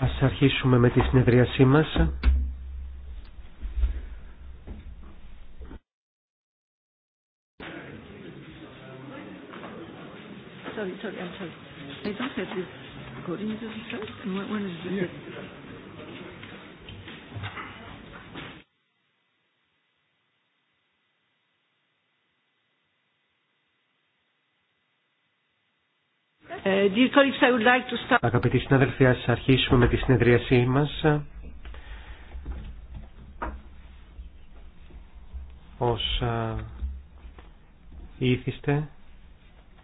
Ας αρχίσουμε με τη συνεδρίασή μας. Uh, Αγαπητοί συνάδελφοι, ας αρχίσουμε με τη συνεδρίασή μας. Όσα ήθιστε,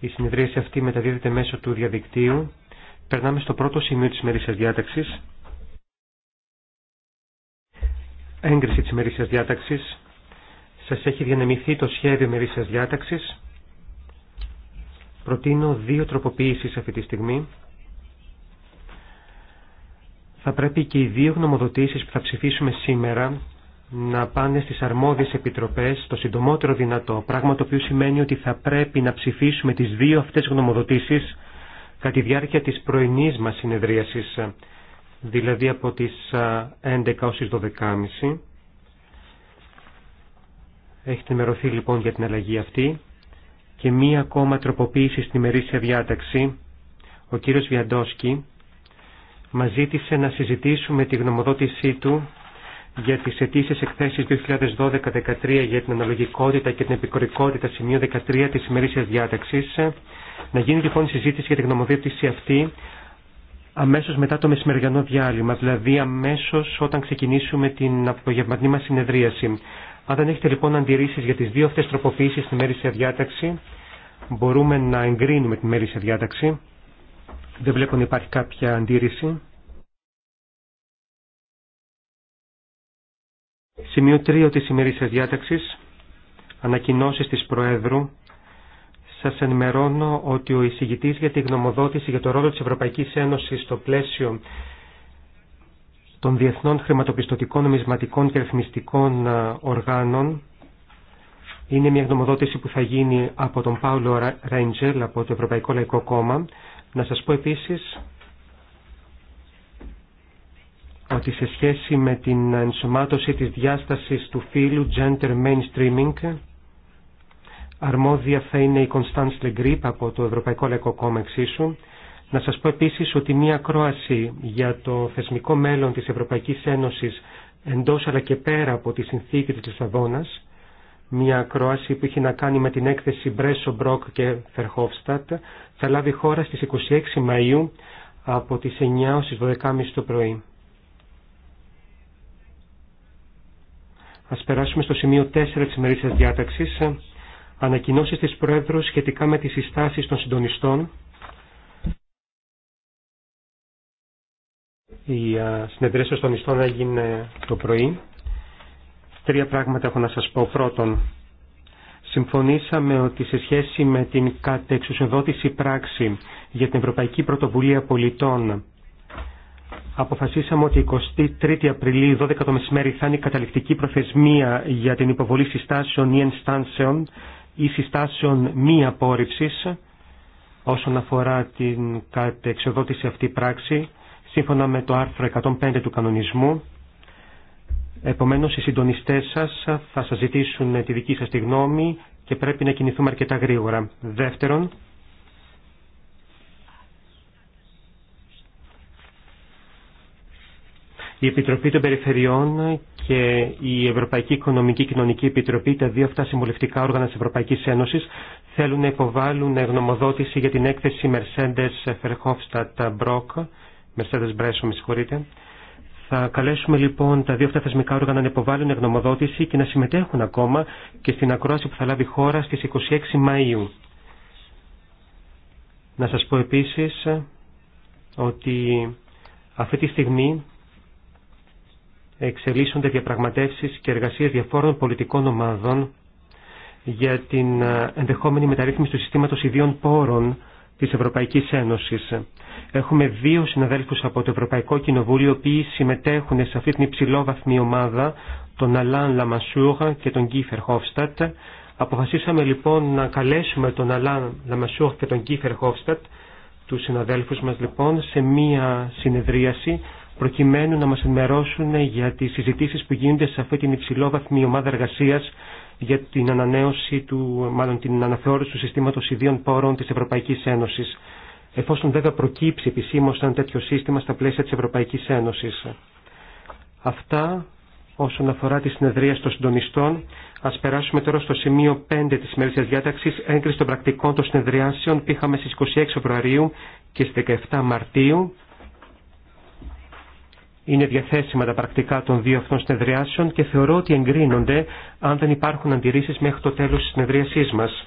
η συνεδρίαση αυτή μεταδίδεται μέσω του διαδικτύου. Περνάμε στο πρώτο σημείο της μερίσιας διάταξης. Έγκριση της μερίσιας διάταξης. Σας έχει διανεμηθεί το σχέδιο μερίσιας διάταξης. Προτείνω δύο τροποποιήσεις αυτή τη στιγμή. Θα πρέπει και οι δύο γνωμοδοτήσεις που θα ψηφίσουμε σήμερα να πάνε στις αρμόδιες επιτροπές το συντομότερο δυνατό, πράγμα το οποίο σημαίνει ότι θα πρέπει να ψηφίσουμε τις δύο αυτές γνωμοδοτήσεις κατά τη διάρκεια της πρωινής μας συνεδρίασης, δηλαδή από τις 11 ως τις 12.30. Έχετε ενημερωθεί λοιπόν για την αλλαγή αυτή και μία ακόμα τροποποίηση στην ημερήσια διάταξη. Ο κύριος Βιαντόσκι μας ζήτησε να συζητήσουμε τη γνωμοδότησή του για τις αιτήσεις εκθέσεις 2012-2013 για την αναλογικότητα και την επικορικότητα σημείο 13 της ημερήσιας διάταξης. Να γίνει λοιπόν συζήτηση για τη γνωμοδότηση αυτή αμέσως μετά το μεσημεριανό διάλειμμα, δηλαδή αμέσως όταν ξεκινήσουμε την απογευματινή μας συνεδρίαση. Αν δεν έχετε λοιπόν αντιρρήσεις για τις δύο αυτές τροποποιήσει στη μέρη διάταξη, μπορούμε να εγκρίνουμε τη μέρη διάταξη. Δεν βλέπω να υπάρχει κάποια αντίρρηση. Σημείο 3 της σε διάταξη. Ανακοινώσει τη Προέδρου. Σα ενημερώνω ότι ο εισηγητή για τη γνωμοδότηση για το ρόλο τη Ευρωπαϊκή Ένωση στο πλαίσιο των διεθνών χρηματοπιστωτικών, νομισματικών και ρυθμιστικών ε, οργάνων. Είναι μια γνωμοδότηση που θα γίνει από τον Πάουλο Ρέιντζελ από το Ευρωπαϊκό Λαϊκό Κόμμα. Να σας πω επίσης ότι σε σχέση με την ενσωμάτωση της διάστασης του φίλου gender mainstreaming αρμόδια θα είναι η Constance Legrip από το Ευρωπαϊκό Λαϊκό Κόμμα εξίσου να σας πω επίσης ότι μια ακρόαση για το θεσμικό μέλλον της Ευρωπαϊκής Ένωσης εντός αλλά και πέρα από τη συνθήκη της Λισαβόνας, μια ακρόαση που έχει να κάνει με την έκθεση Μπρέσο Μπρόκ και Φερχόφστατ, θα λάβει χώρα στις 26 Μαΐου από τις 9 ως τις 12.30 το πρωί. Ας περάσουμε στο σημείο 4 της ημερήσιας διάταξης, ανακοινώσεις της Πρόεδρου σχετικά με τις συστάσεις των συντονιστών, Η συνεδρίαση των ιστών έγινε το πρωί. Τρία πράγματα έχω να σας πω. Πρώτον, συμφωνήσαμε ότι σε σχέση με την κατεξουσιοδότηση πράξη για την Ευρωπαϊκή Πρωτοβουλία Πολιτών αποφασίσαμε ότι Απριλίου 12 το μεσημέρι θα είναι η καταληκτική προθεσμία για την υποβολή συστάσεων ή ενστάσεων ή συστάσεων μη απόρριψης όσον αφορά την κατεξοδότηση αυτή πράξη σύμφωνα με το άρθρο 105 του κανονισμού. Επομένως, οι συντονιστές σας θα σας ζητήσουν τη δική σας τη γνώμη και πρέπει να κινηθούμε αρκετά γρήγορα. Δεύτερον, η Επιτροπή των Περιφερειών και η Ευρωπαϊκή Οικονομική Κοινωνική Επιτροπή, τα δύο αυτά συμβουλευτικά όργανα της Ευρωπαϊκής Ένωσης, θέλουν να υποβάλουν γνωμοδότηση για την έκθεση Mercedes Verhofstadt Brock Μπρέσο, με συγχωρείτε. Θα καλέσουμε λοιπόν τα δύο αυτά θεσμικά όργανα να υποβάλουν γνωμοδότηση και να συμμετέχουν ακόμα και στην ακρόαση που θα λάβει η χώρα στις 26 Μαΐου. Να σας πω επίσης ότι αυτή τη στιγμή εξελίσσονται διαπραγματεύσεις και εργασίες διαφόρων πολιτικών ομάδων για την ενδεχόμενη μεταρρύθμιση του συστήματος ιδίων πόρων της Ευρωπαϊκής Ένωσης. Έχουμε δύο συναδέλφους από το Ευρωπαϊκό Κοινοβούλιο, οι οποίοι συμμετέχουν σε αυτή την υψηλόβαθμη ομάδα, τον Αλάν Λαμασούγα και τον Κίφερ Χόφστατ. Αποφασίσαμε λοιπόν να καλέσουμε τον Αλάν Λαμασούρ και τον Κίφερ Χόφστατ, τους συναδέλφους μας λοιπόν, σε μία συνεδρίαση προκειμένου να μας ενημερώσουν για τις συζητήσεις που γίνονται σε αυτή την υψηλόβαθμη ομάδα εργασίας για την ανανέωση του, μάλλον την αναθεώρηση του συστήματο ιδίων πόρων τη Ευρωπαϊκή Ένωση, εφόσον βέβαια προκύψει επισήμω ένα τέτοιο σύστημα στα πλαίσια τη Ευρωπαϊκή Ένωση. Αυτά όσον αφορά τη συνεδρία των συντονιστών. α περάσουμε τώρα στο σημείο 5 τη ημερήσια διάταξη, έγκριση των πρακτικών των συνεδριάσεων που είχαμε στις 26 Φεβρουαρίου και στι 17 Μαρτίου. Είναι διαθέσιμα τα πρακτικά των δύο αυτών συνεδριάσεων και θεωρώ ότι εγκρίνονται αν δεν υπάρχουν αντιρρήσει μέχρι το τέλος της συνεδρίασής μας.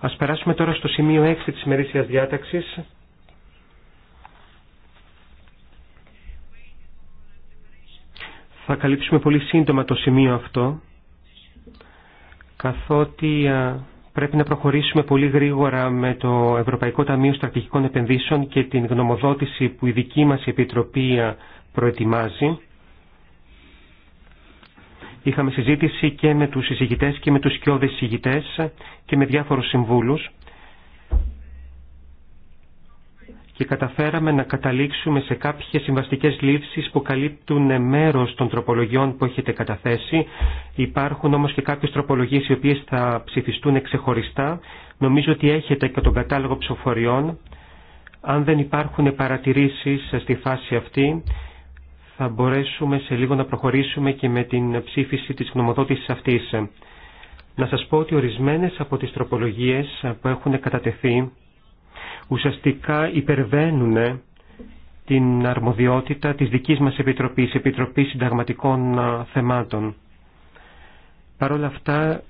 Ας περάσουμε τώρα στο σημείο 6 της ημερήσια διάταξης. Θα καλύψουμε πολύ σύντομα το σημείο αυτό, καθότι πρέπει να προχωρήσουμε πολύ γρήγορα με το Ευρωπαϊκό Ταμείο Στρατηγικών Επενδύσεων και την γνωμοδότηση που η δική μας Επιτροπή προετοιμάζει. Είχαμε συζήτηση και με τους συζητητές και με τους σκιώδες συζητητές και με διάφορους συμβούλους και καταφέραμε να καταλήξουμε σε κάποιες συμβαστικές λήψεις που καλύπτουν μέρος των τροπολογιών που έχετε καταθέσει. Υπάρχουν όμως και κάποιες τροπολογίες οι οποίες θα ψηφιστούν ξεχωριστά. Νομίζω ότι έχετε και τον κατάλογο ψηφοφοριών. Αν δεν υπάρχουν παρατηρήσεις στη φάση αυτή, θα μπορέσουμε σε λίγο να προχωρήσουμε και με την ψήφιση της γνωμοδότησης αυτής. Να σας πω ότι ορισμένες από τις τροπολογίες που έχουν κατατεθεί ουσιαστικά υπερβαίνουν την αρμοδιότητα της δικής μας Επιτροπής, Επιτροπής Συνταγματικών Θεμάτων. Παρ' όλα αυτά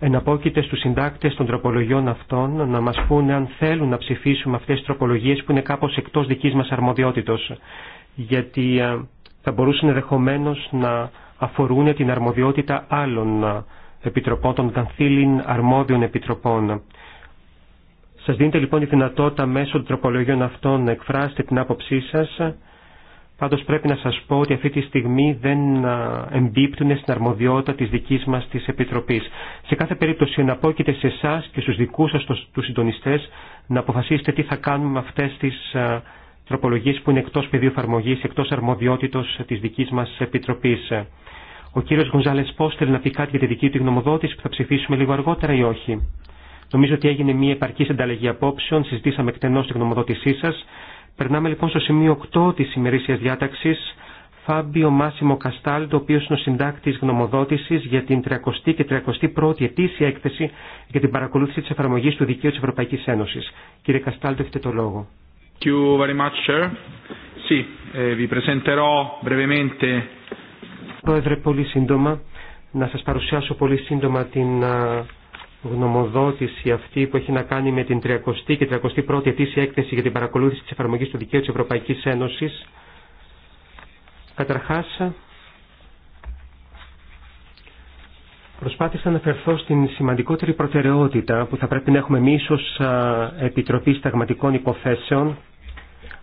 εναπόκειται στους συντάκτες των τροπολογιών αυτών να μας πούνε αν θέλουν να ψηφίσουμε αυτές τις τροπολογίες που είναι κάπως εκτός δικής μας αρμοδιότητος. Γιατί ε, θα μπορούσαν ενδεχομένω να αφορούν την αρμοδιότητα άλλων ε, επιτροπών, των κανθήλων αρμόδιων επιτροπών. Σας δίνετε λοιπόν η δυνατότητα μέσω των τροπολογιών αυτών να εκφράσετε την άποψή σας Πάντως πρέπει να σας πω ότι αυτή τη στιγμή δεν εμπίπτουν στην αρμοδιότητα της δικής μας της Επιτροπής. Σε κάθε περίπτωση να εναπόκειται σε εσά και στους δικούς σας τους συντονιστές να αποφασίσετε τι θα κάνουμε με αυτές τις τροπολογίες που είναι εκτός πεδίου εφαρμογή, εκτός αρμοδιότητος της δικής μας Επιτροπής. Ο κύριος Γκονζάλες Πώς θέλει να πει κάτι για τη δική του γνωμοδότηση που θα ψηφίσουμε λίγο αργότερα ή όχι. Νομίζω ότι έγινε μια επαρκή συνταλλαγή απόψεων, συζητήσαμε εκτενώς τη γνωμοδότησή σας. Περνάμε λοιπόν στο σημείο 8 της ημερήσιας διάταξης, Φάμπιο Μάσιμο Καστάλ, ο οποίο είναι ο συντάκτη γνωμοδότηση για την 30η και 31η ετήσια έκθεση για την παρακολούθηση τη εφαρμογή του δικαίου τη Ευρωπαϊκή Ένωση. Κύριε το έχετε το λόγο. Thank you very eh, Πρόεδρε, πολύ σύντομα, να σα παρουσιάσω πολύ σύντομα την γνωμοδότηση αυτή που έχει να κάνει με την 30η και 31η ετήσια έκθεση για την παρακολούθηση της εφαρμογής του δικαίου της Ευρωπαϊκής Ένωσης. Καταρχάς, προσπάθησα να φερθώ στην σημαντικότερη προτεραιότητα που θα πρέπει να έχουμε εμεί ω Επιτροπή Σταγματικών Υποθέσεων,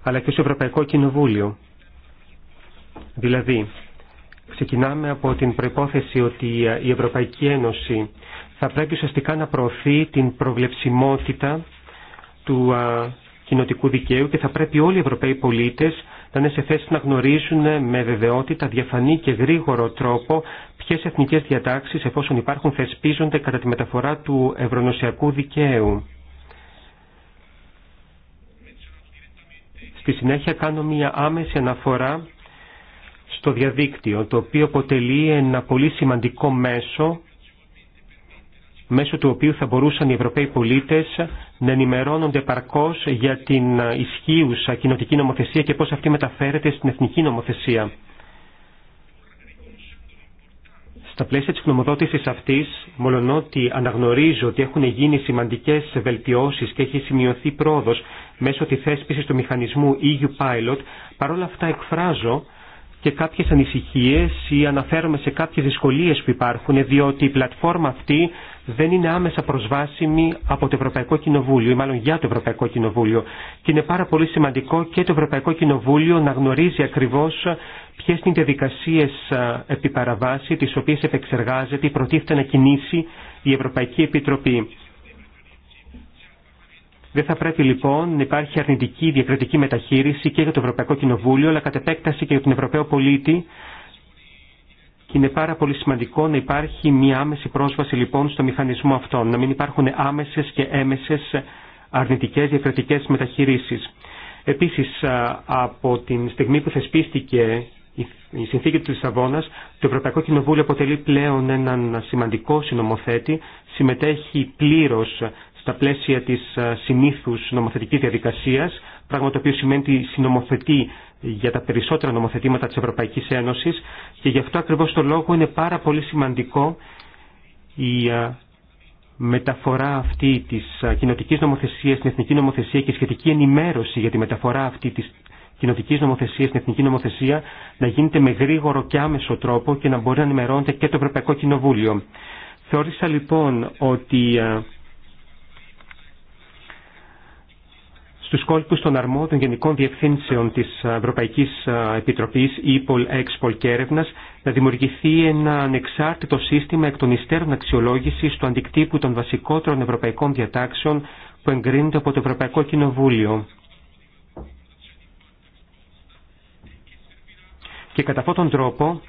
αλλά και ως Ευρωπαϊκό Κοινοβούλιο. Δηλαδή, ξεκινάμε από την προϋπόθεση ότι η Ευρωπαϊκή Ένωση θα πρέπει ουσιαστικά να προωθεί την προβλεψιμότητα του κοινοτικού δικαίου και θα πρέπει όλοι οι Ευρωπαίοι πολίτες να είναι σε θέση να γνωρίζουν με βεβαιότητα, διαφανή και γρήγορο τρόπο ποιε εθνικέ διατάξει, εφόσον υπάρχουν, θεσπίζονται κατά τη μεταφορά του ευρωνοσιακού δικαίου. Στη συνέχεια κάνω μια άμεση αναφορά στο διαδίκτυο, το οποίο αποτελεί ένα πολύ σημαντικό μέσο μέσω του οποίου θα μπορούσαν οι Ευρωπαίοι πολίτες να ενημερώνονται παρκώς για την ισχύουσα κοινοτική νομοθεσία και πώς αυτή μεταφέρεται στην εθνική νομοθεσία. Στα πλαίσια της γνωμοδότησης αυτής, μολονότι αναγνωρίζω ότι έχουν γίνει σημαντικές βελτιώσεις και έχει σημειωθεί πρόοδος μέσω τη θέσπισης του μηχανισμού EU Pilot, παρόλα αυτά εκφράζω και κάποιες ανησυχίες ή αναφέρομαι σε κάποιες δυσκολίες που υπάρχουν, διότι η πλατφόρμα αυτή δεν είναι άμεσα προσβάσιμη από το Ευρωπαϊκό Κοινοβούλιο ή μάλλον για το Ευρωπαϊκό Κοινοβούλιο. Και είναι πάρα πολύ σημαντικό και το Ευρωπαϊκό Κοινοβούλιο να γνωρίζει ακριβώ ποιε είναι οι διαδικασίε επιπαραβάση τι οποίε επεξεργάζεται ή προτίθεται να κινήσει η Ευρωπαϊκή Επιτροπή. Δεν θα πρέπει λοιπόν να υπάρχει αρνητική διακριτική μεταχείριση και για το Ευρωπαϊκό Κοινοβούλιο, αλλά κατ' επέκταση και για τον Ευρωπαίο πολίτη, και είναι πάρα πολύ σημαντικό να υπάρχει μια άμεση πρόσβαση λοιπόν στο μηχανισμό αυτόν, να μην υπάρχουν άμεσες και έμεσες αρνητικές διαφορετικές μεταχειρήσεις. Επίσης, από την στιγμή που θεσπίστηκε η συνθήκη του Λισαβόνα, το Ευρωπαϊκό Κοινοβούλιο αποτελεί πλέον έναν σημαντικό συνομοθέτη, συμμετέχει πλήρως στα πλαίσια της ε, συνήθους νομοθετικής διαδικασίας, πράγμα το οποίο σημαίνει ότι συνομοθετεί για τα περισσότερα νομοθετήματα της Ευρωπαϊκής Ένωσης και γι' αυτό ακριβώς το λόγο είναι πάρα πολύ σημαντικό η ε, μεταφορά αυτή της ε, κοινοτικής νομοθεσίας στην εθνική νομοθεσία και η σχετική ενημέρωση για τη μεταφορά αυτή της κοινοτική νομοθεσία στην εθνική νομοθεσία να γίνεται με γρήγορο και άμεσο τρόπο και να μπορεί να ενημερώνεται και το Ευρωπαϊκό Κοινοβούλιο. Θεώρησα λοιπόν ότι στους κόλπους των αρμόδων γενικών διευθύνσεων της Ευρωπαϊκής Επιτροπής, ΥΠΟΛ, ΕΞΠΟΛ και Έρευνα, να δημιουργηθεί ένα ανεξάρτητο σύστημα εκ των υστέρων αξιολόγησης του αντικτύπου των βασικότερων ευρωπαϊκών διατάξεων που εγκρίνεται από το Ευρωπαϊκό Κοινοβούλιο. Και κατά αυτόν τον τρόπο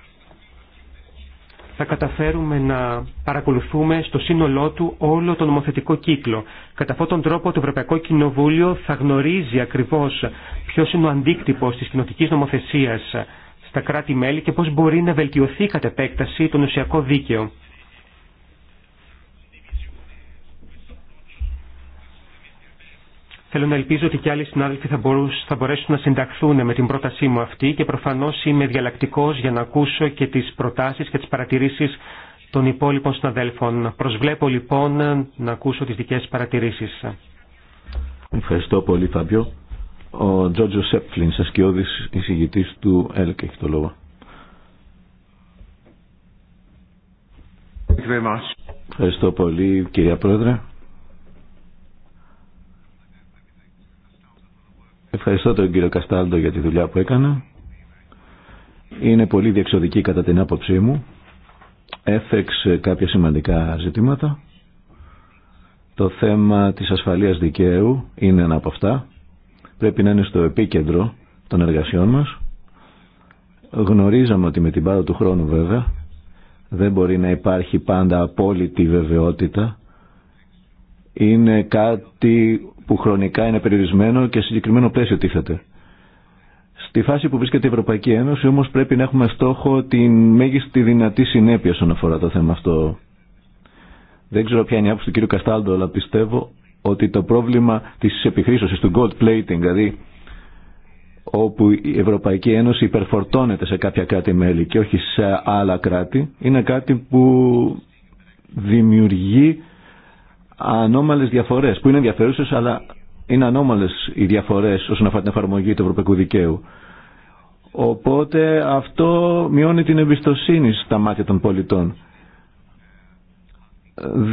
θα καταφέρουμε να παρακολουθούμε στο σύνολό του όλο τον νομοθετικό κύκλο. Κατά αυτόν τον τρόπο το Ευρωπαϊκό Κοινοβούλιο θα γνωρίζει ακριβώς ποιος είναι ο αντίκτυπος της κοινοτικής νομοθεσίας στα κράτη-μέλη και πώς μπορεί να βελτιωθεί κατ' επέκταση το νοσιακό δίκαιο. Θέλω να ελπίζω ότι και άλλοι συνάδελφοι θα, μπορούς, θα μπορέσουν να συνταχθούν με την πρότασή μου αυτή και προφανώς είμαι διαλλακτικός για να ακούσω και τις προτάσεις και τις παρατηρήσεις των υπόλοιπων συναδέλφων. Προσβλέπω λοιπόν να ακούσω τις δικές παρατηρήσεις. Ευχαριστώ πολύ Φαμπιό. Ο Τζότζο Σέπφλιν, ασκιώδης εισηγητής του ΕΛΚ, έχει το λόγο. Ευχαριστώ πολύ κυρία Πρόεδρε. Ευχαριστώ τον κύριο Καστάλτο για τη δουλειά που έκανα. Είναι πολύ διεξοδική κατά την άποψή μου. Έφεξε κάποια σημαντικά ζητήματα. Το θέμα της ασφαλείας δικαίου είναι ένα από αυτά. Πρέπει να είναι στο επίκεντρο των εργασιών μας. Γνωρίζαμε ότι με την πάρα του χρόνου βέβαια δεν μπορεί να υπάρχει πάντα απόλυτη βεβαιότητα είναι κάτι που χρονικά είναι περιορισμένο και συγκεκριμένο πλαίσιο τίθεται. Στη φάση που βρίσκεται η Ευρωπαϊκή Ένωση όμως πρέπει να έχουμε στόχο τη μέγιστη δυνατή συνέπεια όσον αφορά το θέμα αυτό. Δεν ξέρω ποια είναι η άποψη του κ. Καστάλντο, αλλά πιστεύω ότι το πρόβλημα της επιχρήσωσης του gold plating, δηλαδή όπου η Ευρωπαϊκή Ένωση υπερφορτώνεται σε κάποια κράτη-μέλη και όχι σε άλλα κράτη, είναι κάτι που δημιουργεί ανώμαλες διαφορές, που είναι ενδιαφέρουσες, αλλά είναι ανώμαλες οι διαφορές όσον αφορά την εφαρμογή του ευρωπαϊκού δικαίου. Οπότε αυτό μειώνει την εμπιστοσύνη στα μάτια των πολιτών.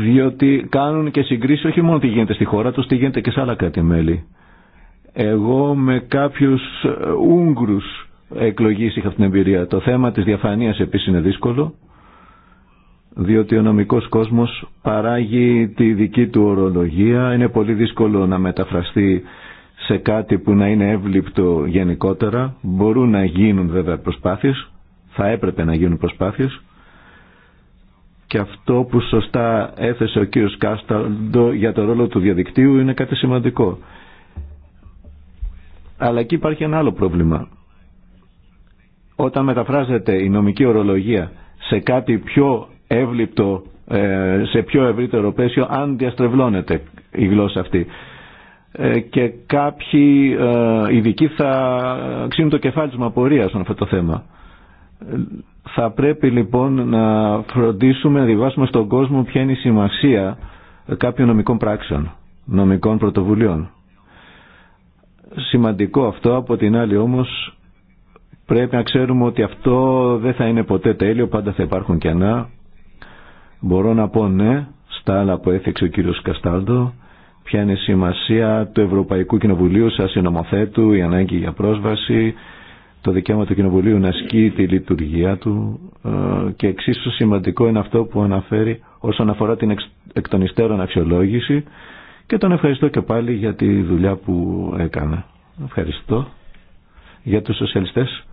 Διότι κάνουν και συγκρίσει όχι μόνο τι γίνεται στη χώρα τους, τι γίνεται και σε άλλα κράτη-μέλη. Εγώ με κάποιους ε, Ούγγρους εκλογής είχα αυτή την εμπειρία. Το θέμα της διαφανείας επίσης είναι δύσκολο διότι ο νομικός κόσμος παράγει τη δική του ορολογία. Είναι πολύ δύσκολο να μεταφραστεί σε κάτι που να είναι εύληπτο γενικότερα. Μπορούν να γίνουν βέβαια προσπάθειες, θα έπρεπε να γίνουν προσπάθειες. Και αυτό που σωστά έθεσε ο κύριος Κάσταλντο για το ρόλο του διαδικτύου είναι κάτι σημαντικό. Αλλά εκεί υπάρχει ένα άλλο πρόβλημα. Όταν μεταφράζεται η νομική ορολογία σε κάτι πιο εύληπτο ε, σε πιο ευρύτερο πλαίσιο αν διαστρεβλώνεται η γλώσσα αυτή. Ε, και κάποιοι ε, ειδικοί θα ξύνουν το κεφάλι τους στον αυτό το θέμα. Θα πρέπει λοιπόν να φροντίσουμε, να διβάσουμε στον κόσμο ποια είναι η σημασία κάποιων νομικών πράξεων, νομικών πρωτοβουλίων Σημαντικό αυτό, από την άλλη όμως πρέπει να ξέρουμε ότι αυτό δεν θα είναι ποτέ τέλειο, πάντα θα υπάρχουν κενά, Μπορώ να πω ναι στα άλλα που έθεξε ο κύριος Καστάλτο, ποια είναι η σημασία του Ευρωπαϊκού Κοινοβουλίου σαν συνομοθέτου, η ανάγκη για πρόσβαση, το δικαίωμα του Κοινοβουλίου να ασκεί τη λειτουργία του ε, και εξίσου σημαντικό είναι αυτό που αναφέρει όσον αφορά την εκ των υστέρων αξιολόγηση και τον ευχαριστώ και πάλι για τη δουλειά που έκανα. Ευχαριστώ για τους σοσιαλιστές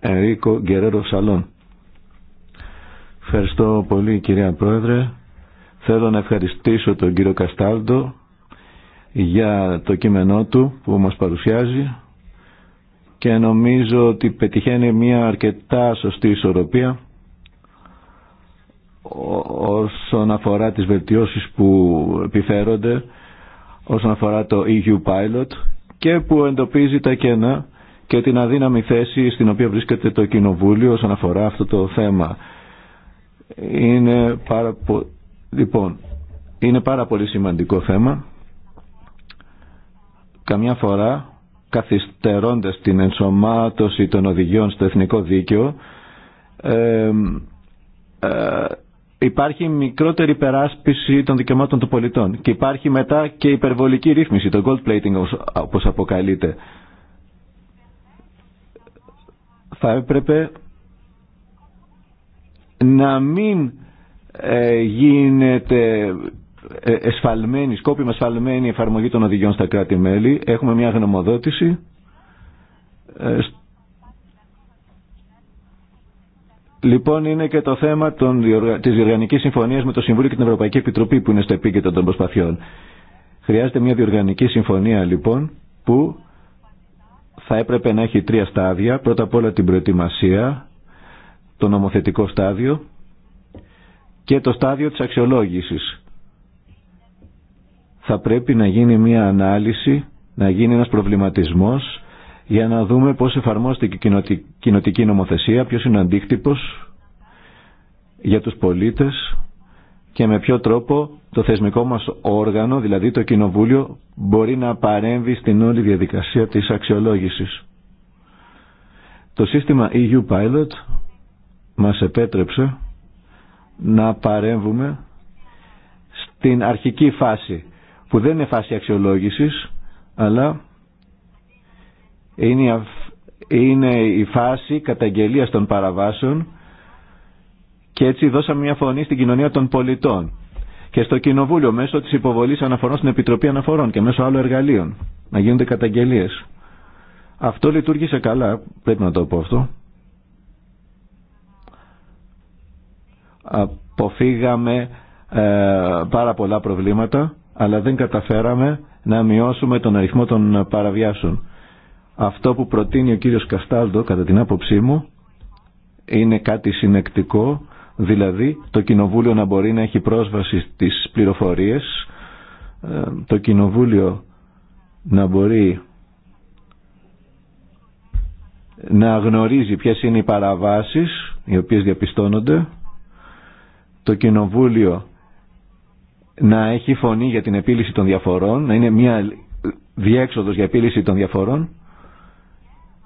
Ενρίκο Γκερέρο Σαλόν. Ευχαριστώ πολύ κυρία Πρόεδρε. Θέλω να ευχαριστήσω τον κύριο Καστάλντο για το κείμενό του που μας παρουσιάζει και νομίζω ότι πετυχαίνει μια αρκετά σωστή ισορροπία όσον αφορά τις βελτιώσεις που επιφέρονται όσον αφορά το EU Pilot και που εντοπίζει τα κενά και την αδύναμη θέση στην οποία βρίσκεται το Κοινοβούλιο όσον αφορά αυτό το θέμα είναι πάρα, λοιπόν, είναι πάρα πολύ σημαντικό θέμα. Καμιά φορά καθυστερώντας την ενσωμάτωση των οδηγιών στο εθνικό δίκαιο ε, υπάρχει μικρότερη περάσπιση των δικαιωμάτων των πολιτών και υπάρχει μετά και υπερβολική ρύθμιση, το gold plating όπως αποκαλείται. Θα έπρεπε να μην ε, γίνεται ε, σκόπιμα εσφαλμένη εφαρμογή των οδηγιών στα κράτη-μέλη. Έχουμε μια γνωμοδότηση. Ε, λοιπόν, είναι και το θέμα των, της διοργανικής συμφωνίας με το Συμβούλιο και την Ευρωπαϊκή Επιτροπή που είναι στο επίκεντρο των προσπαθειών. Χρειάζεται μια διοργανική συμφωνία, λοιπόν, που θα έπρεπε να έχει τρία στάδια. Πρώτα απ' όλα την προετοιμασία, το νομοθετικό στάδιο και το στάδιο της αξιολόγησης. Θα πρέπει να γίνει μια ανάλυση, να γίνει ένας προβληματισμός για να δούμε πώς εφαρμόστηκε η κοινοτική νομοθεσία, ποιος είναι ο αντίκτυπος για τους πολίτες και με ποιο τρόπο το θεσμικό μας όργανο, δηλαδή το Κοινοβούλιο, μπορεί να παρέμβει στην όλη διαδικασία της αξιολόγησης. Το σύστημα EU Pilot μας επέτρεψε να παρέμβουμε στην αρχική φάση που δεν είναι φάση αξιολόγησης αλλά είναι η φάση καταγγελίας των παραβάσεων και έτσι δώσαμε μια φωνή στην κοινωνία των πολιτών και στο Κοινοβούλιο μέσω της υποβολής αναφορών στην Επιτροπή Αναφορών και μέσω άλλων εργαλείων να γίνονται καταγγελίες. Αυτό λειτουργήσε καλά, πρέπει να το πω αυτό. αποφύγαμε ε, πάρα πολλά προβλήματα αλλά δεν καταφέραμε να μειώσουμε τον αριθμό των παραβιάσεων. Αυτό που προτείνει ο κύριος Καστάλτο κατά την άποψή μου είναι κάτι συνεκτικό, δηλαδή το Κοινοβούλιο να μπορεί να έχει πρόσβαση στις πληροφορίες, ε, το Κοινοβούλιο να μπορεί να γνωρίζει ποιες είναι οι παραβάσεις οι οποίες διαπιστώνονται το Κοινοβούλιο να έχει φωνή για την επίλυση των διαφορών, να είναι μια διέξοδος για επίλυση των διαφορών,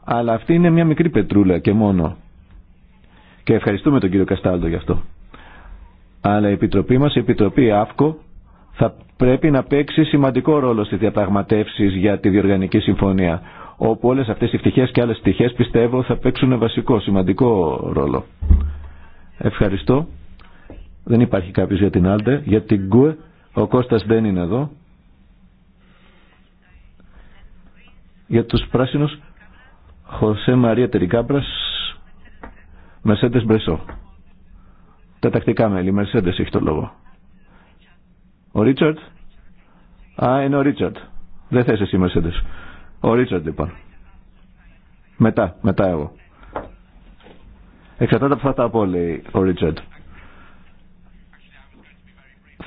αλλά αυτή είναι μια μικρή πετρούλα και μόνο. Και ευχαριστούμε τον κύριο Καστάλτο γι' αυτό. Αλλά η Επιτροπή μας, η Επιτροπή ΑΦΚΟ, θα πρέπει να παίξει σημαντικό ρόλο στις διαπραγματεύσεις για τη Διοργανική Συμφωνία, όπου όλες αυτές οι φτυχές και άλλες πτυχές πιστεύω θα παίξουν βασικό, σημαντικό ρόλο. Ευχαριστώ. Δεν υπάρχει κάποιος για την Άλτε. Για την Γκουε, ο Κώστας δεν είναι εδώ. Για τους πράσινους, Χωσέ Μαρία Τερικάμπρας, Μερσέντες Μπρεσό. Τα τακτικά μέλη, Μερσέντες έχει το λόγο. Ο Ρίτσαρτ. Α, είναι ο Ρίτσαρτ. Δεν θες εσύ Μερσέντες. Ο Ρίτσαρτ λοιπόν. Μετά, μετά εγώ. Εξαρτάται από αυτά τα απόλυτα, ο Ρίτσαρτ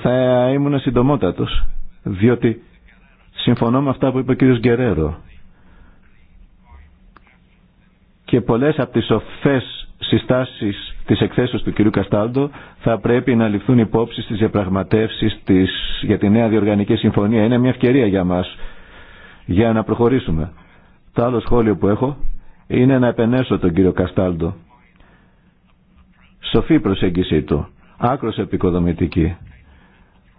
θα ήμουν συντομότατος, διότι συμφωνώ με αυτά που είπε ο κύριος Γκερέρο. Και πολλές από τις σοφές συστάσεις της εκθέσεως του κυρίου Καστάλντο θα πρέπει να ληφθούν υπόψη στις διαπραγματεύσεις της, για τη νέα διοργανική συμφωνία. Είναι μια ευκαιρία για μας για να προχωρήσουμε. Το άλλο σχόλιο που έχω είναι να επενέσω τον κύριο Καστάλντο. Σοφή προσέγγιση του, άκρος επικοδομητική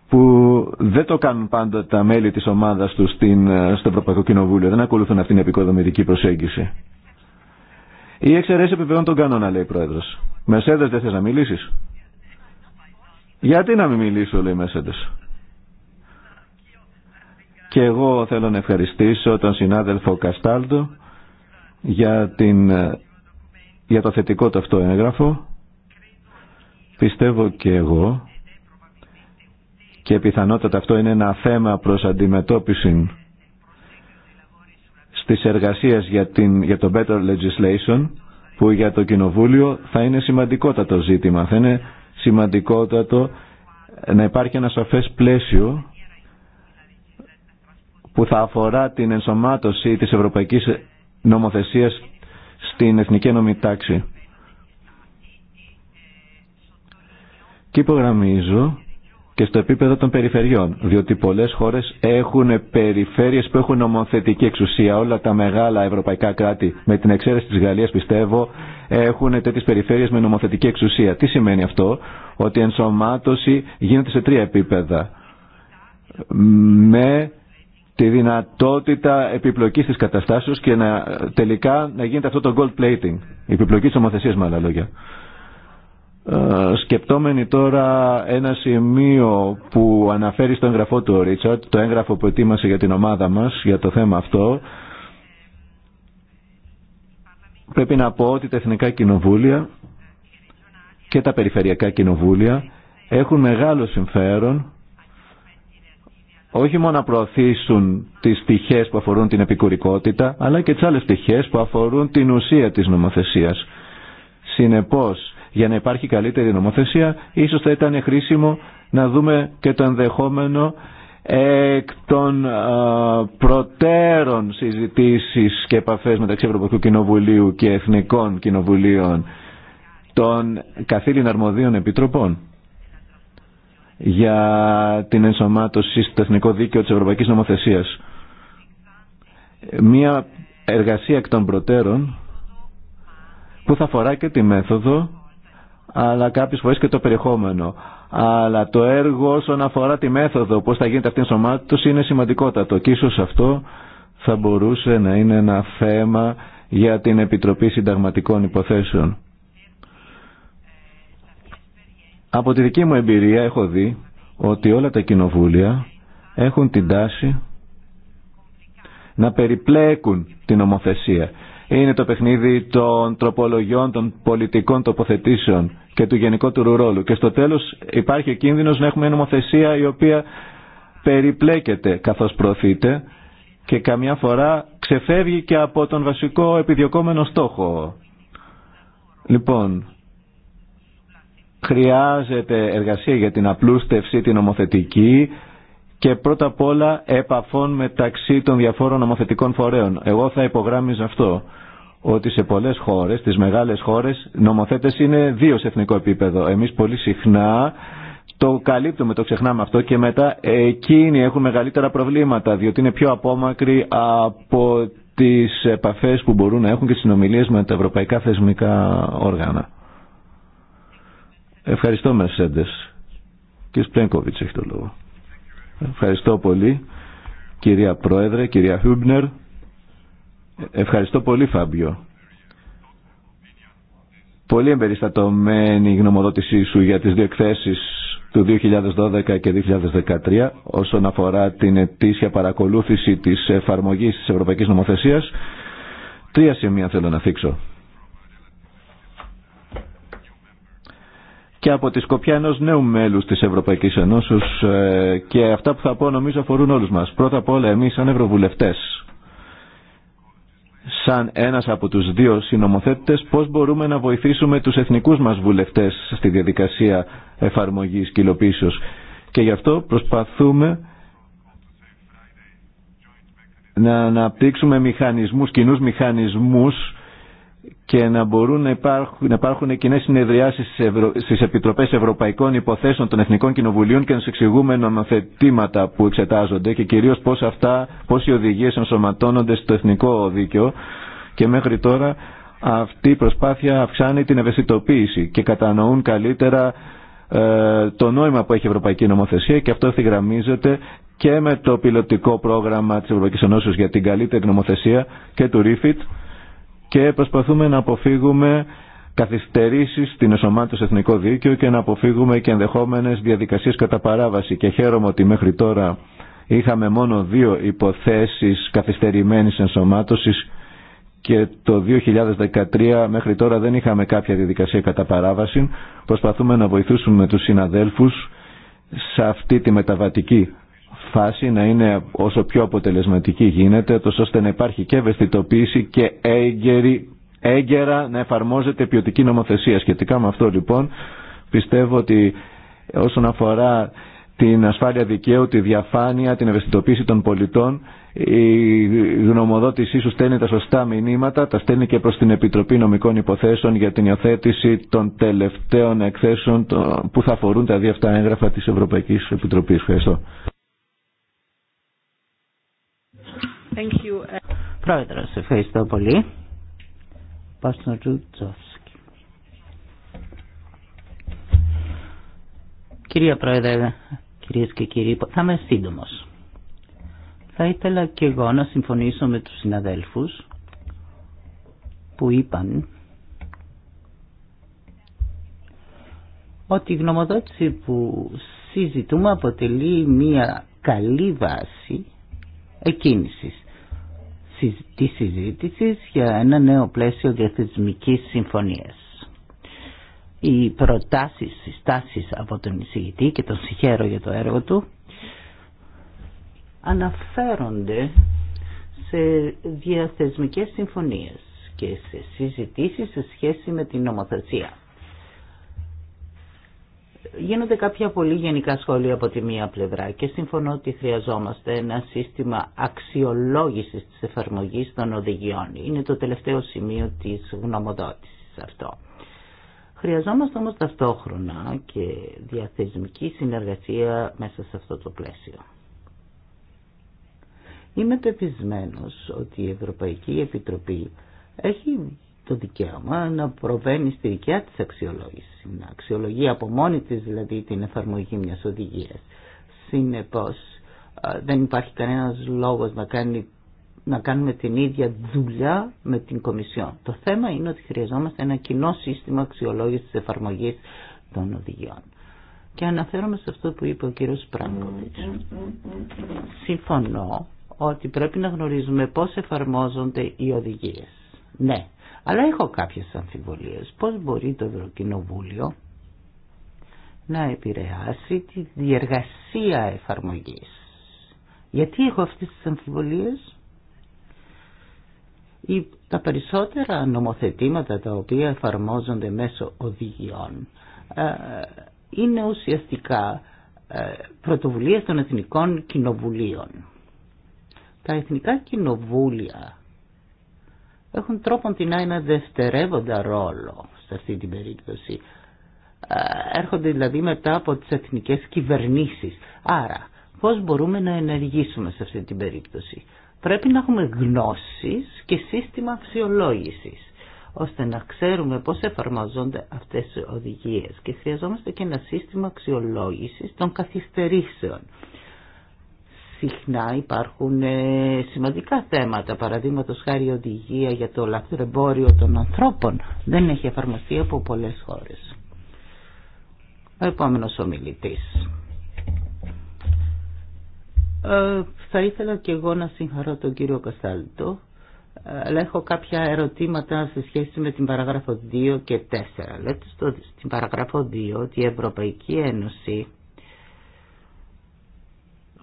που δεν το κάνουν πάντα τα μέλη της ομάδας τους στην, ε, στο Ευρωπαϊκό Κοινοβούλιο. Δεν ακολουθούν αυτήν την επικοδομητική προσέγγιση. Η εξαιρέσει επιβεβαιώνουν τον κανόνα, λέει η Πρόεδρος. Μεσέδες δεν θες να μιλήσεις. Γιατί να μην μιλήσω, λέει Μεσέντες. Και εγώ θέλω να ευχαριστήσω τον συνάδελφο Καστάλτο για, την, ε, για το θετικό του αυτό έγγραφο. Πιστεύω και εγώ και πιθανότατα αυτό είναι ένα θέμα προς αντιμετώπιση στις εργασίες για, την, για το Better Legislation που για το Κοινοβούλιο θα είναι σημαντικότατο ζήτημα. Θα είναι σημαντικότατο να υπάρχει ένα σαφές πλαίσιο που θα αφορά την ενσωμάτωση της ευρωπαϊκής νομοθεσίας στην εθνική νομή Και υπογραμμίζω και στο επίπεδο των περιφερειών, διότι πολλές χώρες έχουν περιφέρειες που έχουν νομοθετική εξουσία. Όλα τα μεγάλα ευρωπαϊκά κράτη, με την εξαίρεση της Γαλλίας πιστεύω, έχουν τέτοιες περιφέρειες με νομοθετική εξουσία. Τι σημαίνει αυτό, ότι η ενσωμάτωση γίνεται σε τρία επίπεδα. Με τη δυνατότητα επιπλοκή τη καταστάσεω και να, τελικά να γίνεται αυτό το gold plating, η επιπλοκή τη νομοθεσία, με άλλα λόγια. Ε, σκεπτόμενοι τώρα ένα σημείο που αναφέρει στο έγγραφό του ο Ρίτσαρτ, το έγγραφο που ετοίμασε για την ομάδα μας, για το θέμα αυτό, πρέπει να πω ότι τα Εθνικά Κοινοβούλια και τα Περιφερειακά Κοινοβούλια έχουν μεγάλο συμφέρον όχι μόνο να προωθήσουν τις πτυχές που αφορούν την επικουρικότητα, αλλά και τις άλλες πτυχές που αφορούν την ουσία της νομοθεσίας. Συνεπώς, για να υπάρχει καλύτερη νομοθεσία. Ίσως θα ήταν χρήσιμο να δούμε και το ενδεχόμενο εκ των προτέρων συζητήσεις και επαφές μεταξύ Ευρωπαϊκού Κοινοβουλίου και Εθνικών Κοινοβουλίων των καθήλων αρμοδίων επιτροπών για την ενσωμάτωση στο Εθνικό Δίκαιο της Ευρωπαϊκής Νομοθεσίας. Μία εργασία εκ των προτέρων που θα αφορά και τη μέθοδο αλλά κάποιες φορές και το περιεχόμενο. Αλλά το έργο όσον αφορά τη μέθοδο, πώς θα γίνεται αυτή η ενσωμάτωση είναι σημαντικότατο και ίσως αυτό θα μπορούσε να είναι ένα θέμα για την Επιτροπή Συνταγματικών Υποθέσεων. Από τη δική μου εμπειρία έχω δει ότι όλα τα κοινοβούλια έχουν την τάση να περιπλέκουν την ομοθεσία είναι το παιχνίδι των τροπολογιών, των πολιτικών τοποθετήσεων και του του ρόλου. Και στο τέλος υπάρχει ο κίνδυνος να έχουμε νομοθεσία η οποία περιπλέκεται καθώς προωθείται και καμιά φορά ξεφεύγει και από τον βασικό επιδιωκόμενο στόχο. Λοιπόν, χρειάζεται εργασία για την απλούστευση, την νομοθετική, και πρώτα απ' όλα επαφών μεταξύ των διαφόρων νομοθετικών φορέων. Εγώ θα υπογράμμιζα αυτό ότι σε πολλές χώρες, τις μεγάλες χώρες, νομοθέτες είναι δύο σε εθνικό επίπεδο. Εμείς πολύ συχνά το καλύπτουμε, το ξεχνάμε αυτό και μετά εκείνοι έχουν μεγαλύτερα προβλήματα διότι είναι πιο απόμακροι από τις επαφές που μπορούν να έχουν και συνομιλίες με τα ευρωπαϊκά θεσμικά όργανα. Ευχαριστώ Μερσέντες. Κύριε Σπλένκοβιτς έχει το λόγο. Ευχαριστώ πολύ, κυρία Πρόεδρε, κυρία Χούμπνερ. Ευχαριστώ πολύ, Φάμπιο. Πολύ εμπεριστατωμένη η γνωμοδότησή σου για τις δύο εκθέσεις του 2012 και 2013 όσον αφορά την ετήσια παρακολούθηση της εφαρμογής της Ευρωπαϊκής Νομοθεσίας. Τρία σημεία θέλω να θίξω. και από τη σκοπιά ενό νέου μέλου τη Ευρωπαϊκή Ενώσεω ε, και αυτά που θα πω νομίζω αφορούν όλου μα. Πρώτα απ' όλα, εμεί σαν Ευρωβουλευτέ, σαν ένα από του δύο συνομοθέτε, πώ μπορούμε να βοηθήσουμε του εθνικού μα βουλευτέ στη διαδικασία εφαρμογή και Και γι' αυτό προσπαθούμε να αναπτύξουμε μηχανισμούς, κοινούς μηχανισμούς και να μπορούν να υπάρχουν, να υπάρχουν κοινέ συνεδριάσει στι επιτροπέ ευρωπαϊκών υποθέσεων των Εθνικών Κοινοβουλίων και να του εξηγούμε νομοθετήματα που εξετάζονται και κυρίω πώ αυτά, πώ οι οδηγίε ενσωματώνονται στο εθνικό δίκαιο. Και μέχρι τώρα αυτή η προσπάθεια αυξάνει την ευαισθητοποίηση και κατανοούν καλύτερα ε, το νόημα που έχει η Ευρωπαϊκή Νομοθεσία και αυτό ευθυγραμμίζεται και με το πιλωτικό πρόγραμμα της Ευρωπαϊκή Ενώσεως για την καλύτερη νομοθεσία και του REFIT και προσπαθούμε να αποφύγουμε καθυστερήσεις στην εσωμάτωση εθνικό δίκαιο και να αποφύγουμε και ενδεχόμενες διαδικασίες κατά παράβαση. Και χαίρομαι ότι μέχρι τώρα είχαμε μόνο δύο υποθέσεις καθυστερημένης ενσωμάτωσης και το 2013 μέχρι τώρα δεν είχαμε κάποια διαδικασία κατά παράβαση. Προσπαθούμε να βοηθήσουμε τους συναδέλφους σε αυτή τη μεταβατική φάση να είναι όσο πιο αποτελεσματική γίνεται, τόσο ώστε να υπάρχει και ευαισθητοποίηση και έγκαιρη, έγκαιρα να εφαρμόζεται ποιοτική νομοθεσία. Σχετικά με αυτό λοιπόν πιστεύω ότι όσον αφορά την ασφάλεια δικαίου, τη διαφάνεια, την ευαισθητοποίηση των πολιτών, η γνωμοδότησή σου στέλνει τα σωστά μηνύματα, τα στέλνει και προς την Επιτροπή Νομικών Υποθέσεων για την υιοθέτηση των τελευταίων εκθέσεων που θα αφορούν τα δύο αυτά έγγραφα της Ευρωπαϊκής Επιτροπής. Ευχαριστώ. Thank you. Πρόεδρος, ευχαριστώ πολύ. Κυρία Πρόεδρε, κυρίες και κύριοι, θα είμαι σύντομος. Θα ήθελα και εγώ να συμφωνήσω με τους συναδέλφους που είπαν ότι η γνωμοδότηση που συζητούμε αποτελεί μια καλή βάση εκκίνησης. Τη συζήτηση για ένα νέο πλαίσιο διαθεσμική συμφωνίας. Οι προτάσεις, στάσει από τον εισηγητή και τον συγχαίρω για το έργο του αναφέρονται σε διαθεσμικές συμφωνίες και σε συζητήσεις σε σχέση με την νομοθεσία. Γίνονται κάποια πολύ γενικά σχόλια από τη μία πλευρά και συμφωνώ ότι χρειαζόμαστε ένα σύστημα αξιολόγησης της εφαρμογής των οδηγιών. Είναι το τελευταίο σημείο της γνωμοδότησης αυτό. Χρειαζόμαστε όμως ταυτόχρονα και διαθεσμική συνεργασία μέσα σε αυτό το πλαίσιο. Είμαι πεπισμένος ότι η Ευρωπαϊκή Επιτροπή έχει το δικαίωμα να προβαίνει στη δικιά της αξιολόγηση, να αξιολογεί από μόνη της δηλαδή την εφαρμογή μιας οδηγίας. Συνεπώς δεν υπάρχει κανένας λόγος να, κάνει, κάνουμε την ίδια δουλειά με την Κομισιόν. Το θέμα είναι ότι χρειαζόμαστε ένα κοινό σύστημα αξιολόγησης της εφαρμογής των οδηγιών. Και αναφέρομαι σε αυτό που είπε ο κύριος Πράγκοβιτς. Συμφωνώ ότι πρέπει να γνωρίζουμε πώς εφαρμόζονται οι οδηγίες. Ναι, αλλά έχω κάποιες αμφιβολίες. Πώς μπορεί το Ευρωκοινοβούλιο να επηρεάσει τη διεργασία εφαρμογής. Γιατί έχω αυτές τις αμφιβολίες. Τα περισσότερα νομοθετήματα τα οποία εφαρμόζονται μέσω οδηγιών ε, είναι ουσιαστικά ε, πρωτοβουλίες των εθνικών κοινοβουλίων. Τα εθνικά κοινοβούλια έχουν τρόπον την ένα δευτερεύοντα ρόλο σε αυτή την περίπτωση. Έρχονται δηλαδή μετά από τις εθνικές κυβερνήσεις. Άρα, πώς μπορούμε να ενεργήσουμε σε αυτή την περίπτωση. Πρέπει να έχουμε γνώσεις και σύστημα αξιολόγησης ώστε να ξέρουμε πώς εφαρμοζόνται αυτές οι οδηγίες και χρειαζόμαστε και ένα σύστημα αξιολόγησης των καθυστερήσεων συχνά υπάρχουν ε, σημαντικά θέματα. Παραδείγματο χάρη οδηγία για το λαθρεμπόριο των ανθρώπων δεν έχει εφαρμοστεί από πολλέ χώρε. Ο επόμενο ομιλητή. Ε, θα ήθελα και εγώ να συγχαρώ τον κύριο Κασαλτό, αλλά έχω κάποια ερωτήματα σε σχέση με την παραγράφο 2 και 4. Λέτε στην παραγράφο 2 ότι η Ευρωπαϊκή Ένωση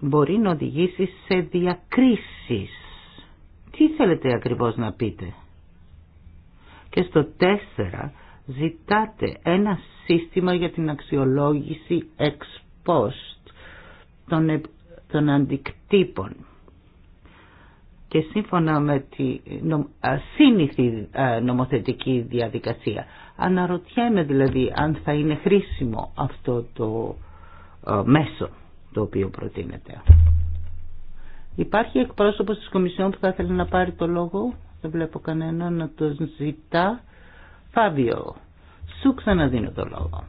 μπορεί να οδηγήσει σε διακρίσεις. Τι θέλετε ακριβώς να πείτε. Και στο 4 ζητάτε ένα σύστημα για την αξιολόγηση ex post των, αντικτύπων. Και σύμφωνα με τη νο, σύνηθη ε, νομοθετική διαδικασία. Αναρωτιέμαι δηλαδή αν θα είναι χρήσιμο αυτό το ε, μέσο το οποίο προτείνεται. Υπάρχει εκπρόσωπος της Κομισιόν που θα ήθελε να πάρει το λόγο. Δεν βλέπω κανέναν να το ζητά. Φάβιο, σου ξαναδίνω το λόγο.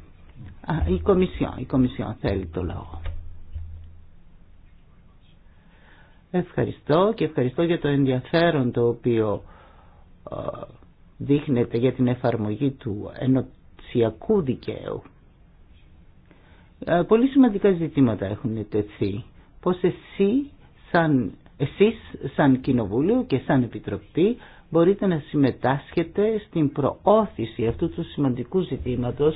Α, η Κομισιόν, η Κομισιόν θέλει το λόγο. Ευχαριστώ και ευχαριστώ για το ενδιαφέρον το οποίο ε, δείχνεται για την εφαρμογή του ενωσιακού δικαίου ε, πολύ σημαντικά ζητήματα έχουν τεθεί. Πώς εσύ, σαν, εσείς σαν Κοινοβούλιο και σαν Επιτροπή μπορείτε να συμμετάσχετε στην προώθηση αυτού του σημαντικού ζητήματος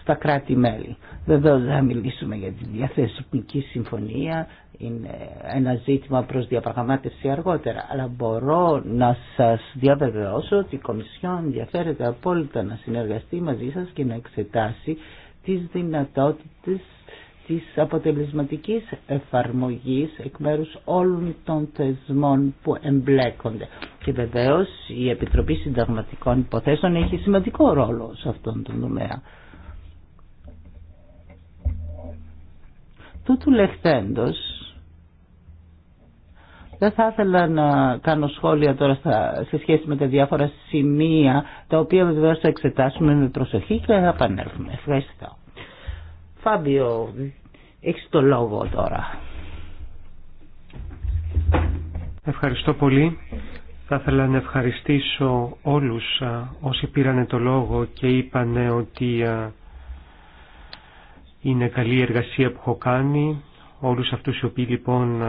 στα κράτη-μέλη. Βεβαίως θα μιλήσουμε για τη διαθεσμική συμφωνία, είναι ένα ζήτημα προς διαπραγμάτευση αργότερα, αλλά μπορώ να σας διαβεβαιώσω ότι η Κομισιόν ενδιαφέρεται απόλυτα να συνεργαστεί μαζί σας και να εξετάσει τις δυνατότητες της αποτελεσματικής εφαρμογής εκ μέρους όλων των θεσμών που εμπλέκονται. Και βεβαίως η Επιτροπή Συνταγματικών Υποθέσεων έχει σημαντικό ρόλο σε αυτόν τον τομέα. Τούτου λεχθέντος δεν θα ήθελα να κάνω σχόλια τώρα σε σχέση με τα διάφορα σημεία, τα οποία βεβαίω θα εξετάσουμε με προσοχή και θα επανέλθουμε. Ευχαριστώ. Φάμπιο, έχεις το λόγο τώρα. Ευχαριστώ πολύ. Θα ήθελα να ευχαριστήσω όλους όσοι πήραν το λόγο και είπαν ότι είναι καλή εργασία που έχω κάνει. Όλους αυτούς οι οποίοι λοιπόν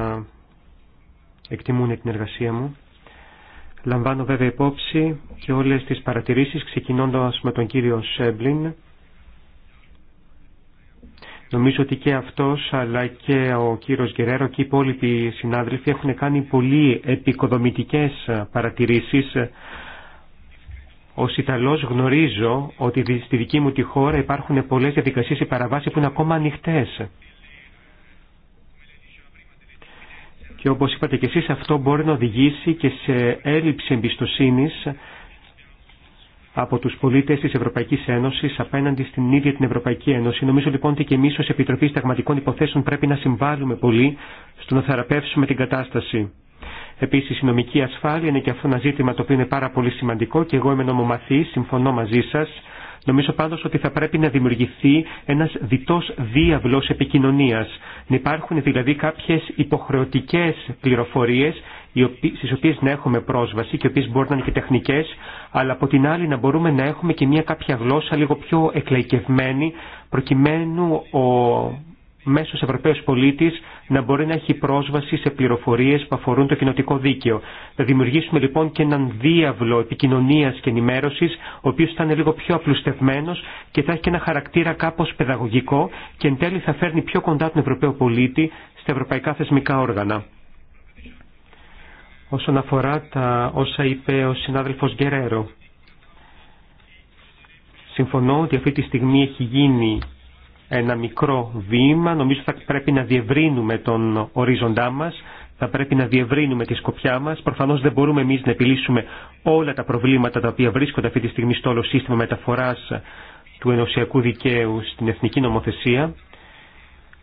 εκτιμούν την εργασία μου. Λαμβάνω βέβαια υπόψη και όλες τις παρατηρήσεις ξεκινώντας με τον κύριο Σέμπλιν. Νομίζω ότι και αυτός αλλά και ο κύριος Γκερέρο και οι υπόλοιποι συνάδελφοι έχουν κάνει πολύ επικοδομητικές παρατηρήσεις. Ως Ιταλός γνωρίζω ότι στη δική μου τη χώρα υπάρχουν πολλές διαδικασίες ή παραβάσεις που είναι ακόμα ανοιχτές. Και όπως είπατε και εσείς αυτό μπορεί να οδηγήσει και σε έλλειψη εμπιστοσύνης από τους πολίτες της Ευρωπαϊκής Ένωσης απέναντι στην ίδια την Ευρωπαϊκή Ένωση. Νομίζω λοιπόν ότι και εμείς ως Επιτροπή Σταγματικών Υποθέσεων πρέπει να συμβάλλουμε πολύ στο να θεραπεύσουμε την κατάσταση. Επίση, η νομική ασφάλεια είναι και αυτό ένα ζήτημα το οποίο είναι πάρα πολύ σημαντικό και εγώ είμαι νομομαθή, συμφωνώ μαζί σα. Νομίζω πάντως ότι θα πρέπει να δημιουργηθεί ένας διτός διάβλος επικοινωνίας. Να υπάρχουν δηλαδή κάποιες υποχρεωτικές πληροφορίες στις οποίες να έχουμε πρόσβαση και οι οποίες μπορούν να είναι και τεχνικές, αλλά από την άλλη να μπορούμε να έχουμε και μια κάποια γλώσσα λίγο πιο εκλαϊκευμένη, προκειμένου ο μέσω Ευρωπαίου πολίτη να μπορεί να έχει πρόσβαση σε πληροφορίες που αφορούν το κοινοτικό δίκαιο. Θα δημιουργήσουμε λοιπόν και έναν διάβλο επικοινωνίας και ενημέρωση, ο οποίο θα είναι λίγο πιο απλουστευμένο και θα έχει και ένα χαρακτήρα κάπω παιδαγωγικό και εν τέλει θα φέρνει πιο κοντά τον Ευρωπαίο πολίτη στα ευρωπαϊκά θεσμικά όργανα. Όσον αφορά τα όσα είπε ο συνάδελφος Γκερέρο, συμφωνώ ότι αυτή τη στιγμή έχει γίνει ένα μικρό βήμα. Νομίζω θα πρέπει να διευρύνουμε τον ορίζοντά μας, θα πρέπει να διευρύνουμε τη σκοπιά μας. Προφανώς δεν μπορούμε εμείς να επιλύσουμε όλα τα προβλήματα τα οποία βρίσκονται αυτή τη στιγμή στο όλο σύστημα μεταφοράς του ενωσιακού δικαίου στην εθνική νομοθεσία.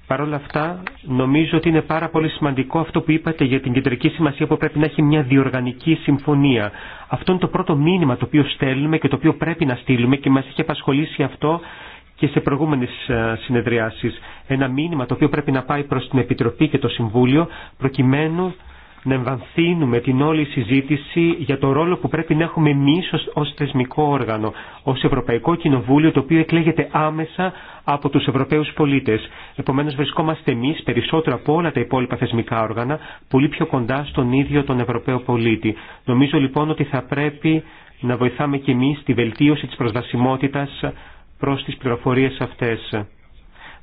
Παρ' όλα αυτά, νομίζω ότι είναι πάρα πολύ σημαντικό αυτό που είπατε για την κεντρική σημασία που πρέπει να έχει μια διοργανική συμφωνία. Αυτό είναι το πρώτο μήνυμα το οποίο στέλνουμε και το οποίο πρέπει να στείλουμε και μας έχει απασχολήσει αυτό και σε προηγούμενες ε, συνεδριάσεις ένα μήνυμα το οποίο πρέπει να πάει προς την Επιτροπή και το Συμβούλιο προκειμένου να εμβανθύνουμε την όλη συζήτηση για το ρόλο που πρέπει να έχουμε εμεί ω θεσμικό όργανο, ω Ευρωπαϊκό Κοινοβούλιο, το οποίο εκλέγεται άμεσα από του Ευρωπαίου πολίτε. Επομένω, βρισκόμαστε εμεί περισσότερο από όλα τα υπόλοιπα θεσμικά όργανα, πολύ πιο κοντά στον ίδιο τον Ευρωπαίο πολίτη. Νομίζω λοιπόν ότι θα πρέπει να βοηθάμε και εμεί τη βελτίωση τη προσβασιμότητα προς τις πληροφορίες αυτές.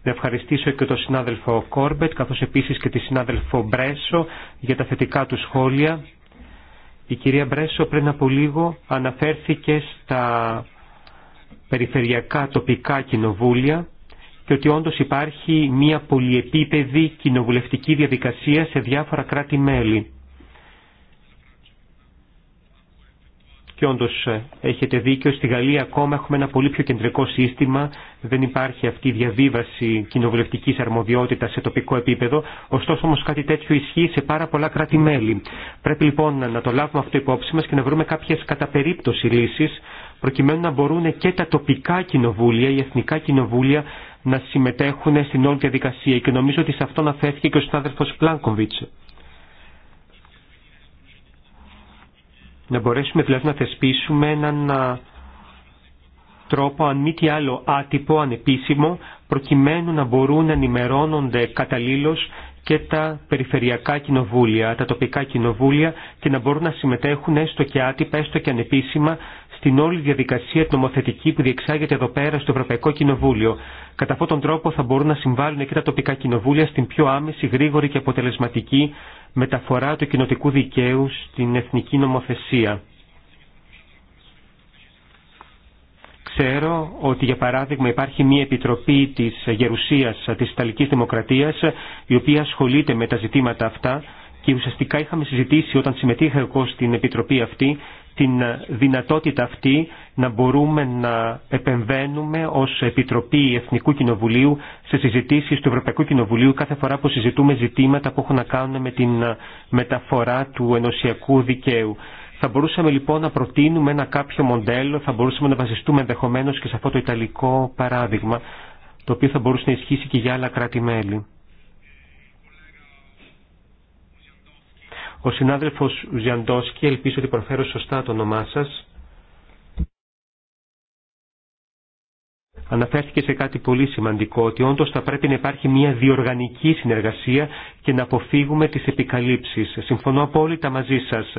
Να ευχαριστήσω και τον συνάδελφο Κόρμπετ, καθώς επίσης και τη συνάδελφο Μπρέσο για τα θετικά του σχόλια. Η κυρία Μπρέσο πριν από λίγο αναφέρθηκε στα περιφερειακά τοπικά κοινοβούλια και ότι όντως υπάρχει μια πολυεπίπεδη κοινοβουλευτική διαδικασία σε διάφορα κράτη-μέλη. Και όντω ε, έχετε δίκιο, στη Γαλλία ακόμα έχουμε ένα πολύ πιο κεντρικό σύστημα. Δεν υπάρχει αυτή η διαβίβαση κοινοβουλευτική αρμοδιότητα σε τοπικό επίπεδο. Ωστόσο όμω κάτι τέτοιο ισχύει σε πάρα πολλά κράτη-μέλη. Πρέπει λοιπόν να το λάβουμε αυτό υπόψη μα και να βρούμε κάποιε κατά περίπτωση λύσει προκειμένου να μπορούν και τα τοπικά κοινοβούλια, οι εθνικά κοινοβούλια να συμμετέχουν στην όλη διαδικασία. Και νομίζω ότι σε αυτό αναφέρθηκε και ο συνάδελφο Πλάνκοβιτ Να μπορέσουμε δηλαδή να θεσπίσουμε έναν τρόπο, αν μη τι άλλο άτυπο, ανεπίσημο, προκειμένου να μπορούν να ενημερώνονται καταλήλως και τα περιφερειακά κοινοβούλια, τα τοπικά κοινοβούλια και να μπορούν να συμμετέχουν έστω και άτυπα, έστω και ανεπίσημα την όλη διαδικασία νομοθετική που διεξάγεται εδώ πέρα στο Ευρωπαϊκό Κοινοβούλιο. Κατά αυτόν τον τρόπο θα μπορούν να συμβάλλουν και τα τοπικά κοινοβούλια στην πιο άμεση, γρήγορη και αποτελεσματική μεταφορά του κοινοτικού δικαίου στην εθνική νομοθεσία. Ξέρω ότι για παράδειγμα υπάρχει μια επιτροπή της Γερουσίας της Ιταλικής Δημοκρατίας η οποία ασχολείται με τα ζητήματα αυτά και ουσιαστικά είχαμε συζητήσει όταν συμμετείχα εγώ στην επιτροπή αυτή την ε, δυνατότητα αυτή να μπορούμε να επεμβαίνουμε ως Επιτροπή Εθνικού Κοινοβουλίου σε συζητήσεις του Ευρωπαϊκού Κοινοβουλίου κάθε φορά που συζητούμε ζητήματα που έχουν να κάνουν με την ε, μεταφορά του ενωσιακού δικαίου. Θα μπορούσαμε λοιπόν να προτείνουμε ένα κάποιο μοντέλο, θα μπορούσαμε να βασιστούμε ενδεχομένω και σε αυτό το ιταλικό παράδειγμα, το οποίο θα μπορούσε να ισχύσει και για άλλα κράτη-μέλη. Ο συνάδελφος Ζιαντόσκι, ελπίζω ότι προφέρω σωστά το όνομά σας, αναφέρθηκε σε κάτι πολύ σημαντικό, ότι όντως θα πρέπει να υπάρχει μια διοργανική συνεργασία και να αποφύγουμε τις επικαλύψεις. Συμφωνώ απόλυτα μαζί σας.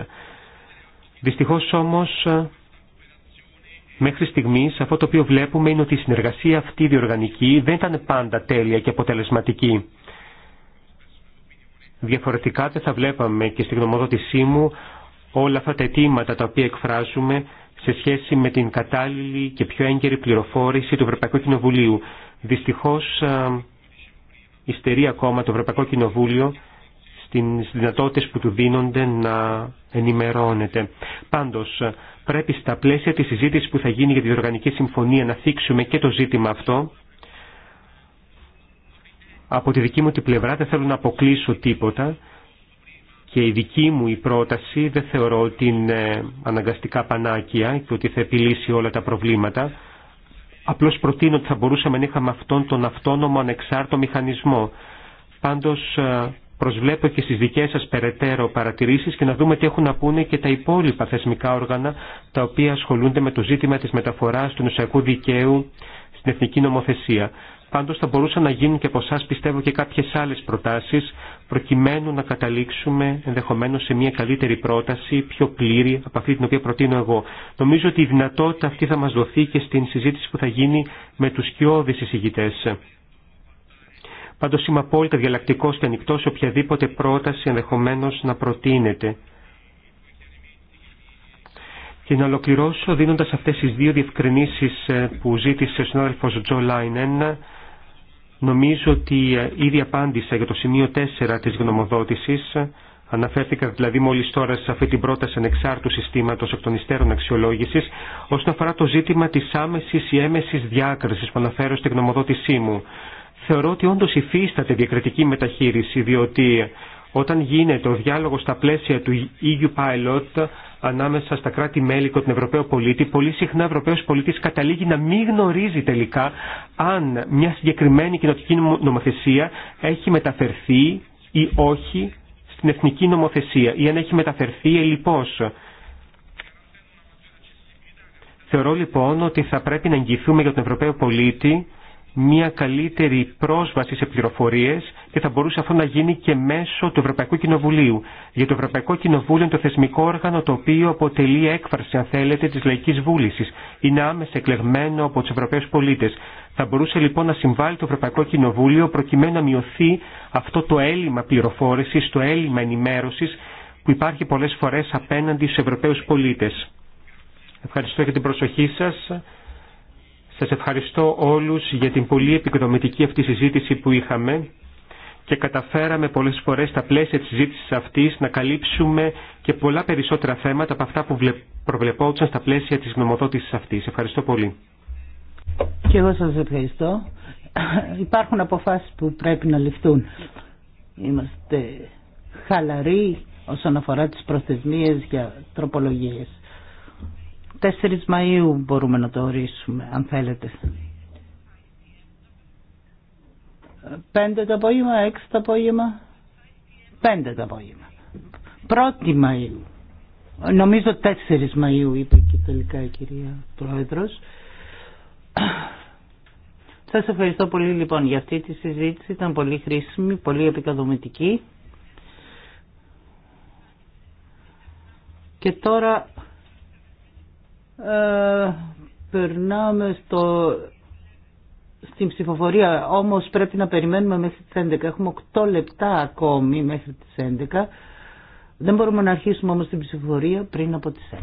Δυστυχώς όμως, μέχρι στιγμής αυτό το οποίο βλέπουμε είναι ότι η συνεργασία αυτή διοργανική δεν ήταν πάντα τέλεια και αποτελεσματική. Διαφορετικά δεν θα βλέπαμε και στη γνωμοδότησή μου όλα αυτά τα αιτήματα τα οποία εκφράζουμε σε σχέση με την κατάλληλη και πιο έγκαιρη πληροφόρηση του Ευρωπαϊκού Κοινοβουλίου. Δυστυχώς υστερεί ακόμα το Ευρωπαϊκό Κοινοβούλιο στις δυνατότητες που του δίνονται να ενημερώνεται. Πάντως, πρέπει στα πλαίσια της συζήτησης που θα γίνει για τη Διοργανική Συμφωνία να θίξουμε και το ζήτημα αυτό από τη δική μου την πλευρά δεν θέλω να αποκλείσω τίποτα και η δική μου η πρόταση δεν θεωρώ ότι είναι αναγκαστικά πανάκια και ότι θα επιλύσει όλα τα προβλήματα. Απλώς προτείνω ότι θα μπορούσαμε να είχαμε αυτόν τον αυτόνομο ανεξάρτητο μηχανισμό. Πάντως ε, προσβλέπω και στις δικές σας περαιτέρω παρατηρήσεις και να δούμε τι έχουν να πούνε και τα υπόλοιπα θεσμικά όργανα τα οποία ασχολούνται με το ζήτημα της μεταφοράς του νοσιακού δικαίου στην εθνική νομοθεσία. Πάντως θα μπορούσαν να γίνουν και από εσά πιστεύω και κάποιες άλλες προτάσεις προκειμένου να καταλήξουμε ενδεχομένως σε μια καλύτερη πρόταση, πιο πλήρη από αυτή την οποία προτείνω εγώ. Νομίζω ότι η δυνατότητα αυτή θα μας δοθεί και στην συζήτηση που θα γίνει με τους κοιόδης εισηγητές. Πάντως είμαι απόλυτα διαλλακτικός και ανοιχτό σε οποιαδήποτε πρόταση ενδεχομένως να προτείνεται. Και να ολοκληρώσω δίνοντας αυτές τις δύο διευκρινήσεις ε, που ζήτησε ο συνάδελφος Τζο Λάιν Νομίζω ότι ε, ήδη απάντησα για το σημείο 4 της γνωμοδότησης. Αναφέρθηκα δηλαδή μόλις τώρα σε αυτή την πρόταση ανεξάρτου συστήματος εκ των υστέρων αξιολόγησης όσον αφορά το ζήτημα της άμεσης ή έμεσης διάκρισης που αναφέρω στη γνωμοδότησή μου. Θεωρώ ότι όντως υφίσταται διακριτική μεταχείριση διότι όταν γίνεται ο διάλογος στα πλαίσια του EU Pilot ανάμεσα στα κράτη-μέλη και τον Ευρωπαίο πολίτη, πολύ συχνά ο Ευρωπαίο πολίτη καταλήγει να μην γνωρίζει τελικά αν μια συγκεκριμένη κοινοτική νομοθεσία έχει μεταφερθεί ή όχι στην εθνική νομοθεσία ή αν έχει μεταφερθεί ελλιπώς. Θεωρώ λοιπόν ότι θα πρέπει να εγγυηθούμε για τον Ευρωπαίο πολίτη μια καλύτερη πρόσβαση σε πληροφορίες και θα μπορούσε αυτό να γίνει και μέσω του Ευρωπαϊκού Κοινοβουλίου. Για το Ευρωπαϊκό Κοινοβούλιο είναι το θεσμικό όργανο το οποίο αποτελεί έκφραση, αν θέλετε, της λαϊκής βούλησης. Είναι άμεσα εκλεγμένο από τους Ευρωπαίους πολίτες. Θα μπορούσε λοιπόν να συμβάλλει το Ευρωπαϊκό Κοινοβούλιο προκειμένου να μειωθεί αυτό το έλλειμμα πληροφόρησης, το έλλειμμα ενημέρωσης που υπάρχει πολλές φορές απέναντι στους Ευρωπαίους πολίτες. Ευχαριστώ για την προσοχή σας. Σας ευχαριστώ όλους για την πολύ επικοδομητική αυτή συζήτηση που είχαμε και καταφέραμε πολλές φορές στα πλαίσια της συζήτησης αυτής να καλύψουμε και πολλά περισσότερα θέματα από αυτά που προβλεπόταν στα πλαίσια της γνωμοδότησης αυτής. Ευχαριστώ πολύ. Και εγώ σας ευχαριστώ. Υπάρχουν αποφάσεις που πρέπει να ληφθούν. Είμαστε χαλαροί όσον αφορά τις προθεσμίες για τροπολογίες. 4 Μαΐου μπορούμε να το ορίσουμε, αν θέλετε. 5 το απόγευμα, 6 το απόγευμα, 5 το απόγευμα. 1η Μαΐου. Νομίζω 4 Μαΐου είπε και τελικά η κυρία Πρόεδρος. Σας ευχαριστώ πολύ λοιπόν για αυτή τη συζήτηση. Ήταν πολύ χρήσιμη, πολύ επικαδομητική. Και τώρα ε, περνάμε στο, στην ψηφοφορία, όμως πρέπει να περιμένουμε μέχρι τις 11. Έχουμε 8 λεπτά ακόμη μέχρι τις 11. Δεν μπορούμε να αρχίσουμε όμως την ψηφοφορία πριν από τις 11.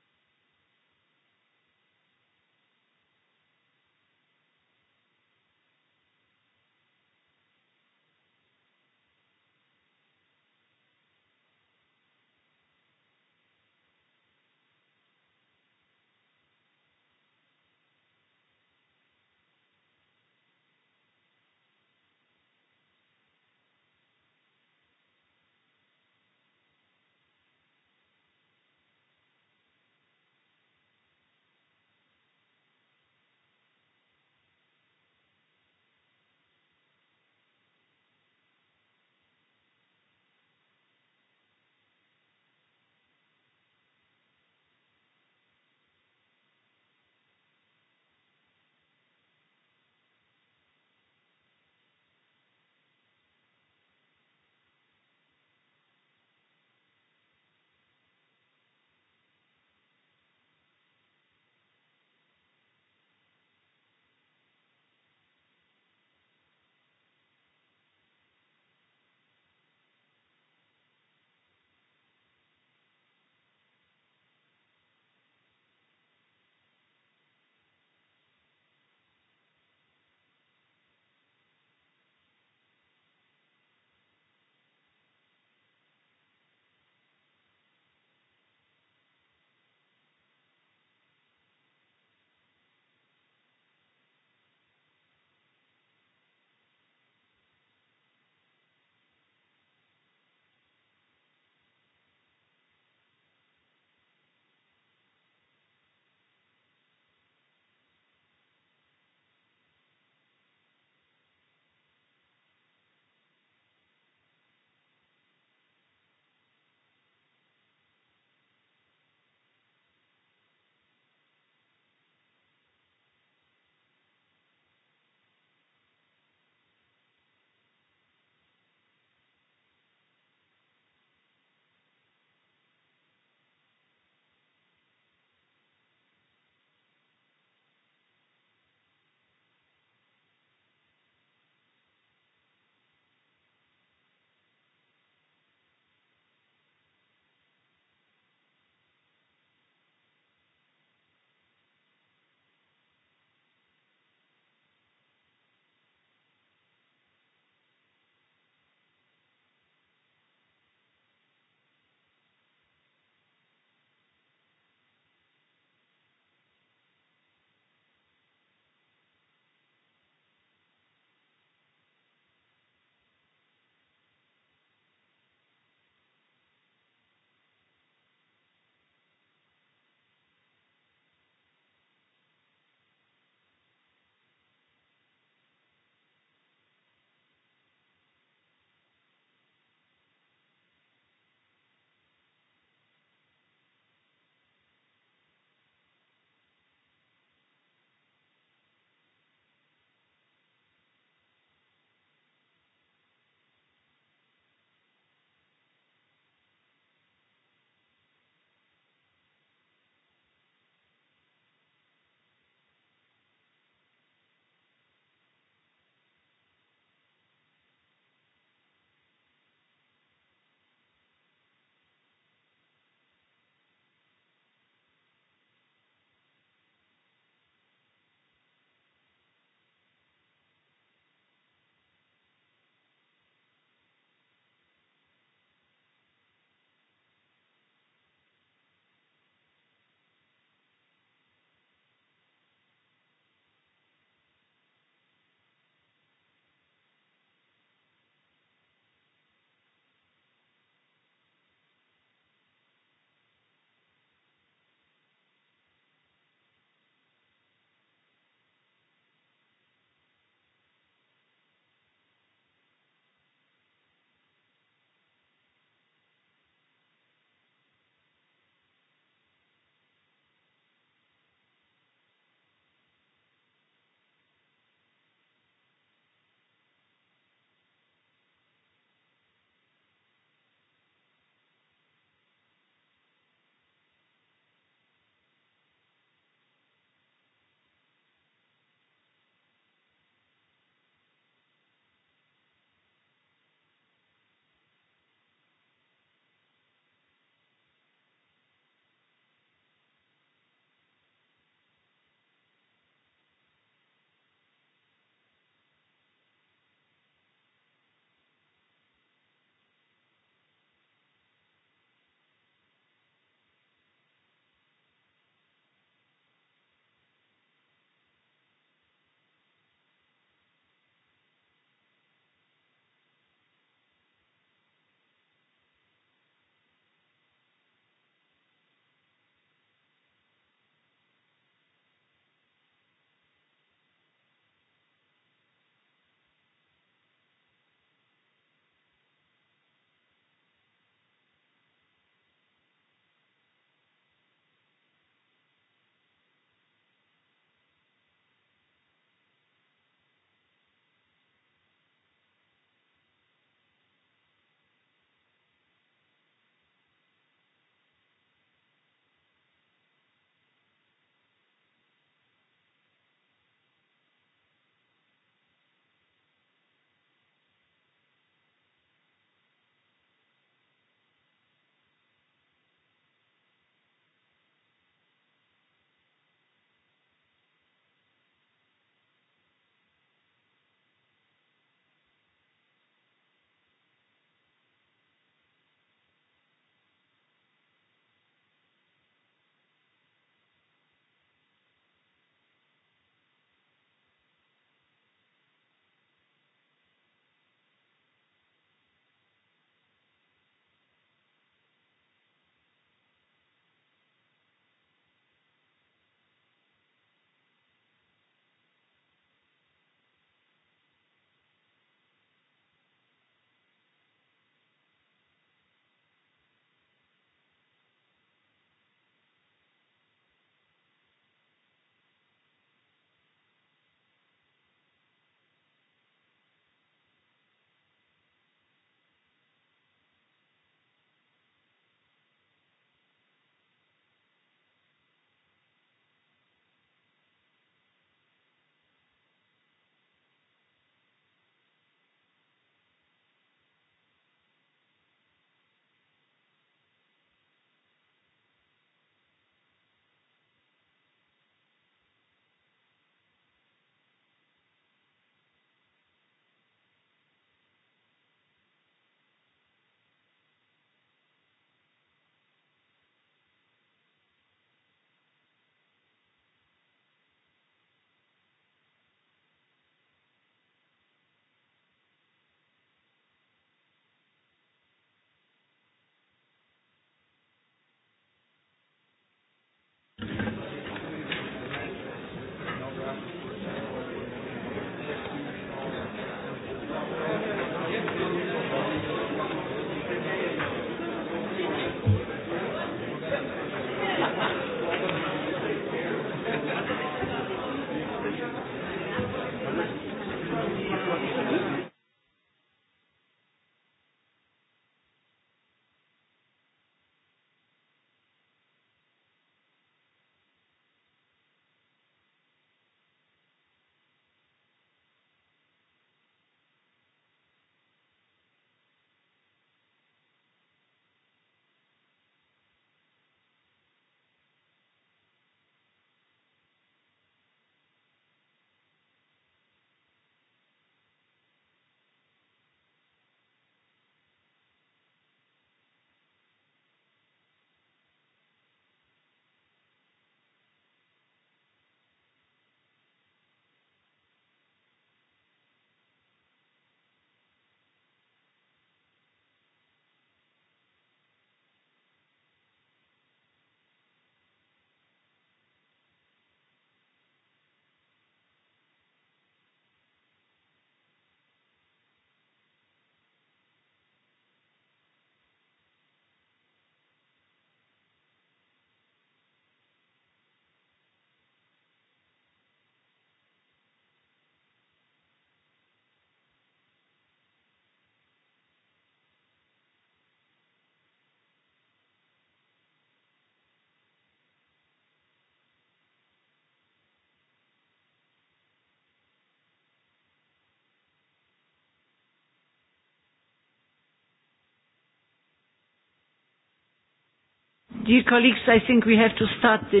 Dear colleagues, I think we have to start the,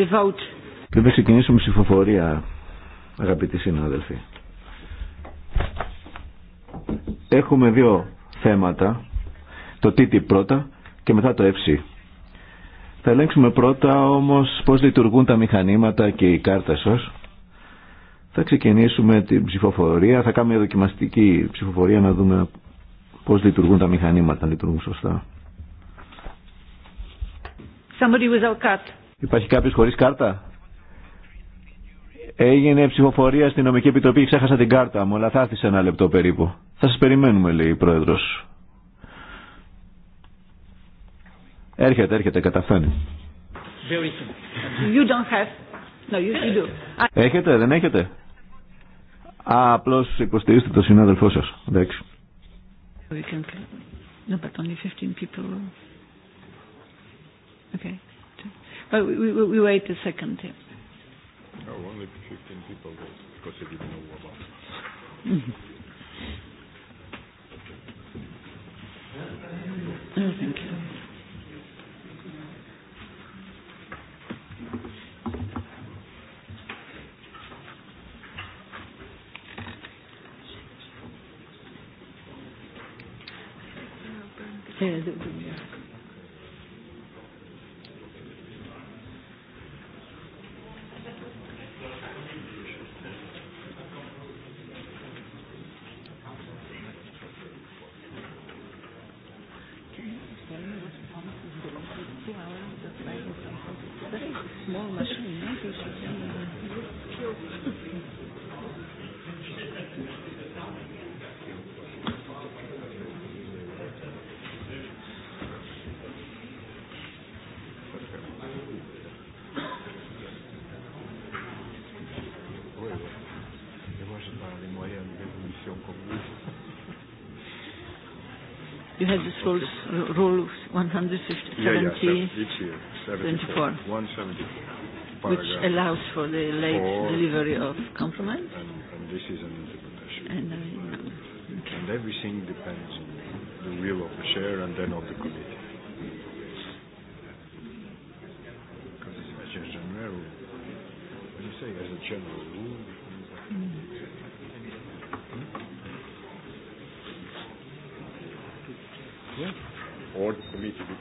the, vote. Πρέπει να ξεκινήσουμε ψηφοφορία, αγαπητοί συνάδελφοι. Έχουμε δύο θέματα. Το TTIP πρώτα και μετά το έψι. Θα ελέγξουμε πρώτα όμως πώς λειτουργούν τα μηχανήματα και οι κάρτα σας. Θα ξεκινήσουμε την ψηφοφορία, θα κάνουμε μια δοκιμαστική ψηφοφορία να δούμε πώς λειτουργούν τα μηχανήματα, αν λειτουργούν σωστά. Somebody Υπάρχει κάποιος χωρίς κάρτα. Έγινε ψηφοφορία στην νομική επιτροπή, ξέχασα την κάρτα μου, αλλά θα έρθει ένα λεπτό περίπου. Θα σας περιμένουμε, λέει η Πρόεδρος. Έρχεται, έρχεται, καταφέρνει. You don't have. No, you, do. Έχετε, δεν έχετε. Α, απλώς υποστηρίζετε τον συνάδελφό σας. Εντάξει. Okay. But we, we, we wait a second. Yeah. No, only 15 people because they didn't know about Oh, thank you. Yeah, had this rules, rule 170, yeah, yeah, 74, which allows for the late delivery of compromise. And, and this is an interpretation. And, I okay. and everything depends on the will of the chair and then of the committee. Because it's a general, what do you say, as a general rule,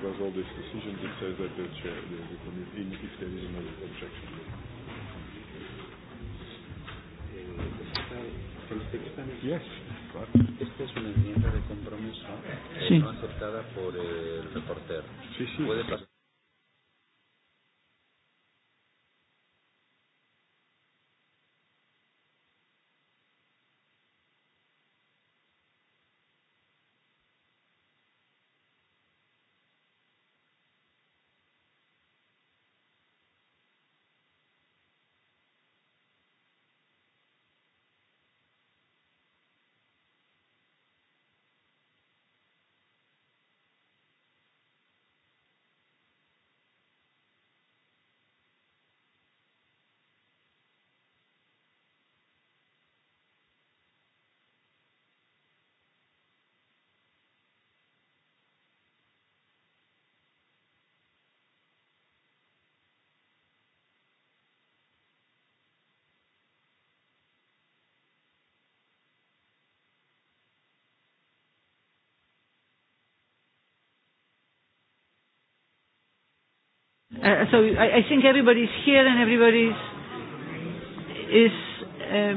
Does all these decisions, it says that chair, committee, if there is another objection. Yes. es una enmienda de compromiso sí. no aceptada por el reportero. Sí, sí. Uh, so I, I think everybody's here and everybody's is. Uh...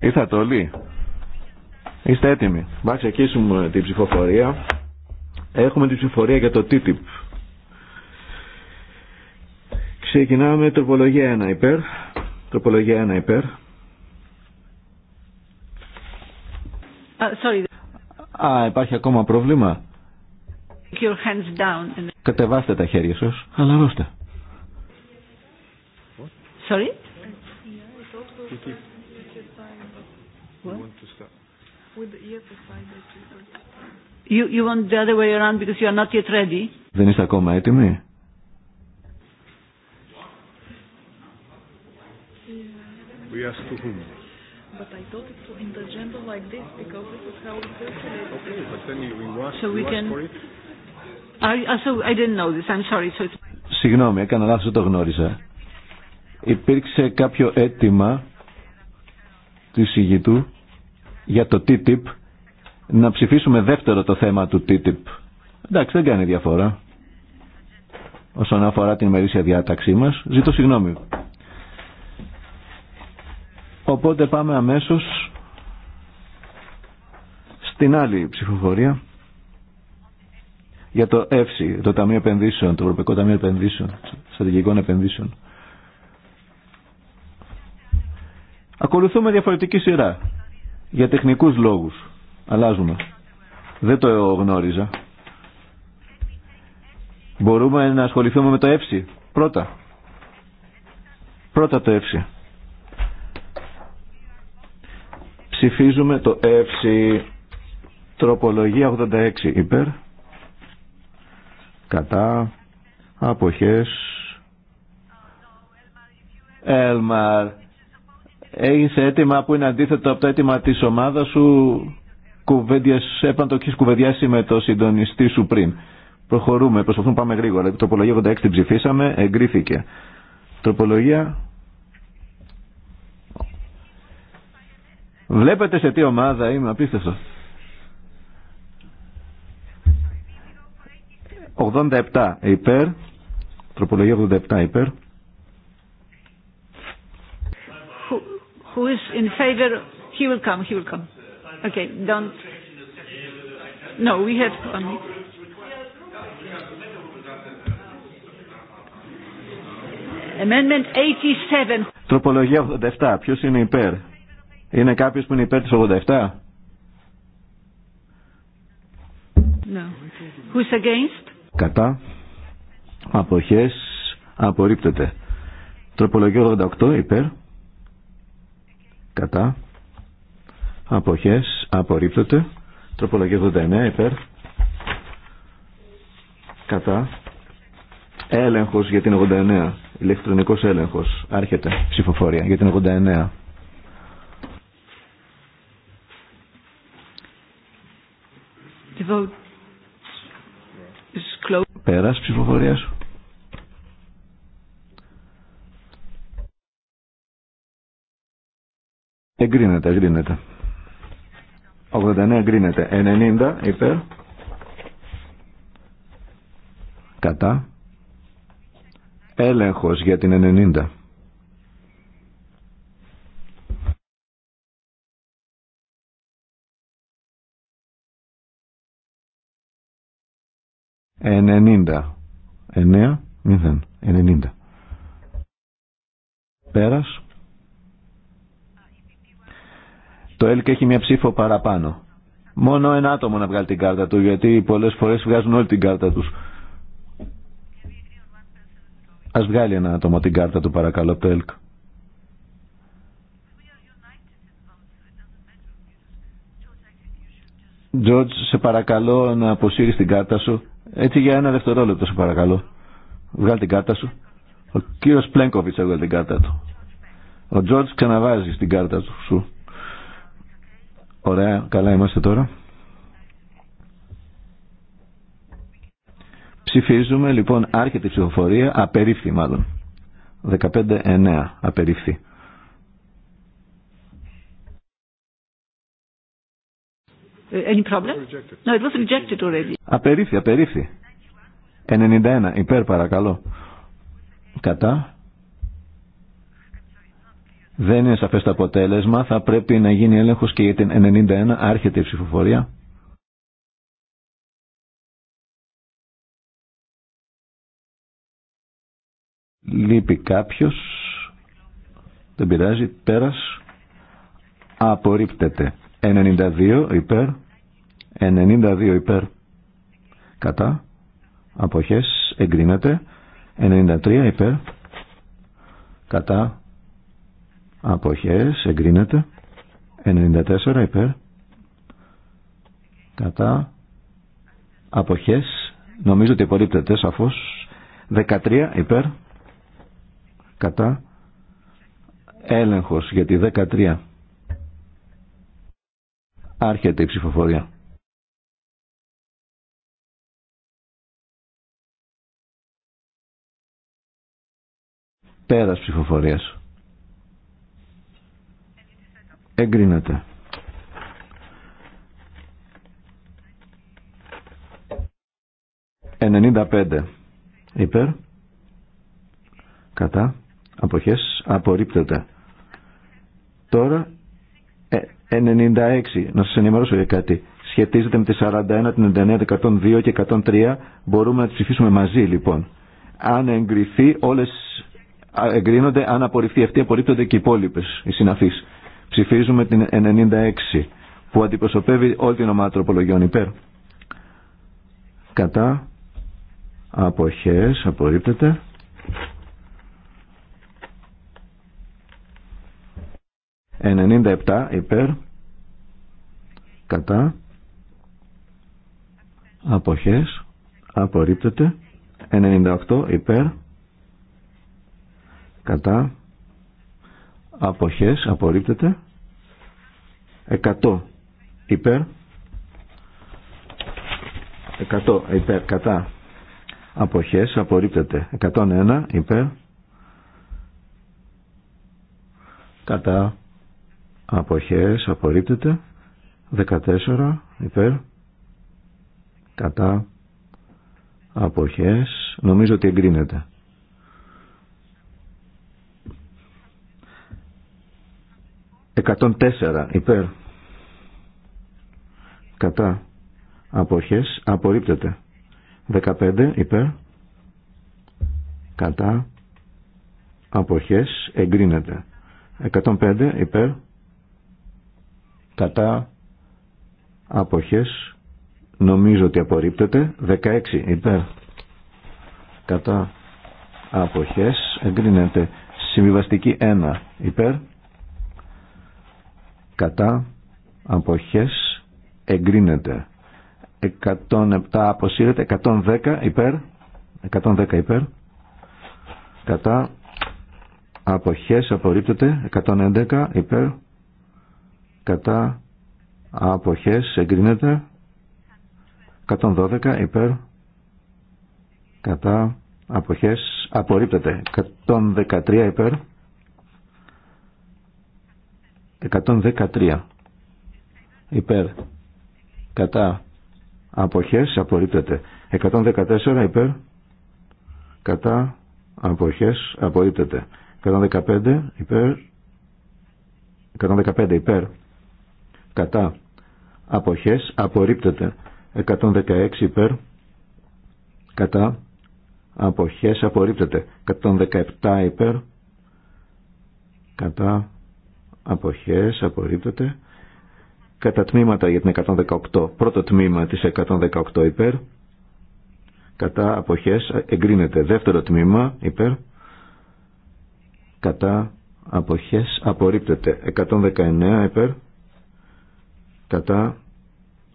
Ήρθατε όλοι. Είστε έτοιμοι. Μα ξεκινήσουμε την ψηφοφορία. Έχουμε την ψηφοφορία για το TTIP. Ξεκινάμε τροπολογία 1 υπέρ. Τροπολογία 1 υπέρ. Uh, sorry. Α, υπάρχει ακόμα πρόβλημα. Your hands down. Κατεβάστε τα χέρια σας, χαλαρώστε. Sorry? You, you want the other way around because you are not yet ready. Δεν είστε ακόμα έτοιμοι. We ask to whom? But I thought it's in the agenda like this because this is how it circulates. Okay, but then you, you ask, so we ask can... for it. Συγγνώμη, έκανα λάθος, δεν το γνώρισα. Υπήρξε κάποιο αίτημα του εισηγητού για το TTIP να ψηφίσουμε δεύτερο το θέμα του TTIP. Εντάξει, δεν κάνει διαφορά. Όσον αφορά την μερίσια διάταξή μας, ζητώ συγγνώμη. Οπότε πάμε αμέσως στην άλλη ψηφοφορία για το ΕΦΣΙ, το Ταμείο Επενδύσεων, το Ευρωπαϊκό Ταμείο Επενδύσεων, Στρατηγικών Επενδύσεων. Ακολουθούμε διαφορετική σειρά. Για τεχνικούς λόγους. Αλλάζουμε. Δεν το γνώριζα. Μπορούμε να ασχοληθούμε με το ΕΦΣΙ. Πρώτα. Πρώτα το ΕΦΣΙ. Ψηφίζουμε το ΕΦΣΙ. Τροπολογία 86 υπέρ κατά, αποχές. Έλμαρ, έχεις αίτημα που είναι αντίθετο από το αίτημα της ομάδας σου, κουβέντιας, έπαν το έχεις κουβεντιάσει με το συντονιστή σου πριν. Προχωρούμε, προσπαθούμε πάμε γρήγορα. Τροπολογία 86 την ψηφίσαμε, εγκρίθηκε. Τροπολογία... Βλέπετε σε τι ομάδα είμαι, απίστευτο. 87 υπέρ. Τροπολογία 87 υπέρ. Who, who is in favor? He will come, he will come. Okay, don't. No, we have one. Amendment 87. Τροπολογία 87. Ποιος είναι υπέρ? Είναι κάποιος που είναι υπέρ της 87? No. Who's against? κατά αποχές απορρίπτεται τροπολογία 88 υπέρ κατά αποχές απορρίπτεται τροπολογία 89 υπέρ κατά έλεγχος για την 89 ηλεκτρονικός έλεγχος άρχεται ψηφοφορία για την 89 The Πέρας σου. Εγκρίνεται, εγκρίνεται. 89 εγκρίνεται. 90 υπέρ. Κατά. Έλεγχος για την 90. 90. 9. 90. Πέρας. Το ΕΛΚ έχει μια ψήφο παραπάνω. Μόνο ένα άτομο να βγάλει την κάρτα του, γιατί πολλές φορές βγάζουν όλη την κάρτα τους. Ας βγάλει ένα άτομο την κάρτα του παρακαλώ το ΕΛΚ. Τζόρτζ, σε παρακαλώ να αποσύρεις την κάρτα σου. Έτσι για ένα δευτερόλεπτο σου παρακαλώ. Βγάλ την κάρτα σου. Ο κύριος Πλένκοβιτς έβγαλε την κάρτα του. Ο Τζόρτζ ξαναβάζει την κάρτα του σου. Ωραία, καλά είμαστε τώρα. Ψηφίζουμε λοιπόν άρχεται η ψηφοφορία, απερίφθη μάλλον. 15-9 απερίφθη. Uh, any problem? No, it was rejected already. Απερίφθη, απερίφθη. 91, υπέρ παρακαλώ. Κατά. Δεν είναι σαφές το αποτέλεσμα, θα πρέπει να γίνει έλεγχος και για την 91, άρχεται η ψηφοφορία. Λείπει κάποιος, δεν πειράζει, πέρας, απορρίπτεται. 92 υπέρ 92 υπέρ κατά αποχές εγκρίνεται 93 υπέρ κατά αποχές εγκρίνεται 94 υπέρ κατά αποχές νομίζω ότι υπολείπτεται σαφώς 13 υπέρ κατά έλεγχος γιατί 13 Άρχεται η ψηφοφορία. Πέρας ψηφοφορίας. Εγκρίνεται. Ενενήντα πέντε. Υπέρ. Κατά. Αποχές. Απορρίπτεται. Τώρα 96. Να σας ενημερώσω για κάτι. Σχετίζεται με τη 41, την 99, 102 και 103. Μπορούμε να τις ψηφίσουμε μαζί λοιπόν. Αν εγκριθεί όλες εγκρίνονται, αν απορριφθεί αυτή απορρίπτονται και οι υπόλοιπε, οι συναφεί. Ψηφίζουμε την 96 που αντιπροσωπεύει όλη την ομάδα τροπολογιών υπέρ. Κατά αποχές απορρίπτεται. 97 υπέρ κατά αποχές απορρίπτεται 98 υπέρ κατά αποχές απορρίπτεται 100 υπέρ 100 υπέρ κατά αποχές απορρίπτεται 101 υπέρ κατά αποχές απορρίπτεται 14 υπέρ κατά αποχές νομίζω ότι εγκρίνεται Εκατόν τέσσερα υπέρ κατά αποχές απορρίπτεται 15 υπέρ κατά αποχές εγκρίνεται 105 υπέρ κατά αποχές νομίζω ότι απορρίπτεται 16 υπέρ κατά αποχές εγκρίνεται συμβιβαστική 1 υπέρ κατά αποχές εγκρίνεται 107 αποσύρεται 110 υπέρ 110 υπέρ κατά αποχές απορρίπτεται 111 υπέρ κατά αποχές εγκρίνεται 112 υπέρ κατά αποχές απορρίπτεται 113 υπέρ 113 υπέρ κατά αποχές απορρίπτεται 114 υπέρ κατά αποχές απορρίπτεται 115 υπέρ 115 υπέρ κατά αποχές απορρίπτεται 116 υπέρ κατά αποχές απορρίπτεται 117 υπέρ κατά αποχές απορρίπτεται κατά τμήματα για την 118 πρώτο τμήμα της 118 υπέρ κατά αποχές εγκρίνεται δεύτερο τμήμα υπέρ κατά αποχές απορρίπτεται 119 υπέρ κατά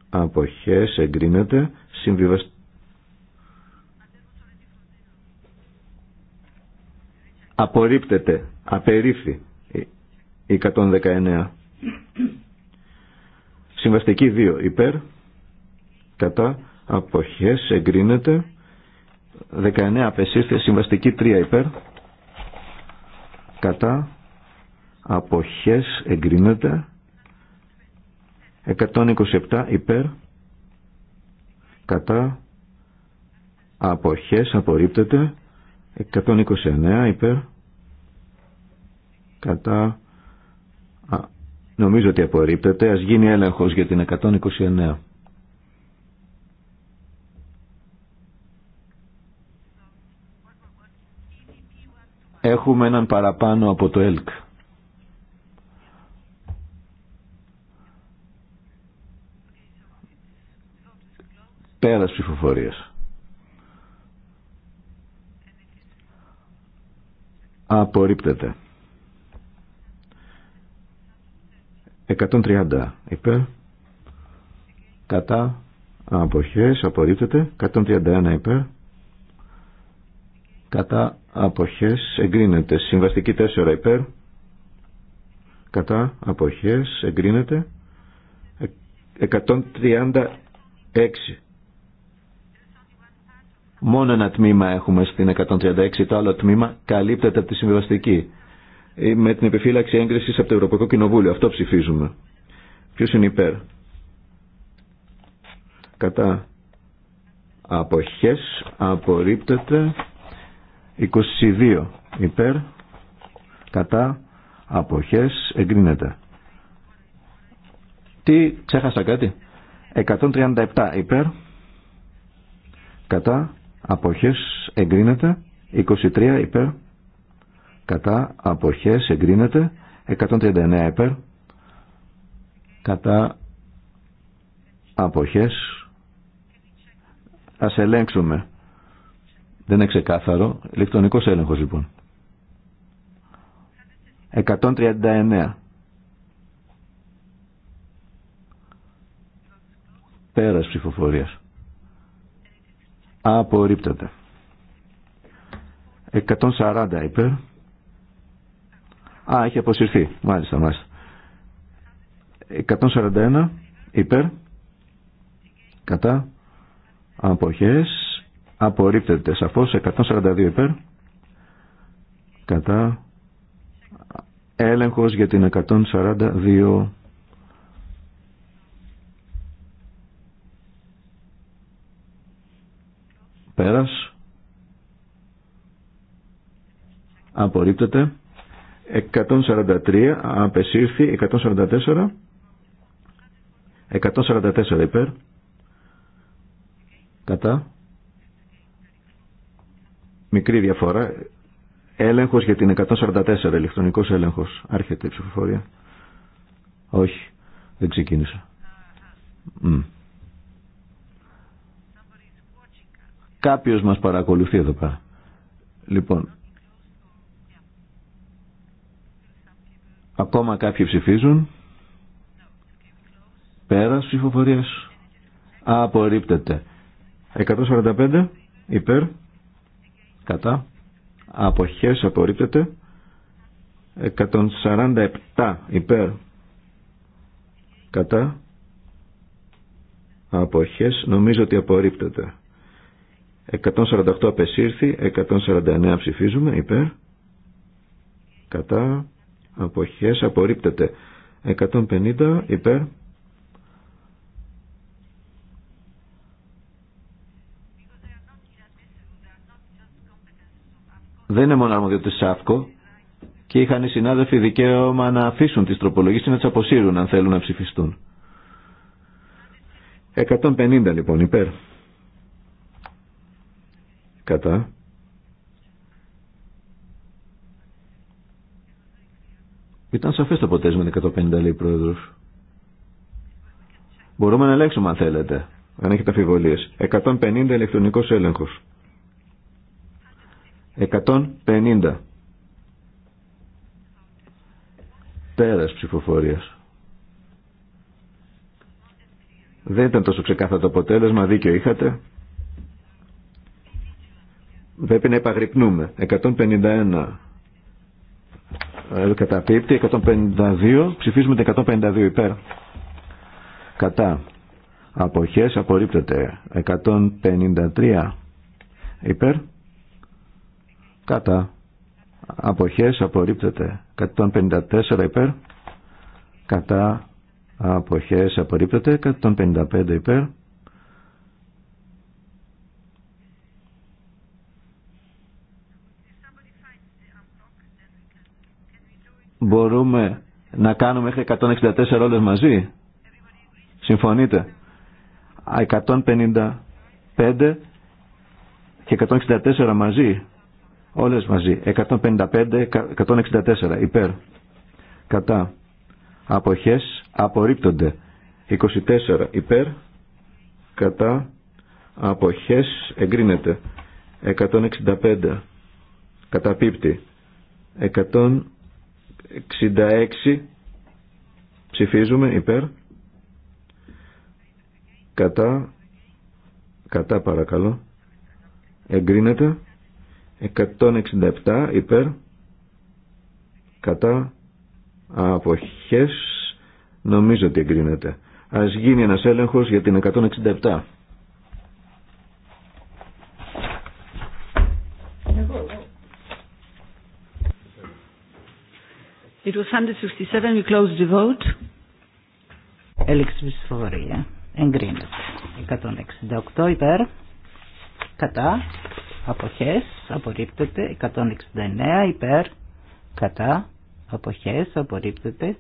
αποχές εγκρίνεται συμβιβασ... απορρίπτεται απερίφθη 119 συμβαστική 2 υπέρ κατά αποχές εγκρίνεται 19 απεσύρθη συμβαστική 3 υπέρ κατά αποχές εγκρίνεται 127 υπέρ κατά αποχές απορρίπτεται 129 υπέρ κατά νομίζω ότι απορρίπτεται ας γίνει έλεγχος για την 129 Έχουμε έναν παραπάνω από το ΕΛΚ. Πέρας ψηφοφορίας. Απορρίπτεται. 130 υπέρ. Κατά αποχές απορρίπτεται. 131 υπέρ. Κατά αποχές εγκρίνεται. Συμβαστική 4 υπέρ. Κατά αποχές εγκρίνεται. 136 Μόνο ένα τμήμα έχουμε στην 136, το άλλο τμήμα καλύπτεται από τη συμβιβαστική. Ε, με την επιφύλαξη έγκριση από το Ευρωπαϊκό Κοινοβούλιο. Αυτό ψηφίζουμε. Ποιο είναι υπέρ. Κατά. Αποχές. Απορρίπτεται. 22 υπέρ. Κατά. Αποχές. Εγκρίνεται. Τι, ξέχασα κάτι. 137 υπέρ. Κατά αποχές εγκρίνεται 23 υπέρ κατά αποχές εγκρίνεται 139 υπέρ κατά αποχές ας ελέγξουμε δεν είναι ξεκάθαρο ηλεκτρονικός έλεγχος λοιπόν 139 πέρας ψηφοφορίας απορρίπτεται 140 υπέρ α έχει αποσυρθεί μάλιστα μάλιστα 141 υπέρ κατά αποχές απορρίπτεται σαφώς 142 υπέρ κατά έλεγχος για την 142 Πέρας. Απορρίπτεται. 143. Απεσύρθη. 144. 144 υπέρ. Κατά. Μικρή διαφορά. Έλεγχος για την 144. Ηλεκτρονικός έλεγχος. Άρχεται η ψηφοφορία. Όχι. Δεν ξεκίνησα. Mm. Κάποιος μας παρακολουθεί εδώ πέρα. Λοιπόν, ακόμα κάποιοι ψηφίζουν. Πέρας ψηφοφορίας. Απορρίπτεται. 145 υπέρ. Κατά. Αποχές απορρίπτεται. 147 υπέρ. Κατά. Αποχές νομίζω ότι απορρίπτεται. 148 απεσύρθη, 149 ψηφίζουμε, υπέρ. Κατά αποχές απορρίπτεται. 150 υπέρ. Δεν είναι μόνο αρμοδιότητες ΣΑΦΚΟ και είχαν οι συνάδελφοι δικαίωμα να αφήσουν τις τροπολογίες και να τι αποσύρουν αν θέλουν να ψηφιστούν. 150 λοιπόν υπέρ κατά Ήταν σαφές το αποτέλεσμα 150 λέει πρόεδρος. Μπορούμε να ελέγξουμε αν θέλετε, αν έχετε αφιβολίες. 150 ηλεκτρονικός έλεγχος. 150. πέρα ψηφοφορίας. Δεν ήταν τόσο ξεκάθαρο το αποτέλεσμα, δίκιο είχατε. Πρέπει να επαγρυπνούμε. 151 καταπίπτει. 152. Ψηφίζουμε το 152 υπέρ. Κατά. Αποχές απορρίπτεται. 153 υπέρ. Κατά. Αποχές απορρίπτεται. 154 υπέρ. Κατά. Αποχές απορρίπτεται. 155 υπέρ. Μπορούμε να κάνουμε μέχρι 164 όλες μαζί. Συμφωνείτε. 155 και 164 μαζί. Όλες μαζί. 155, 164 υπέρ. Κατά. Αποχές απορρίπτονται. 24 υπέρ. Κατά. Αποχές εγκρίνεται. 165 καταπίπτει. 100 66 ψηφίζουμε υπέρ κατά κατά παρακαλώ εγκρίνεται 167 υπέρ κατά αποχές νομίζω ότι εγκρίνεται ας γίνει ένας έλεγχος για την 167 It was 167. We close the vote. Έληξη ψηφοφορία. Εγκρίνεται. 168 υπέρ. Κατά. Αποχές. Απορρίπτεται. 169 υπέρ. Κατά. Αποχές. Απορρίπτεται.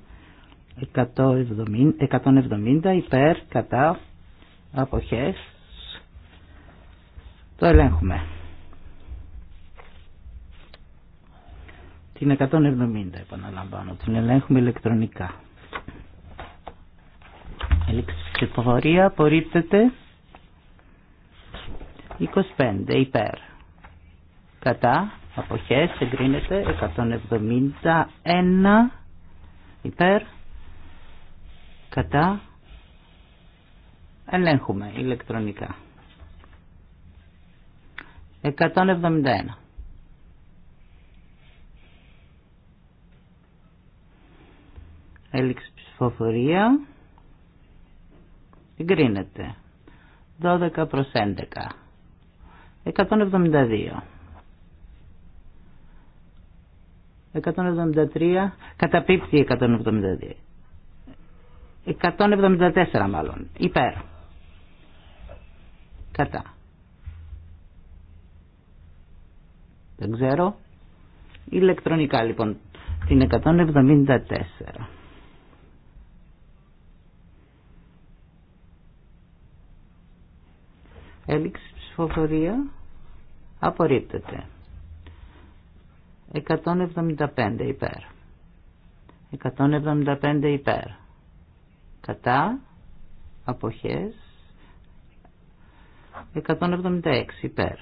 170, 170 υπέρ. Κατά. Αποχές. Το ελέγχουμε. Την 170 επαναλαμβάνω. Την ελέγχουμε ηλεκτρονικά. Ελήξη απορρίπτεται 25 υπέρ. Κατά αποχές εγκρίνεται 171 υπέρ. Κατά ελέγχουμε ηλεκτρονικά. 171. Έληξη ψηφοφορία. Εγκρίνεται. 12 προς 11. 172. 173, καταπίπτει 172. 174 μάλλον, υπέρ. Κατά. Δεν ξέρω. Ηλεκτρονικά λοιπόν την 174. Έληξη ψηφοφορία. Απορρίπτεται. 175 υπέρ. 175 υπέρ. Κατά. Αποχές. 176 υπέρ.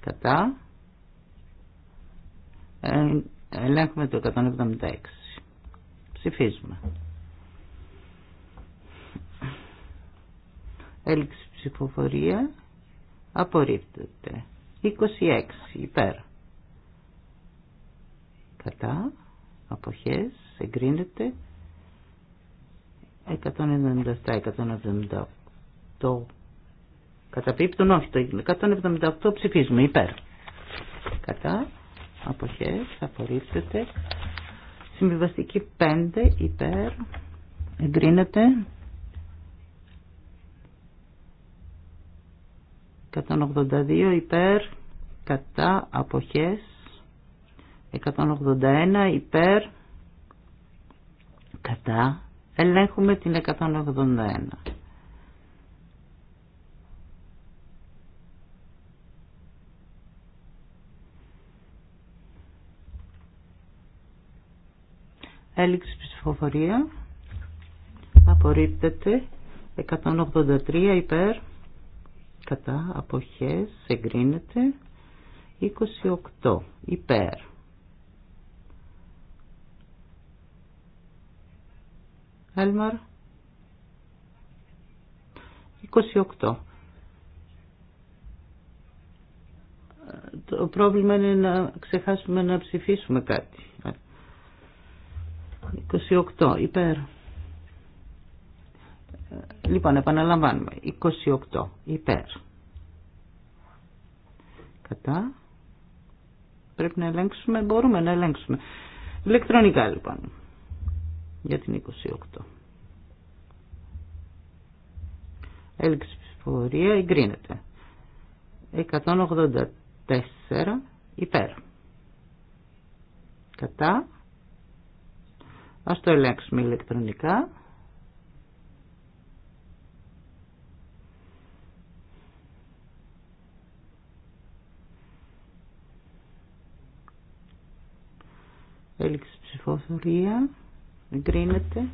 Κατά. Ε, ελέγχουμε το 176. Ψηφίζουμε. Έληξη ψηφοφορία απορρίπτεται. 26 υπέρ. Κατά. Αποχές. Εγκρίνεται. 177-178. Καταπίπτουν όχι το 178 ψηφίζουμε υπέρ. Κατά. Αποχές. Απορρίπτεται. Συμβιβαστική 5 υπέρ. Εγκρίνεται. 182 υπέρ κατά αποχές 181 υπέρ κατά ελέγχουμε την 181 Έληξη ψηφοφορία απορρίπτεται 183 υπέρ κατά αποχές εγκρίνεται 28 υπέρ Έλμαρ 28 Το πρόβλημα είναι να ξεχάσουμε να ψηφίσουμε κάτι 28 υπέρ Λοιπόν, επαναλαμβάνουμε. 28 υπέρ. Κατά. Πρέπει να ελέγξουμε. Μπορούμε να ελέγξουμε. Ηλεκτρονικά λοιπόν. Για την 28. Έλξη ψηφοφορία εγκρίνεται. 184 υπέρ. Κατά. Ας το ελέγξουμε ηλεκτρονικά. Έληξη ψηφοφορία. Εγκρίνεται.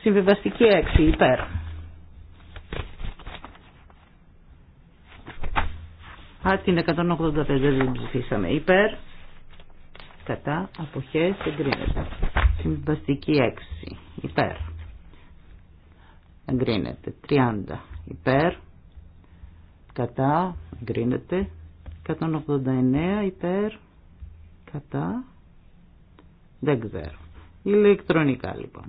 Συμβιβαστική έξι. υπέρ. Α, την 185 δεν ψηφίσαμε. Υπέρ. Κατά. Αποχές. Εγκρίνεται. Συμβιβαστική έξι. υπέρ. Εγκρίνεται. 30 υπέρ. Κατά. Εγκρίνεται. 189 υπέρ. Κατά δεν ξέρω. Ηλεκτρονικά λοιπόν.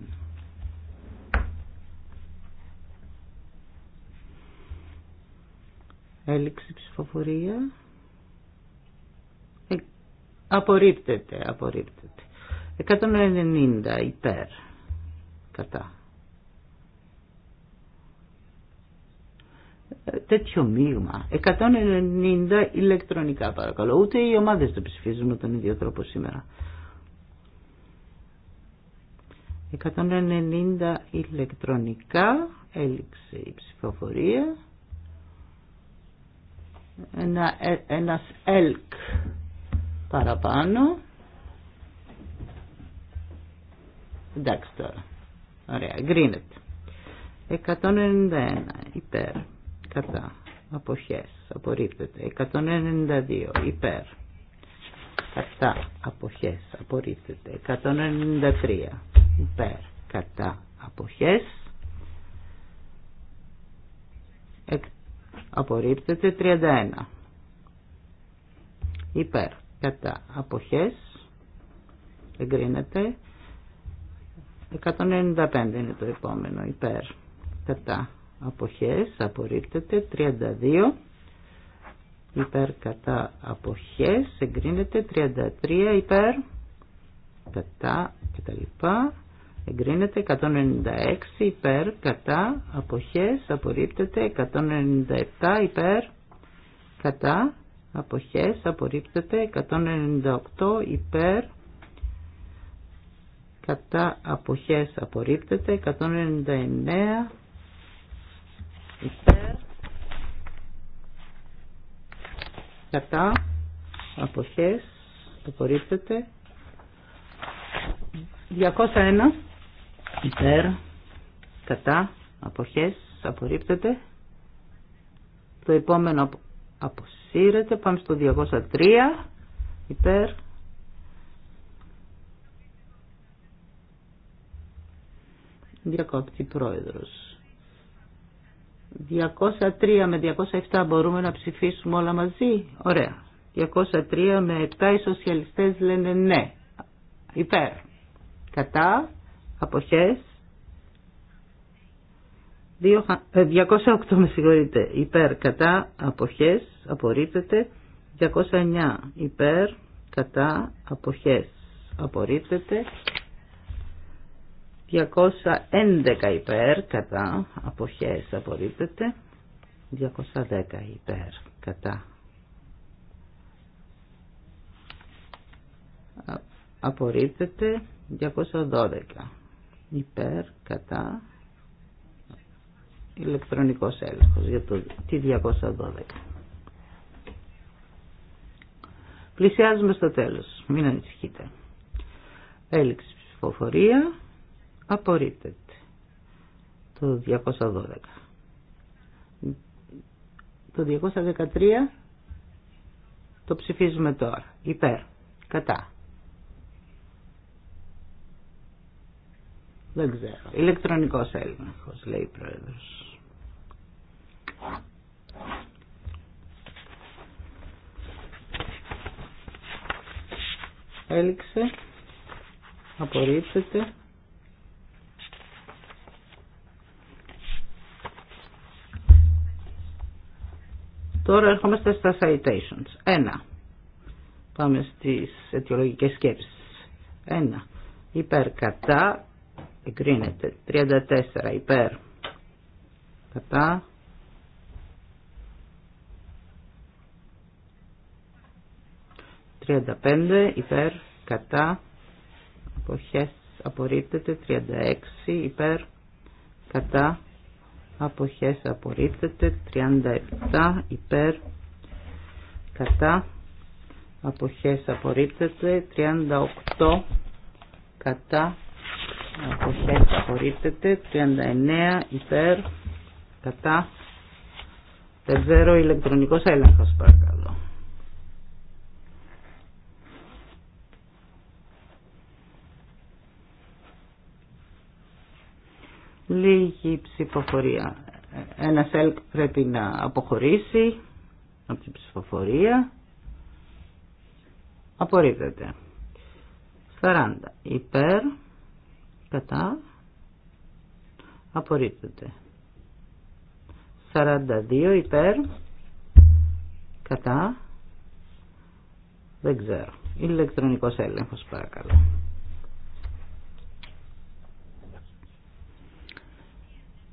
Έληξη ψηφοφορία. Ε, απορρίπτεται, απορρίπτεται. 190 υπέρ. Κατά. Ε, τέτοιο μείγμα. 190 ηλεκτρονικά παρακαλώ. Ούτε οι ομάδες το ψηφίζουν με τον ίδιο τρόπο σήμερα. 190 ηλεκτρονικά έληξε η ψηφοφορία ένα, ε, ένας ΕΛΚ παραπάνω εντάξει τώρα ωραία γκρίνεται 191 υπέρ κατά αποχές απορρίπτεται 192 υπέρ κατά αποχές απορρίπτεται 193 υπέρ κατά αποχές Εκ... απορρίπτεται 31 υπέρ κατά αποχές εγκρίνεται 195 είναι το επόμενο υπέρ κατά αποχές απορρίπτεται 32 υπέρ κατά αποχές εγκρίνεται 33 υπέρ κατά και τα λοιπά εγκρίνεται 196 υπέρ κατά αποχές απορρίπτεται 197 υπέρ κατά αποχές απορρίπτεται 198 υπέρ κατά αποχές απορρίπτεται 199 υπέρ κατά αποχές απορρίπτεται 201 υπέρ, κατά, αποχές, απορρίπτεται. Το επόμενο αποσύρεται, πάμε στο 203, υπέρ. Διακόπτη πρόεδρος. 203 με 207 μπορούμε να ψηφίσουμε όλα μαζί. Ωραία. 203 με 7 οι σοσιαλιστές λένε ναι. Υπέρ. Κατά αποχές 208 ε, με συγχωρείτε υπέρ κατά αποχές απορρίπτεται 209 υπέρ κατά αποχές απορρίπτεται 211 υπέρ κατά αποχές απορρίπτεται 210 υπέρ κατά απορρίπτεται 212 υπέρ, κατά, ηλεκτρονικός έλεγχος για το T212. Πλησιάζουμε στο τέλος, μην ανησυχείτε. Έληξη ψηφοφορία, απορρίπτεται το 212. Το 213 το ψηφίζουμε τώρα, υπέρ, κατά. Δεν ξέρω. ηλεκτρονικό έλεγχος, λέει η πρόεδρο. Έληξε. Απορρίψετε. Τώρα ερχόμαστε στα citations. Ένα. Πάμε στις αιτιολογικές σκέψεις. Ένα. Υπέρ εγκρίνεται 34 υπέρ κατά ...35 υπέρ κατά αποχές απορρίπτεται 36 υπέρ κατά αποχές απορρίπτεται 37 υπέρ κατά αποχές απορρίπτεται 38 κατά αποχές απορρίπτεται 39 υπέρ κατά δεν ξέρω ηλεκτρονικός έλεγχος παρακαλώ λίγη ψηφοφορία ένα ΕΛΚ πρέπει να αποχωρήσει από την ψηφοφορία απορρίπτεται 40 υπέρ κατά απορρίπτεται 42 υπέρ κατά δεν ξέρω ηλεκτρονικός έλεγχος παρακαλώ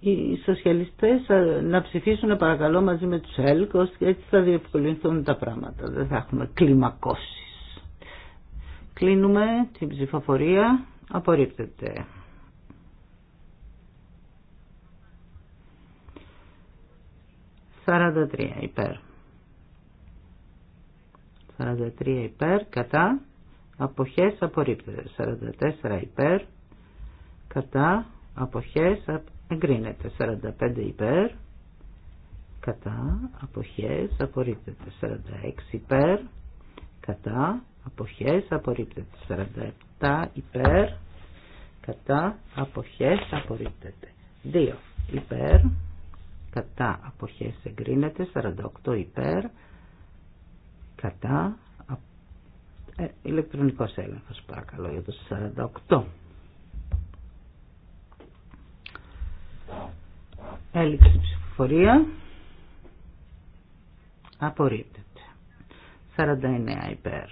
οι σοσιαλιστές να ψηφίσουν παρακαλώ μαζί με τους έλκος και έτσι θα διευκολυνθούν τα πράγματα δεν θα έχουμε κλιμακώσεις κλείνουμε την ψηφοφορία Απορρίπτεται. 43 υπέρ. 43 υπέρ, κατά, αποχές απορρίπτεται. 44 υπέρ, κατά, αποχές εγκρίνεται. 45 υπέρ, κατά, αποχές απορρίπτεται. 46 υπέρ, κατά, αποχές απορρίπτεται. 7 υπέρ κατά αποχές απορρίπτεται. 2 υπέρ κατά αποχές εγκρίνεται. 48 υπέρ κατά ε, ηλεκτρονικός έλεγχος παρακαλώ για το 48. Έλλειψη ψηφοφορία. Απορρίπτεται. 49 υπέρ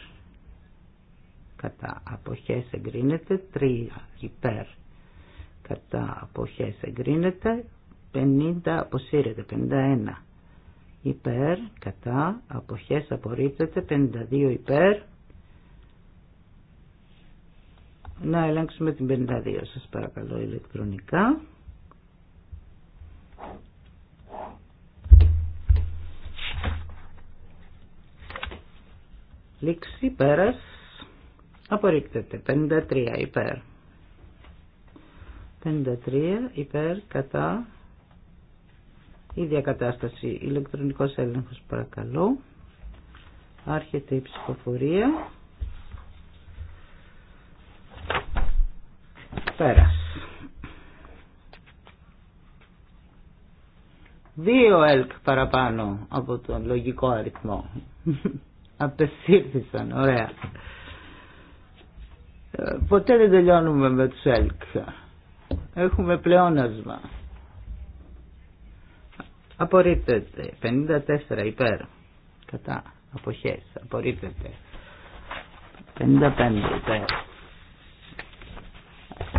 κατά αποχές εγκρίνεται 3 υπέρ κατά αποχές εγκρίνεται 50 αποσύρεται 51 υπέρ κατά αποχές απορρίπτεται 52 υπέρ να ελέγξουμε την 52 σας παρακαλώ ηλεκτρονικά λήξη πέρας Απορρίπτεται. 53 υπέρ. 53 υπέρ κατά. η κατάσταση. Ηλεκτρονικός έλεγχος παρακαλώ. Άρχεται η ψηφοφορία. Πέρας. Δύο ΕΛΚ παραπάνω από τον λογικό αριθμό. Απεσύρθησαν. Ωραία. Ε, ποτέ δεν τελειώνουμε με τους ΕΛΚ. Έχουμε πλεόνασμα. Απορρίπτεται. 54 υπέρ. Κατά. Αποχές. Απορρίπτεται. 55 υπέρ.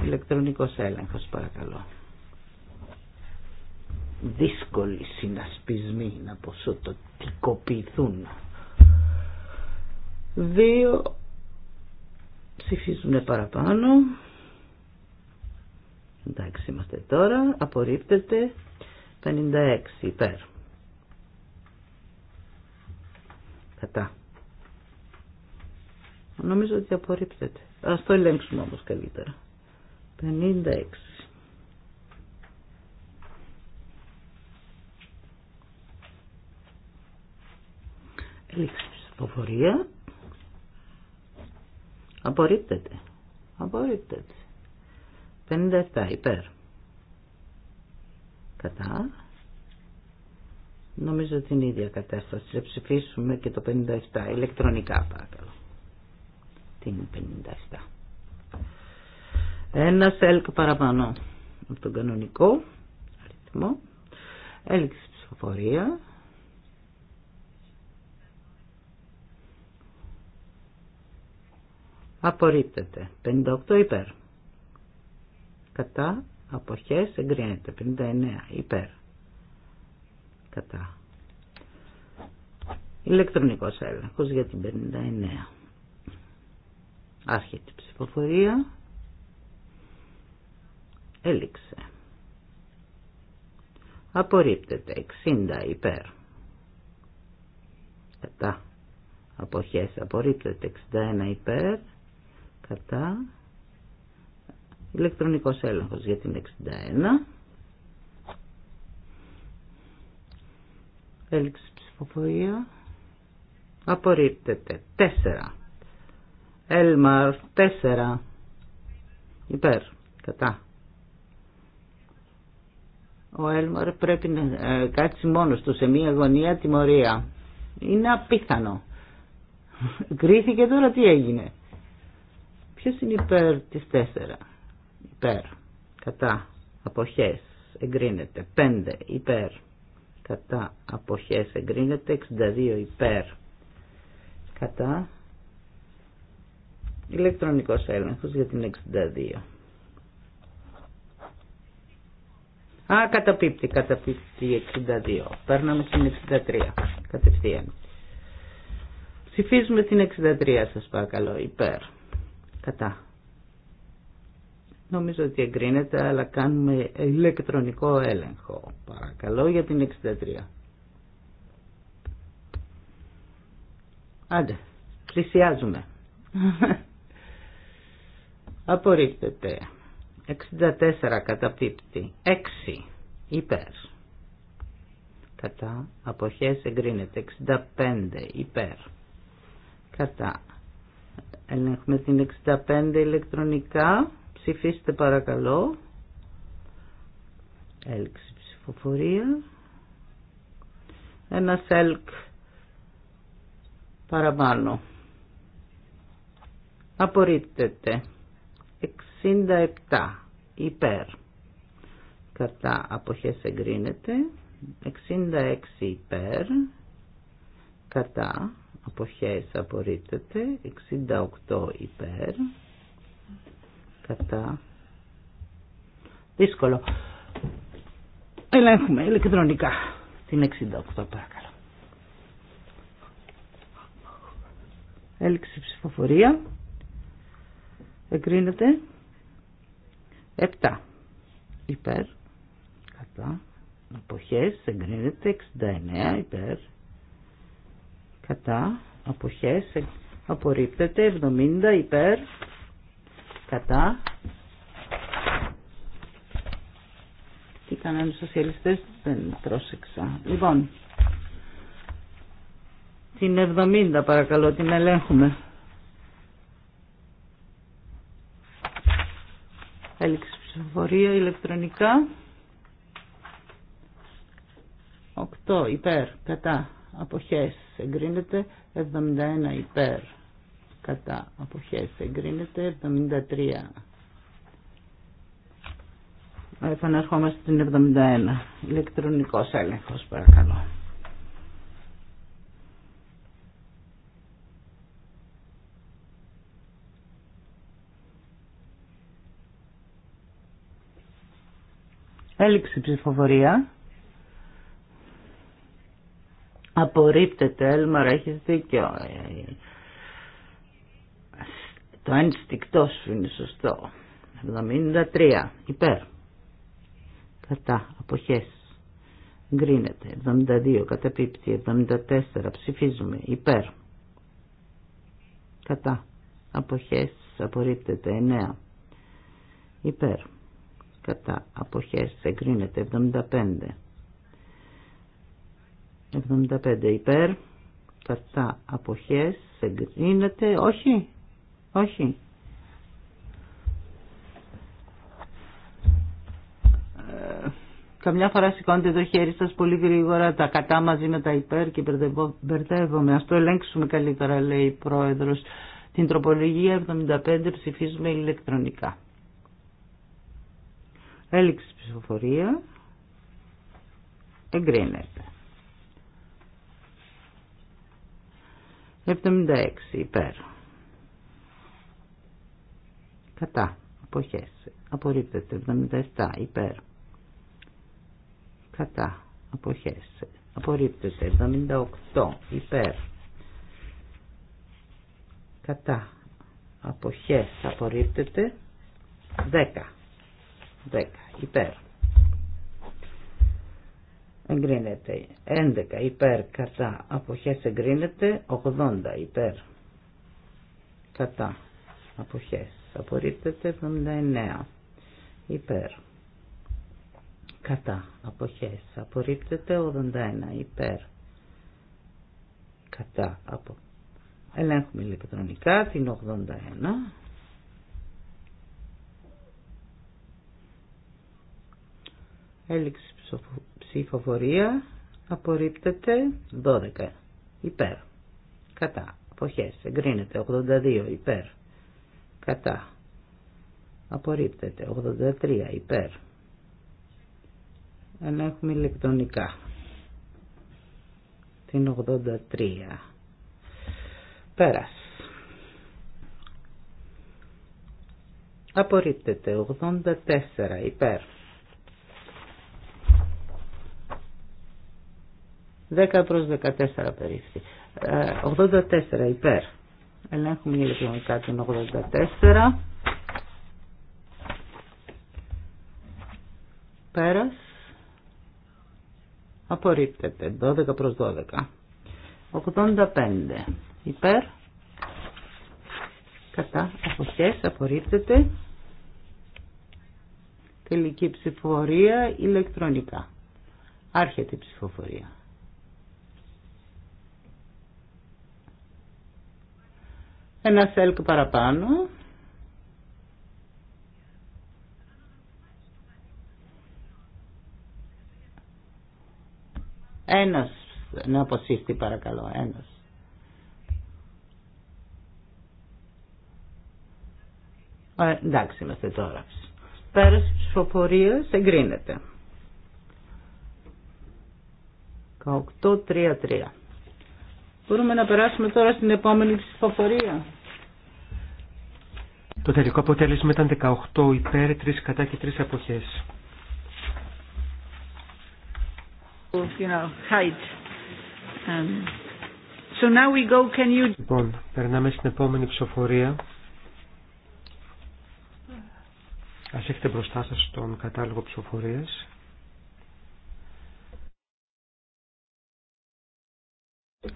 Ηλεκτρονικός έλεγχος παρακαλώ. Δύσκολοι συνασπισμοί να ποσοτοτικοποιηθούν. Δύο ψηφίζουν παραπάνω. Εντάξει είμαστε τώρα. Απορρίπτεται 56 υπέρ. Κατά. Νομίζω ότι απορρίπτεται. Ας το ελέγξουμε όμως καλύτερα. 56. Λήξη ψηφοφορία. Απορρίπτεται. Απορρίπτεται. 57 υπέρ. Κατά. Νομίζω την ίδια κατάσταση. Θα ψηφίσουμε και το 57 ηλεκτρονικά παρακαλώ. Την 57. Ένα ΕΛΚ παραπάνω από τον κανονικό αριθμό. Έλξη ψηφοφορία. απορρίπτεται. 58 υπέρ. Κατά αποχές εγκρίνεται. 59 υπέρ. Κατά. Ηλεκτρονικός έλεγχος για την 59. Άρχεται η ψηφοφορία. Έληξε. Απορρίπτεται. 60 υπέρ. Κατά. Αποχές απορρίπτεται. 61 υπέρ Κατά. Ηλεκτρονικός έλεγχος για την 61. Έλεξη ψηφοφορία. Απορρίπτεται. 4. Έλμαρ 4. Υπέρ. Κατά. Ο Έλμαρ πρέπει να ε, κάτσει μόνος του σε μια γωνία τιμωρία. Είναι απίθανο. Κρίθηκε τώρα τι έγινε. Ποιος είναι υπέρ της 4. Υπέρ. Κατά. Αποχές. Εγκρίνεται. 5. Υπέρ. Κατά. Αποχές. Εγκρίνεται. 62. Υπέρ. Κατά. Ηλεκτρονικός έλεγχος για την 62. Α, καταπίπτει, καταπίπτει 62. Παίρναμε στην 63. Κατευθείαν. Ψηφίζουμε την 63 σας παρακαλώ, υπέρ κατά. Νομίζω ότι εγκρίνεται, αλλά κάνουμε ηλεκτρονικό έλεγχο. Παρακαλώ για την 63. Άντε, πλησιάζουμε. Απορρίπτεται. 64 καταπίπτει. 6 υπέρ. Κατά αποχές εγκρίνεται. 65 υπέρ. Κατά Ελέγχουμε την 65 ηλεκτρονικά. Ψηφίστε παρακαλώ. Έλξη ψηφοφορία. Ένα ΣΕΛΚ παραπάνω. Απορρίπτεται. 67 υπέρ. Κατά αποχές εγκρίνεται. 66 υπέρ. Κατά αποχές απορρίπτεται 68 υπέρ κατά δύσκολο ελέγχουμε ηλεκτρονικά την 68 παρακαλώ έλξη ψηφοφορία εγκρίνεται 7 υπέρ κατά αποχές εγκρίνεται 69 υπέρ κατά αποχές απορρίπτεται 70 υπέρ κατά τι κάνανε οι σοσιαλιστές δεν πρόσεξα λοιπόν την 70 παρακαλώ την ελέγχουμε έλεξη ψηφοφορία ηλεκτρονικά 8 υπέρ κατά αποχές εγκρίνεται 71 υπέρ κατά αποχές εγκρίνεται 73 εφαναρχόμαστε στην 71 ηλεκτρονικός έλεγχος παρακαλώ Έληξη ψηφοφορία Απορρίπτεται, Έλμαρ, έχεις δίκιο. Το ένστικτό σου είναι σωστό. 73, υπέρ. Κατά, αποχές. Γκρίνεται. 72, καταπίπτει. 74, ψηφίζουμε. Υπέρ. Κατά. Αποχές, απορρίπτεται. 9. Υπέρ. Κατά. Αποχές, εγκρίνεται. 75 75 υπέρ, κατά αποχές, εγκρίνεται, όχι, όχι. Ε, καμιά φορά σηκώνετε το χέρι σας πολύ γρήγορα, τα κατά μαζί με τα υπέρ και μπερδεύομαι. Ας το ελέγξουμε καλύτερα, λέει η Πρόεδρος. Την τροπολογία 75 ψηφίζουμε ηλεκτρονικά. Έληξη ψηφοφορία. Εγκρίνεται. 76 υπέρ. Κατά. Αποχές. Απορρίπτεται. 77 υπέρ. Κατά. Αποχές. Απορρίπτεται. 78 υπέρ. Κατά. Αποχές. Απορρίπτεται. 10. 10 υπέρ εγκρίνεται 11 υπέρ κατά αποχές εγκρίνεται 80 υπέρ κατά αποχές απορρίπτεται 79 υπέρ κατά αποχές απορρίπτεται 81 υπέρ κατά από ελέγχουμε ηλεκτρονικά την 81 Έληξη ψωφού ψηφοφορία απορρίπτεται 12 υπέρ. Κατά. Αποχές. Εγκρίνεται 82 υπέρ. Κατά. Απορρίπτεται 83 υπέρ. έχουμε ηλεκτρονικά. Την 83. Πέρας. Απορρίπτεται 84 υπέρ. 10 προς 14 περίπου. 84 υπέρ. Ελέγχουμε ηλεκτρονικά την 84. Πέρας. Απορρίπτεται. 12 προς 12. 85 υπέρ. Κατά αποχές απορρίπτεται. Τελική ψηφοφορία ηλεκτρονικά. Άρχεται η ψηφοφορία. Ένα ΣΕΛΚ παραπάνω. Ένας να αποσύρθει παρακαλώ, ένας. Ε, εντάξει είμαστε τώρα. Πέρας της ψηφοφορίας εγκρίνεται. 8-3-3. Μπορούμε να περάσουμε τώρα στην επόμενη ψηφοφορία. Το τελικό αποτέλεσμα ήταν 18 υπέρ, 3 κατά και 3 αποχές. Λοιπόν, περνάμε στην επόμενη ψηφοφορία. Ας έχετε μπροστά σας τον κατάλογο ψηφοφορίας.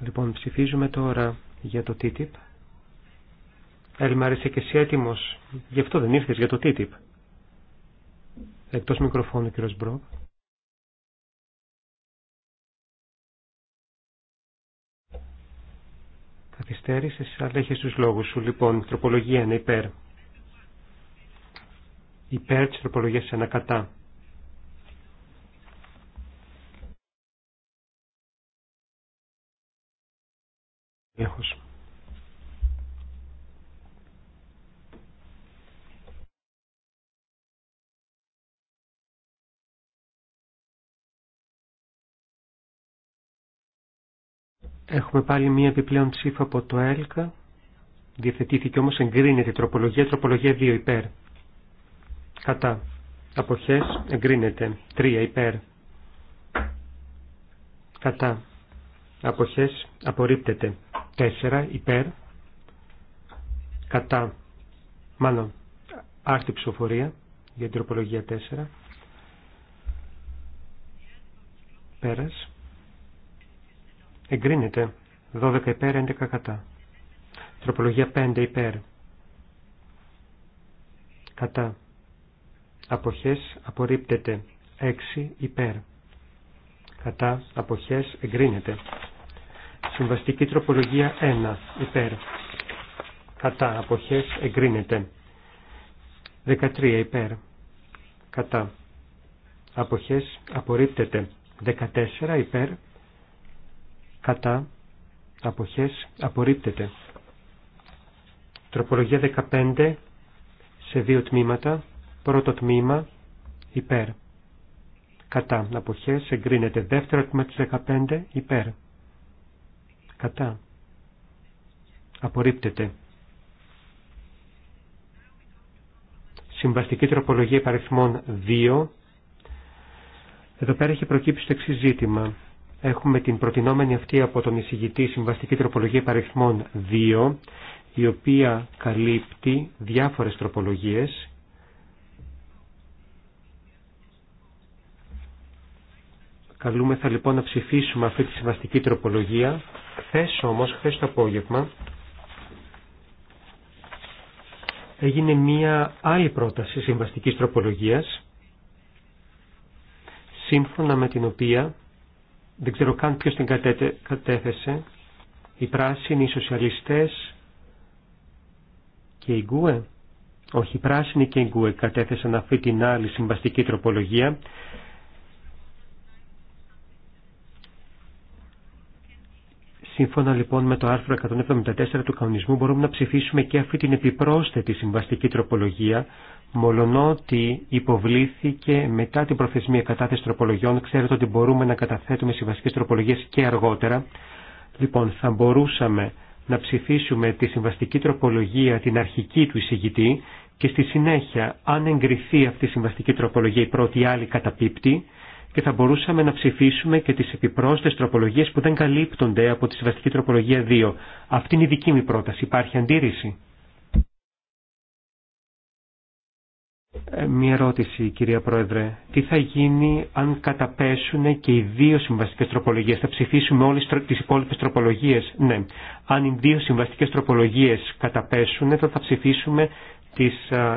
Λοιπόν, ψηφίζουμε τώρα για το TTIP. Έλμα, είσαι και εσύ έτοιμος. Γι' αυτό δεν ήρθες, για το TTIP. Εκτός μικροφώνου, κύριος Μπρόκ. Καθυστέρησες, αλλά έχεις τους λόγους σου. Λοιπόν, τροπολογία είναι υπέρ. Υπέρ της τροπολογίας ανακατά. Ήχος. Έχουμε πάλι μία επιπλέον ψήφα από το ΕΛΚΑ. Διευθετήθηκε όμως εγκρίνεται η τροπολογία. Τροπολογία 2 υπέρ. Κατά. Αποχές εγκρίνεται. 3 υπέρ. Κατά. Αποχές απορρίπτεται. 4 υπέρ κατά μάλλον άρθρη ψηφοφορία για την τροπολογία 4 πέρας εγκρίνεται 12 υπέρ 11 κατά τροπολογία 5 υπέρ κατά αποχές απορρίπτεται 6 υπέρ κατά αποχές εγκρίνεται Συμβαστική τροπολογία 1. Υπέρ. Κατά. Αποχές. Εγκρίνεται. 13. Υπέρ. Κατά. Αποχές. Απορρίπτεται. 14. Υπέρ. Κατά. Αποχές. Απορρίπτεται. Τροπολογία 15. Σε δύο τμήματα. Πρώτο τμήμα. Υπέρ. Κατά. Αποχές. Εγκρίνεται. Δεύτερο τμήμα της 15. Υπέρ Κατά. Απορρίπτεται. Συμβαστική τροπολογία παριθμών 2. Εδώ πέρα έχει προκύψει το εξή ζήτημα. Έχουμε την προτινόμενη αυτή από τον εισηγητή συμβαστική τροπολογία παριθμών 2, η οποία καλύπτει διάφορες τροπολογίες Καλούμεθα λοιπόν να ψηφίσουμε αυτή τη συμβαστική τροπολογία. Χθε όμως, χθε το απόγευμα, έγινε μία άλλη πρόταση συμβαστικής τροπολογίας, σύμφωνα με την οποία, δεν ξέρω καν ποιος την κατέθεσε, οι πράσινοι, οι σοσιαλιστές και οι γκουε, όχι οι πράσινοι και οι γκουε κατέθεσαν αυτή την άλλη συμβαστική τροπολογία, Σύμφωνα λοιπόν με το άρθρο 174 του κανονισμού μπορούμε να ψηφίσουμε και αυτή την επιπρόσθετη συμβαστική τροπολογία, μολονότι υποβλήθηκε μετά την προθεσμία κατάθεση τροπολογιών, ξέρετε ότι μπορούμε να καταθέτουμε συμβαστικές τροπολογίες και αργότερα. Λοιπόν, θα μπορούσαμε να ψηφίσουμε τη συμβαστική τροπολογία, την αρχική του εισηγητή και στη συνέχεια, αν εγκριθεί αυτή η συμβαστική τροπολογία, η πρώτη ή άλλη καταπίπτει, και θα μπορούσαμε να ψηφίσουμε και τις επιπρόσθετες τροπολογίες που δεν καλύπτονται από τη συμβαστική τροπολογία 2. Αυτή είναι η δική μου πρόταση. Υπάρχει αντίρρηση. Ε, μια ερώτηση, κυρία Πρόεδρε. Τι θα γίνει αν καταπέσουν και οι δύο συμβαστικέ τροπολογίε. Θα ψηφίσουμε όλε τι υπόλοιπε τροπολογίε. Ναι. Αν οι δύο συμβαστικέ τροπολογίε καταπέσουν, θα ψηφίσουμε τι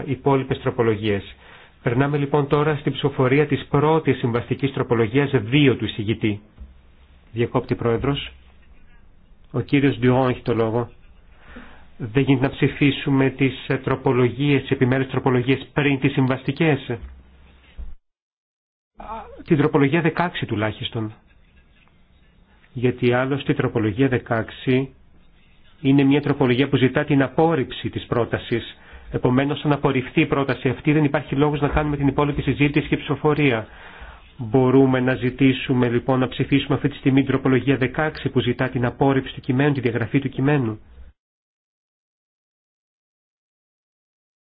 υπόλοιπε τροπολογίε. Περνάμε λοιπόν τώρα στην ψηφοφορία της πρώτης συμβαστικής τροπολογίας 2 του εισηγητή. Διακόπτη πρόεδρος. Ο κύριος Ντιόν έχει το λόγο. Δεν γίνεται να ψηφίσουμε τις ε, τροπολογίες, τις επιμέρους τροπολογίες πριν τις συμβαστικές. Την τροπολογία 16 τουλάχιστον. Γιατί άλλωστε η τροπολογία 16 είναι μια τροπολογία που ζητά την απόρριψη της πρότασης. Επομένω, αν απορριφθεί η πρόταση αυτή, δεν υπάρχει λόγο να κάνουμε την υπόλοιπη συζήτηση και ψηφοφορία. Μπορούμε να ζητήσουμε λοιπόν να ψηφίσουμε αυτή τη στιγμή την τροπολογία 16 που ζητά την απόρριψη του κειμένου, τη διαγραφή του κειμένου.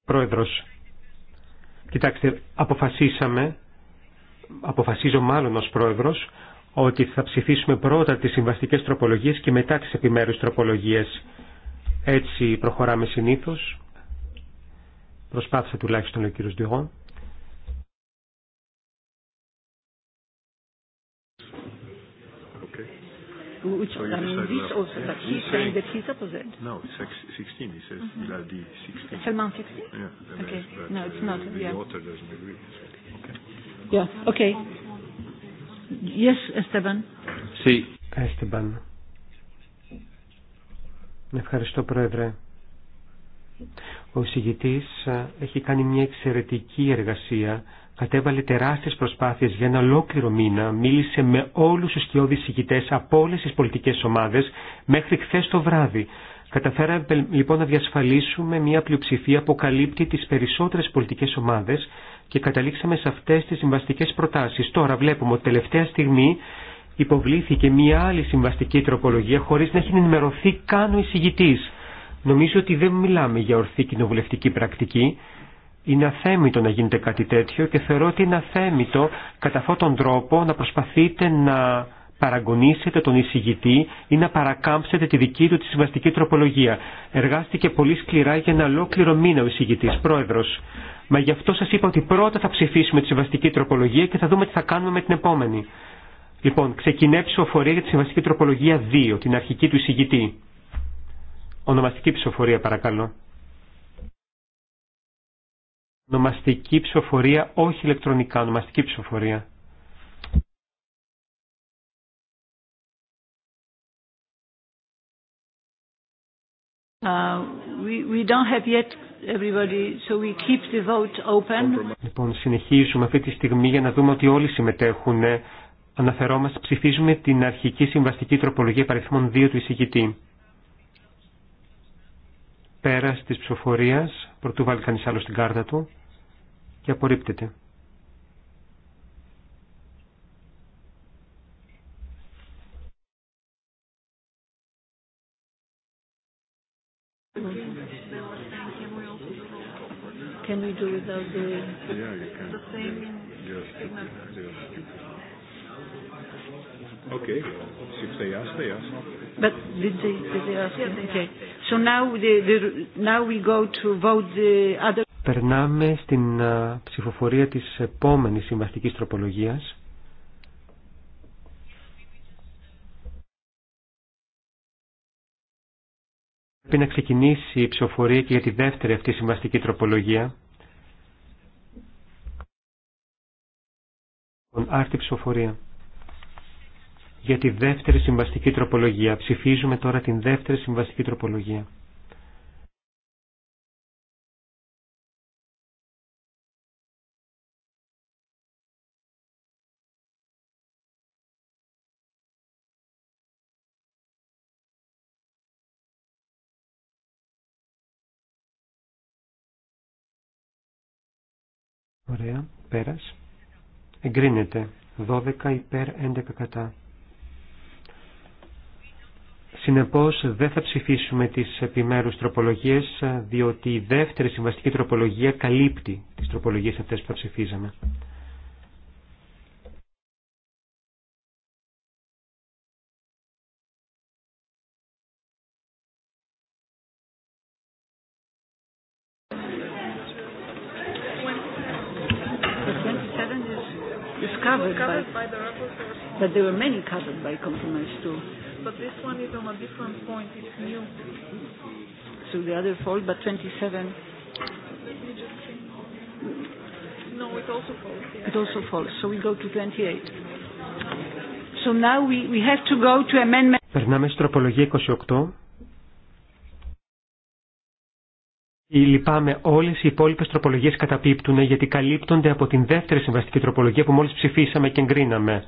Πρόεδρο. κοιτάξτε, αποφασίσαμε, αποφασίζω μάλλον ω πρόεδρο, ότι θα ψηφίσουμε πρώτα τι συμβαστικέ τροπολογίε και μετά τι επιμέρου τροπολογίες. Έτσι προχωράμε συνήθω. Προσπάθησε τουλάχιστον ο κύριος Ντιγόν. which I mean this also that he's saying that he's opposite. No, it's 16 he says. Il a dit 16. Seulement 16? Yeah. Okay. No, it's not. The author doesn't agree. Okay. Yeah. Okay. Yes, Esteban. Sí. Esteban. Ευχαριστώ Πρόεδρε. Ο εισηγητής ε, έχει κάνει μια εξαιρετική εργασία, κατέβαλε τεράστιες προσπάθειες για ένα ολόκληρο μήνα, μίλησε με όλους τους σκιώδεις εισηγητές από όλες τις πολιτικές ομάδες μέχρι χθε το βράδυ. Καταφέραμε λοιπόν να διασφαλίσουμε μια πλειοψηφία που καλύπτει τις περισσότερες πολιτικές ομάδες και καταλήξαμε σε αυτές τις συμβαστικές προτάσεις. Τώρα βλέπουμε ότι τελευταία στιγμή υποβλήθηκε μια άλλη συμβαστική τροπολογία χωρίς να έχει ενημερωθεί καν ο Νομίζω ότι δεν μιλάμε για ορθή κοινοβουλευτική πρακτική. Είναι αθέμητο να γίνεται κάτι τέτοιο και θεωρώ ότι είναι αθέμητο κατά αυτόν τον τρόπο να προσπαθείτε να παραγωνίσετε τον εισηγητή ή να παρακάμψετε τη δική του τη συμβαστική τροπολογία. Εργάστηκε πολύ σκληρά για ένα ολόκληρο μήνα ο εισηγητής, πρόεδρος. Μα γι' αυτό σας είπα ότι πρώτα θα ψηφίσουμε τη συμβαστική τροπολογία και θα δούμε τι θα κάνουμε με την επόμενη. Λοιπόν, ξεκινέψω φορέα για τη συμβαστική τροπολογία 2, την αρχική του εισηγητή. Ονομαστική ψηφοφορία παρακαλώ. Ονομαστική ψηφοφορία, όχι ηλεκτρονικά, ονομαστική ψηφοφορία. Uh, we, don't have yet everybody, so we keep vote open. Λοιπόν, συνεχίζουμε αυτή τη στιγμή για να δούμε ότι όλοι συμμετέχουν. Αναφερόμαστε, ψηφίζουμε την αρχική συμβαστική τροπολογία παριθμών 2 του εισηγητή πέρας της ψηφοφορίας, προτού βάλει κανείς άλλο στην κάρτα του, και απορρίπτεται. Can we the, But did they, did they ask? Yeah, okay. So now, the, the, now we go to vote the other. Περνάμε στην ψηφοφορία της επόμενης συμβαστικής τροπολογίας. Πρέπει να ξεκινήσει η ψηφοφορία και για τη δεύτερη αυτή συμβαστική τροπολογία. Λοιπόν, Άρτη ψηφοφορία για τη δεύτερη συμβαστική τροπολογία. Ψηφίζουμε τώρα την δεύτερη συμβαστική τροπολογία. Ωραία, πέρας. Εγκρίνεται. 12 υπέρ 11 κατά. Συνεπώς δεν θα ψηφίσουμε τις επιμέρους τροπολογίες, διότι η δεύτερη συμβαστική τροπολογία καλύπτει τις τροπολογίες αυτές που θα ψηφίζαμε. Περνάμε στη τροπολογία 28. Ή λυπάμαι, όλε οι υπόλοιπε τροπολογίε καταπίπτουν γιατί καλύπτονται από την δεύτερη συμβαστική τροπολογία που μόλι ψηφίσαμε και εγκρίναμε.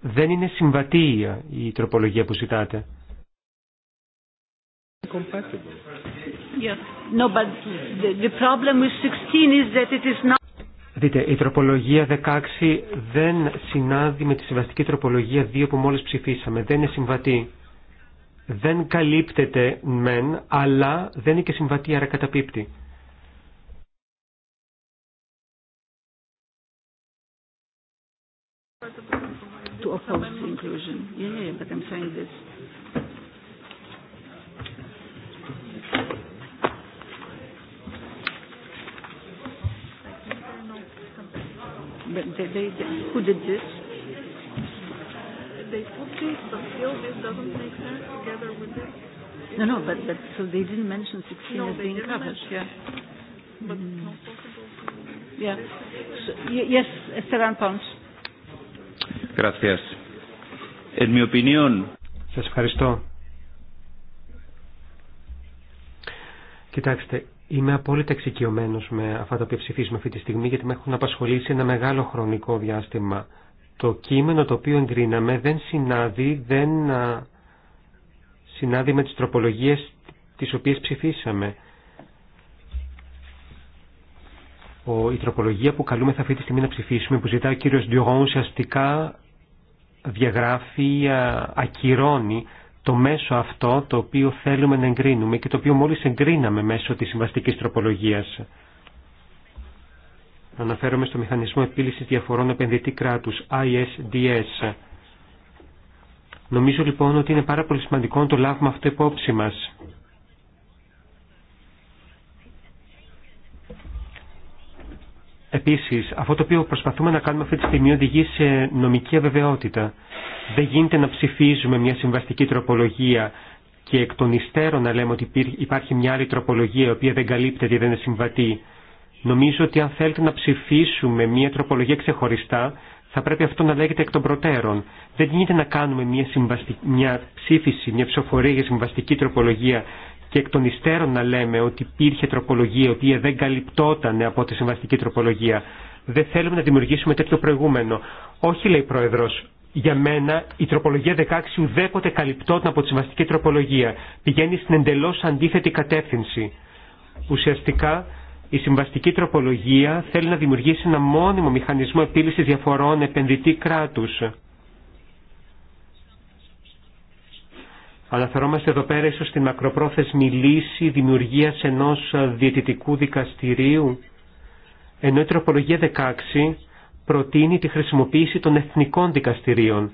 Δεν είναι συμβατή τροπολογία που ζητάτε. Compatible. Yeah. No, but the, the problem with 16 is that it is not... Δείτε, η τροπολογία 16 δεν συνάδει με τη συμβαστική τροπολογία 2 που μόλις ψηφίσαμε. Δεν είναι συμβατή. Δεν καλύπτεται μεν, αλλά δεν είναι και συμβατή, άρα καταπίπτει. To inclusion. Yeah, yeah, but I'm saying this. But they, they, who did this? They put this, but still this doesn't make sense together with this. No, no, but, but so they didn't mention 16 no, as being covered. Yeah. But mm. not possible. Yeah. So, yes, Esteban Pons. Gracias. En mi opinión. Σας ευχαριστώ. Κοιτάξτε, Είμαι απόλυτα εξοικειωμένο με αυτά τα οποία ψηφίζουμε αυτή τη στιγμή, γιατί με έχουν απασχολήσει ένα μεγάλο χρονικό διάστημα. Το κείμενο το οποίο εγκρίναμε δεν συνάδει, δεν συνάδει με τις τροπολογίες τις οποίες ψηφίσαμε. Ο, η τροπολογία που καλούμε θα αυτή τη στιγμή να ψηφίσουμε, που ζητάει ο κύριος Ντιογόν, ουσιαστικά διαγράφει, ακυρώνει το μέσο αυτό το οποίο θέλουμε να εγκρίνουμε και το οποίο μόλις εγκρίναμε μέσω της συμβαστικής τροπολογίας. Αναφέρομαι στο Μηχανισμό Επίλυσης Διαφορών Επενδυτή Κράτους, ISDS. Νομίζω λοιπόν ότι είναι πάρα πολύ σημαντικό να το λάβουμε αυτό υπόψη μας. Επίσης, αυτό το οποίο προσπαθούμε να κάνουμε αυτή τη στιγμή οδηγεί σε νομική αβεβαιότητα. Δεν γίνεται να ψηφίζουμε μια συμβαστική τροπολογία και εκ των υστέρων να λέμε ότι υπάρχει μια άλλη τροπολογία η οποία δεν καλύπτεται ή δεν είναι συμβατή. Νομίζω ότι αν θέλετε να ψηφίσουμε μια τροπολογία ξεχωριστά, θα πρέπει αυτό να λέγεται εκ των προτέρων. Δεν γίνεται να κάνουμε μια, συμβαστη... μια ψήφιση, μια ψηφοφορία για συμβαστική τροπολογία και εκ των υστέρων να λέμε ότι υπήρχε τροπολογία η οποία δεν καλυπτόταν από τη συμβαστική τροπολογία. Δεν θέλουμε να δημιουργήσουμε τέτοιο προηγούμενο. Όχι, λέει ο Πρόεδρο, για μένα η τροπολογία 16 ουδέποτε καλυπτόταν από τη συμβαστική τροπολογία. Πηγαίνει στην εντελώ αντίθετη κατεύθυνση. Ουσιαστικά η συμβαστική τροπολογία θέλει να δημιουργήσει ένα μόνιμο μηχανισμό επίλυση διαφορών επενδυτή κράτου. Αναφερόμαστε εδώ πέρα ίσως στην μακροπρόθεσμη λύση δημιουργίας ενός διαιτητικού δικαστηρίου, ενώ η τροπολογία 16 προτείνει τη χρησιμοποίηση των εθνικών δικαστηρίων.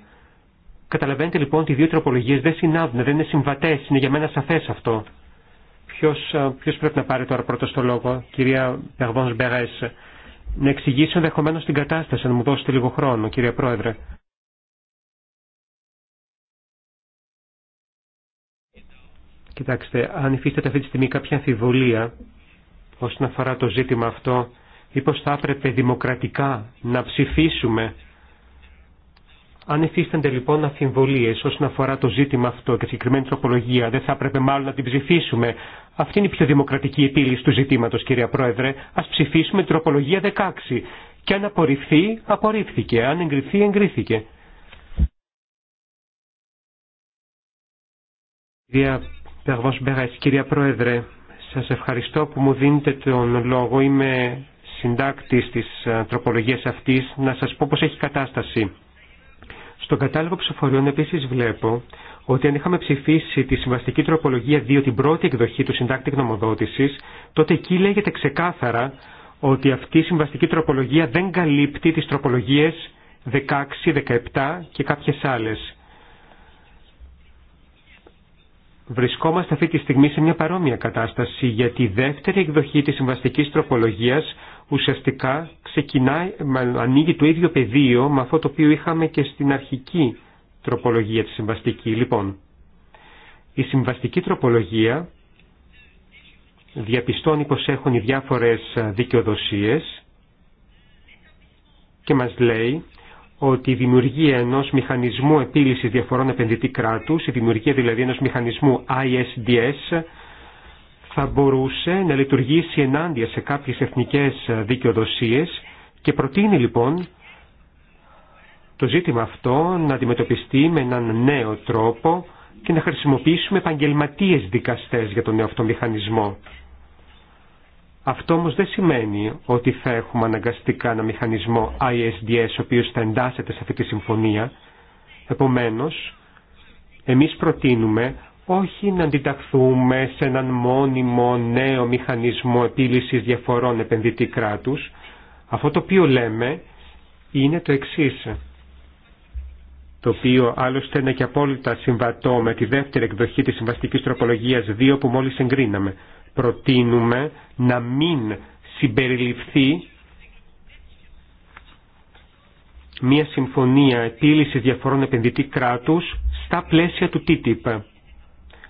Καταλαβαίνετε λοιπόν ότι οι δύο τροπολογίες δεν συνάδουν, δεν είναι συμβατές, είναι για μένα σαφές αυτό. Ποιος, ε, ποιος πρέπει να πάρει τώρα πρώτο το λόγο, κυρία Περβόνς Μπερές. Να εξηγήσω ενδεχομένω την κατάσταση, να μου δώσετε λίγο χρόνο, κυρία Πρόεδρε. Κοιτάξτε, αν υφίσταται αυτή τη στιγμή κάποια αμφιβολία όσον αφορά το ζήτημα αυτό, μήπως θα έπρεπε δημοκρατικά να ψηφίσουμε. Αν υφίστανται λοιπόν αμφιβολίες όσον αφορά το ζήτημα αυτό και συγκεκριμένη τροπολογία, δεν θα έπρεπε μάλλον να την ψηφίσουμε. Αυτή είναι η πιο δημοκρατική επίλυση του ζητήματος, κυρία Πρόεδρε. Ας ψηφίσουμε την τροπολογία 16. Και αν απορριφθεί, απορρίφθηκε. Αν εγκριθεί, εγκρίθηκε. Κυρία Κυρία Πρόεδρε, σας ευχαριστώ που μου δίνετε τον λόγο. Είμαι συντάκτης της ε, τροπολογίας αυτής. Να σας πω πώς έχει κατάσταση. Στον κατάλογο ψηφοριών επίσης βλέπω ότι αν είχαμε ψηφίσει τη συμβαστική τροπολογία 2 την πρώτη εκδοχή του συντάκτη γνωμοδότησης, τότε εκεί λέγεται ξεκάθαρα ότι αυτή η συμβαστική τροπολογία δεν καλύπτει τις τροπολογίες 16, 17 και κάποιες άλλες. Βρισκόμαστε αυτή τη στιγμή σε μια παρόμοια κατάσταση γιατί η δεύτερη εκδοχή της συμβαστικής τροπολογίας ουσιαστικά ξεκινάει, ανοίγει το ίδιο πεδίο με αυτό το οποίο είχαμε και στην αρχική τροπολογία της συμβαστική. Λοιπόν, η συμβαστική τροπολογία διαπιστώνει πως έχουν οι διάφορες δικαιοδοσίες και μας λέει ότι η δημιουργία ενός μηχανισμού επίλυσης διαφορών επενδυτή κράτους, η δημιουργία δηλαδή ενός μηχανισμού ISDS, θα μπορούσε να λειτουργήσει ενάντια σε κάποιες εθνικές δικαιοδοσίες και προτείνει λοιπόν το ζήτημα αυτό να αντιμετωπιστεί με έναν νέο τρόπο και να χρησιμοποιήσουμε επαγγελματίε δικαστές για τον νέο αυτό μηχανισμό. Αυτό όμως δεν σημαίνει ότι θα έχουμε αναγκαστικά ένα μηχανισμό ISDS ο οποίος θα εντάσσεται σε αυτή τη συμφωνία. Επομένως, εμείς προτείνουμε όχι να αντιταχθούμε σε έναν μόνιμο νέο μηχανισμό επίλυσης διαφορών επενδυτή κράτους. Αυτό το οποίο λέμε είναι το εξής, το οποίο άλλωστε είναι και απόλυτα συμβατό με τη δεύτερη εκδοχή της συμβαστικής τροπολογίας 2 που μόλις εγκρίναμε προτείνουμε να μην συμπεριληφθεί μια συμφωνία επίλυση διαφορών επενδυτή κράτους στα πλαίσια του TTIP,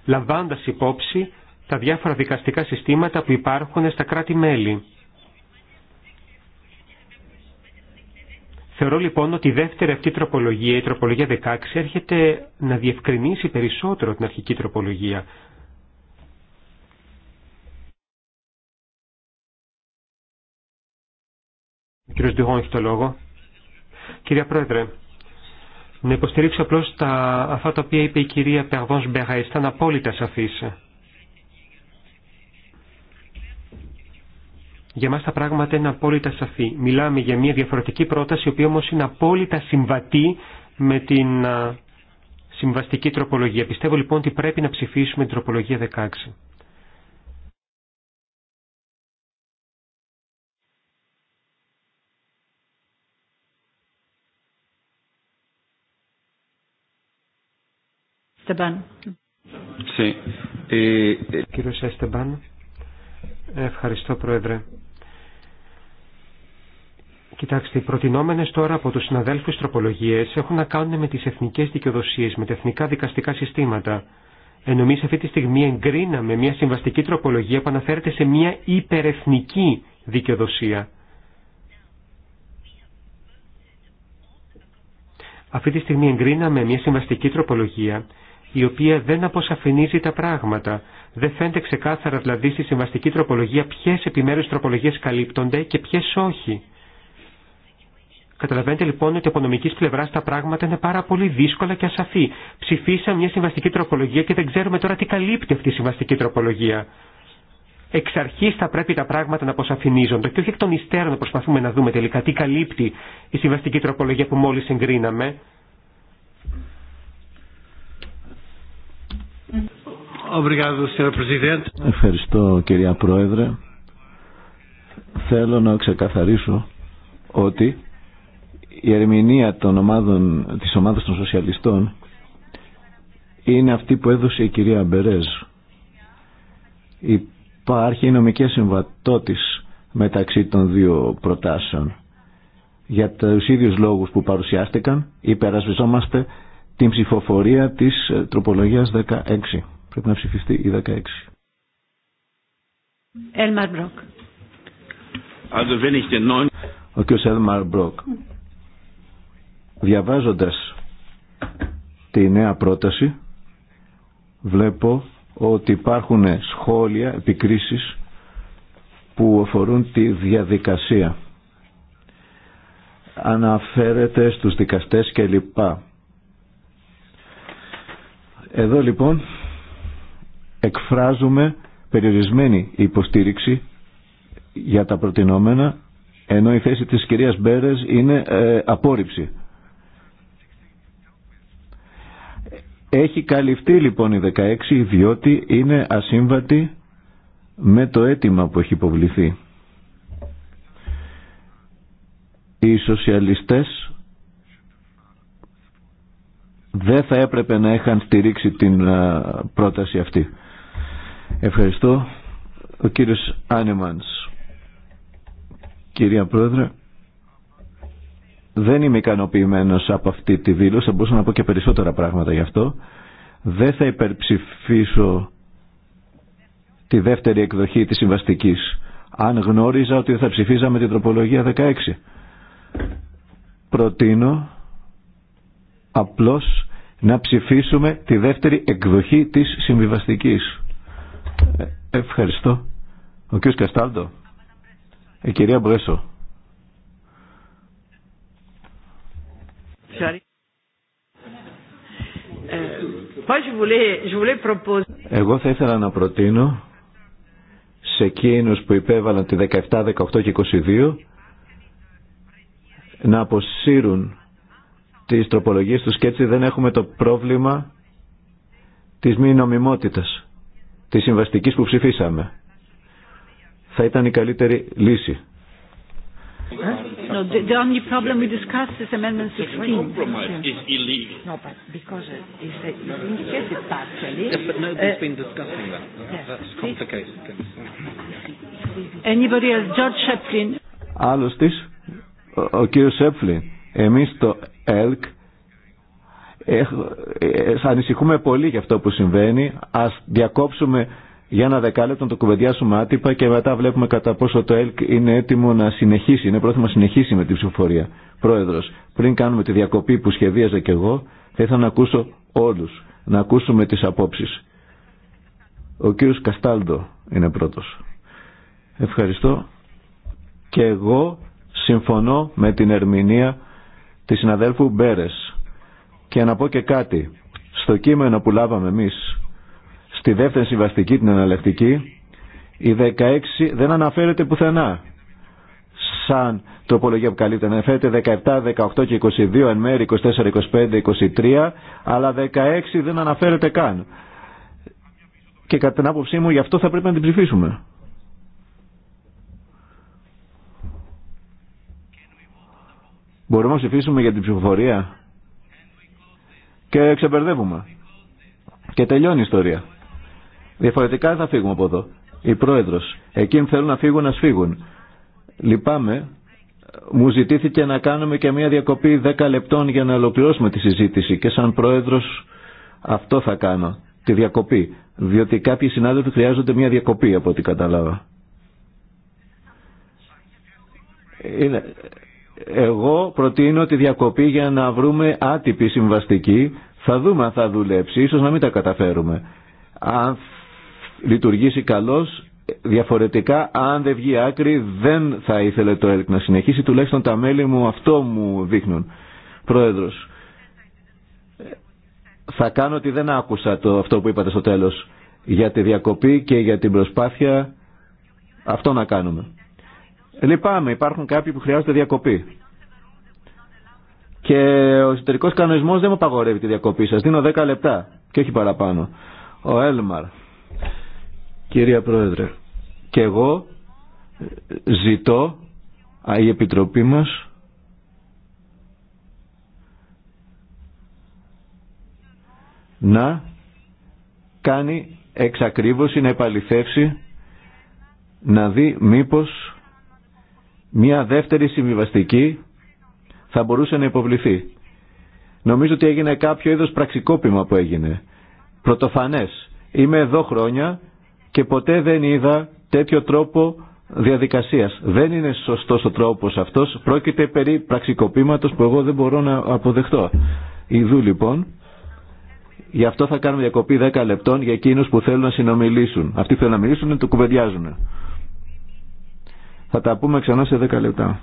λαμβάνοντας υπόψη τα διάφορα δικαστικά συστήματα που υπάρχουν στα κράτη-μέλη. Θεωρώ λοιπόν ότι η δεύτερη αυτή τροπολογία, η τροπολογία 16, έρχεται να διευκρινίσει περισσότερο την αρχική τροπολογία. Κύριε έχει το λόγο. Κυρία Πρόεδρε, να υποστηρίξω απλώ τα, αυτά τα οποία είπε η κυρία Περβόν Μπέχα. Ήταν απόλυτα σαφή. Για μας τα πράγματα είναι απόλυτα σαφή. Μιλάμε για μια διαφορετική πρόταση, η οποία όμως είναι απόλυτα συμβατή με την συμβαστική τροπολογία. Πιστεύω λοιπόν ότι πρέπει να ψηφίσουμε την τροπολογία 16. Στεμπάν. Ε, ε, Κύριος ευχαριστώ Πρόεδρε. Κοιτάξτε, οι προτινόμενες τώρα από τους συναδέλφους τροπολογίες έχουν να κάνουν με τις εθνικές δικαιοδοσίες, με τα εθνικά δικαστικά συστήματα. Ενώ εμείς αυτή τη στιγμή εγκρίναμε μια συμβαστική τροπολογία που αναφέρεται σε μια υπερεθνική δικαιοδοσία. Αυτή τη στιγμή εγκρίναμε μια συμβαστική τροπολογία η οποία δεν αποσαφηνίζει τα πράγματα. Δεν φαίνεται ξεκάθαρα δηλαδή στη συμβαστική τροπολογία ποιε επιμέρου τροπολογίε καλύπτονται και ποιε όχι. Καταλαβαίνετε λοιπόν ότι από νομική πλευρά τα πράγματα είναι πάρα πολύ δύσκολα και ασαφή. Ψηφίσαμε μια συμβαστική τροπολογία και δεν ξέρουμε τώρα τι καλύπτει αυτή η συμβαστική τροπολογία. Εξ αρχή θα πρέπει τα πράγματα να αποσαφηνίζονται και όχι εκ των υστέρων να προσπαθούμε να δούμε τελικά τι καλύπτει η συμβαστική τροπολογία που μόλι συγκρίναμε. Ευχαριστώ κυρία Πρόεδρε. Θέλω να ξεκαθαρίσω ότι η ερμηνεία των ομάδων, της ομάδας των σοσιαλιστών είναι αυτή που έδωσε η κυρία Μπερέζ. Υπάρχει νομική συμβατότης μεταξύ των δύο προτάσεων. Για τους ίδιους λόγους που παρουσιάστηκαν υπερασπιζόμαστε την ψηφοφορία της ε, τροπολογίας 16. Πρέπει να ψηφιστεί η 16. Elmar Brock. Also wenn ich den Ο κ. Elmar Brock. Mm. Διαβάζοντας τη νέα πρόταση βλέπω ότι υπάρχουν σχόλια, επικρίσεις που αφορούν τη διαδικασία. Αναφέρεται στους δικαστές κλπ. Εδώ λοιπόν εκφράζουμε περιορισμένη υποστήριξη για τα προτινόμενα ενώ η θέση της κυρίας Μπέρες είναι ε, απόρριψη. Έχει καλυφθεί λοιπόν η 16 διότι είναι ασύμβατη με το αίτημα που έχει υποβληθεί. Οι σοσιαλιστές δεν θα έπρεπε να είχαν στηρίξει την πρόταση αυτή. Ευχαριστώ. Ο κύριος Άνεμανς. Κυρία Πρόεδρε, δεν είμαι ικανοποιημένο από αυτή τη δήλωση, θα μπορούσα να πω και περισσότερα πράγματα γι' αυτό. Δεν θα υπερψηφίσω τη δεύτερη εκδοχή της συμβαστικής αν γνώριζα ότι θα ψηφίζαμε την τροπολογία 16. Προτείνω απλώς να ψηφίσουμε τη δεύτερη εκδοχή της συμβιβαστική. Ε, ευχαριστώ. Ο κ. Καστάλτο. Η κυρία Μπρέσο. Ε, Εγώ θα ήθελα να προτείνω σε εκείνους που υπέβαλαν τη 17, 18 και 22 να αποσύρουν τις τροπολογίες του και έτσι δεν έχουμε το πρόβλημα τη μη νομιμότητα, τη συμβαστική που ψηφίσαμε. Θα ήταν η καλύτερη λύση. Uh, Άλλωστε, ο κύριο Σέπφλιν, εμεί το ΕΛΚ θα ε, ανησυχούμε πολύ για αυτό που συμβαίνει. Ας διακόψουμε για ένα δεκάλεπτο να το κουβεντιάσουμε άτυπα και μετά βλέπουμε κατά πόσο το ΕΛΚ είναι έτοιμο να συνεχίσει, είναι πρόθυμο να συνεχίσει με την ψηφοφορία. Πρόεδρος, πριν κάνουμε τη διακοπή που σχεδίαζα και εγώ, θα ήθελα να ακούσω όλους, να ακούσουμε τις απόψεις. Ο κύριος Καστάλντο είναι πρώτος. Ευχαριστώ. Και εγώ συμφωνώ με την ερμηνεία της συναδέλφου Μπέρες. Και να πω και κάτι. Στο κείμενο που λάβαμε εμείς, στη δεύτερη συμβαστική την εναλλακτική, η 16 δεν αναφέρεται πουθενά. Σαν τροπολογία που καλύπτει, αναφέρεται 17, 18 και 22, εν μέρη 24, 25, 23, αλλά 16 δεν αναφέρεται καν. Και κατά την άποψή μου γι' αυτό θα πρέπει να την ψηφίσουμε. Μπορούμε να ψηφίσουμε για την ψηφοφορία και ξεμπερδεύουμε. Και τελειώνει η ιστορία. Διαφορετικά θα φύγουμε από εδώ. Οι πρόεδρος. Εκείνοι θέλουν να φύγουν, να σφύγουν. Λυπάμαι. Μου ζητήθηκε να κάνουμε και μια διακοπή 10 λεπτών για να ολοκληρώσουμε τη συζήτηση και σαν πρόεδρος αυτό θα κάνω. Τη διακοπή. Διότι κάποιοι συνάδελφοι χρειάζονται μια διακοπή από ό,τι καταλάβα. Είναι... Εγώ προτείνω τη διακοπή για να βρούμε άτυπη συμβαστική. Θα δούμε αν θα δουλέψει, ίσως να μην τα καταφέρουμε. Αν λειτουργήσει καλώς, διαφορετικά, αν δεν βγει άκρη, δεν θα ήθελε το ΕΛΚ να συνεχίσει. Τουλάχιστον τα μέλη μου αυτό μου δείχνουν. Πρόεδρος, θα κάνω ότι δεν άκουσα το, αυτό που είπατε στο τέλος για τη διακοπή και για την προσπάθεια αυτό να κάνουμε. Λυπάμαι, ε, ναι, υπάρχουν κάποιοι που χρειάζονται διακοπή. Και ο εσωτερικό κανονισμό δεν μου απαγορεύει τη διακοπή σα. Δίνω 10 λεπτά και όχι παραπάνω. Ο Έλμαρ. Κυρία Πρόεδρε, και εγώ ζητώ η Επιτροπή μας να κάνει εξακρίβωση, να επαληθεύσει, να δει μήπως Μία δεύτερη συμβιβαστική θα μπορούσε να υποβληθεί. Νομίζω ότι έγινε κάποιο είδος πραξικόπημα που έγινε. Πρωτοφανές. Είμαι εδώ χρόνια και ποτέ δεν είδα τέτοιο τρόπο διαδικασίας. Δεν είναι σωστός ο τρόπος αυτός. Πρόκειται περί πραξικοπήματος που εγώ δεν μπορώ να αποδεχτώ. Ιδού λοιπόν. Γι' αυτό θα κάνουμε διακοπή 10 λεπτών για εκείνους που θέλουν να συνομιλήσουν. Αυτοί που θέλουν να μιλήσουν το κουβεντιάζουν. Θα τα πούμε ξανά σε 10 λεπτά.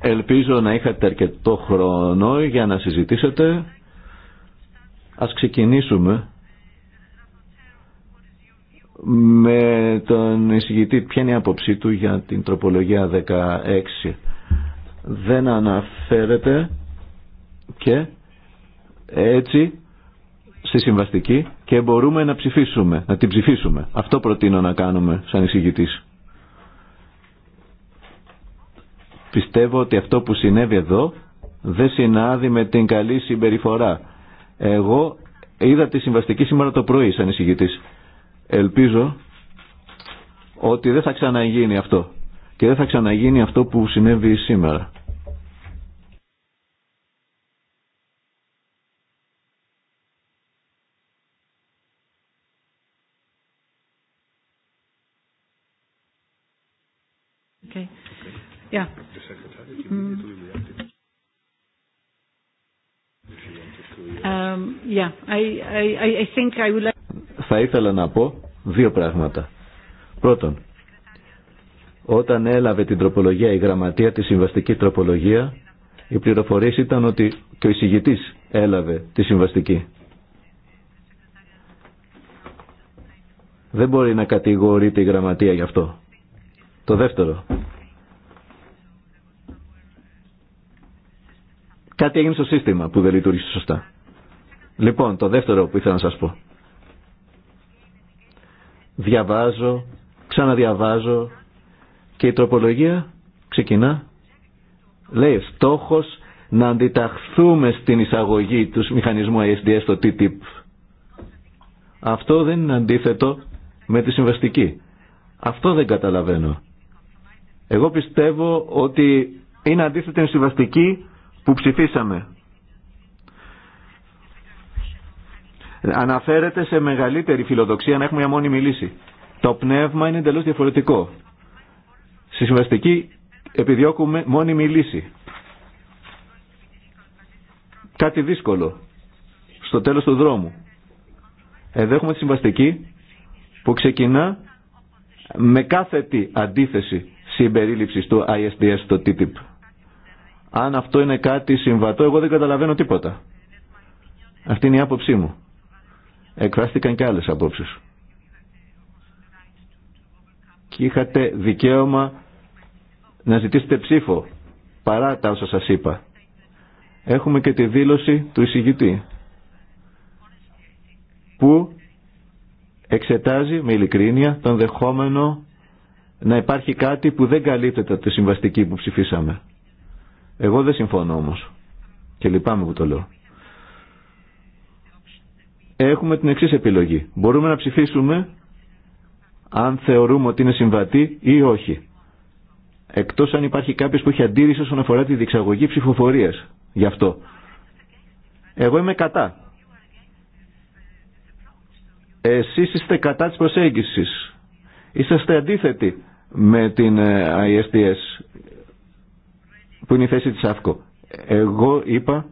Ελπίζω να είχατε αρκετό χρόνο για να συζητήσετε. Ας ξεκινήσουμε με τον εισηγητή. Ποια είναι η άποψή του για την τροπολογία 16. Δεν αναφέρεται και έτσι στη συμβαστική και μπορούμε να ψηφίσουμε, να την ψηφίσουμε. Αυτό προτείνω να κάνουμε σαν εισηγητής. Πιστεύω ότι αυτό που συνέβη εδώ δεν συνάδει με την καλή συμπεριφορά. Εγώ είδα τη συμβαστική σήμερα το πρωί σαν εισηγητής. Ελπίζω ότι δεν θα ξαναγίνει αυτό και δεν θα ξαναγίνει αυτό που συνέβη σήμερα. Θα ήθελα να πω δύο πράγματα. Πρώτον, όταν έλαβε την τροπολογία η γραμματεία, τη συμβαστική τροπολογία, η πληροφορίε ήταν ότι και ο εισηγητή έλαβε τη συμβαστική. Δεν μπορεί να κατηγορεί τη γραμματεία γι' αυτό. Το δεύτερο. Κάτι έγινε στο σύστημα που δεν λειτουργήσε σωστά. Λοιπόν, το δεύτερο που ήθελα να σας πω. Διαβάζω, ξαναδιαβάζω και η τροπολογία ξεκινά. Λέει, στόχος να αντιταχθούμε στην εισαγωγή του μηχανισμού ISDS στο TTIP. Αυτό δεν είναι αντίθετο με τη συμβαστική. Αυτό δεν καταλαβαίνω. Εγώ πιστεύω ότι είναι αντίθετη η συμβαστική που ψηφίσαμε. αναφέρεται σε μεγαλύτερη φιλοδοξία να έχουμε μια μόνιμη λύση. Το πνεύμα είναι εντελώ διαφορετικό. Στη συμβαστική επιδιώκουμε μόνιμη λύση. Κάτι δύσκολο. Στο τέλος του δρόμου. Εδώ έχουμε τη συμβαστική που ξεκινά με κάθετη αντίθεση συμπεριλήψη του ISDS στο TTIP. Αν αυτό είναι κάτι συμβατό, εγώ δεν καταλαβαίνω τίποτα. Αυτή είναι η άποψή μου εκφράστηκαν και άλλες απόψεις. Και είχατε δικαίωμα να ζητήσετε ψήφο παρά τα όσα σας είπα. Έχουμε και τη δήλωση του εισηγητή που εξετάζει με ειλικρίνεια τον δεχόμενο να υπάρχει κάτι που δεν καλύπτεται από τη συμβαστική που ψηφίσαμε. Εγώ δεν συμφωνώ όμως και λυπάμαι που το λέω έχουμε την εξής επιλογή. Μπορούμε να ψηφίσουμε αν θεωρούμε ότι είναι συμβατή ή όχι. Εκτός αν υπάρχει κάποιος που έχει αντίρρηση όσον αφορά τη διεξαγωγή ψηφοφορίας. Γι' αυτό. Εγώ είμαι κατά. Εσείς είστε κατά της προσέγγισης. Είσαστε αντίθετοι με την ε, ISDS που είναι η θέση της ΑΦΚΟ. Εγώ είπα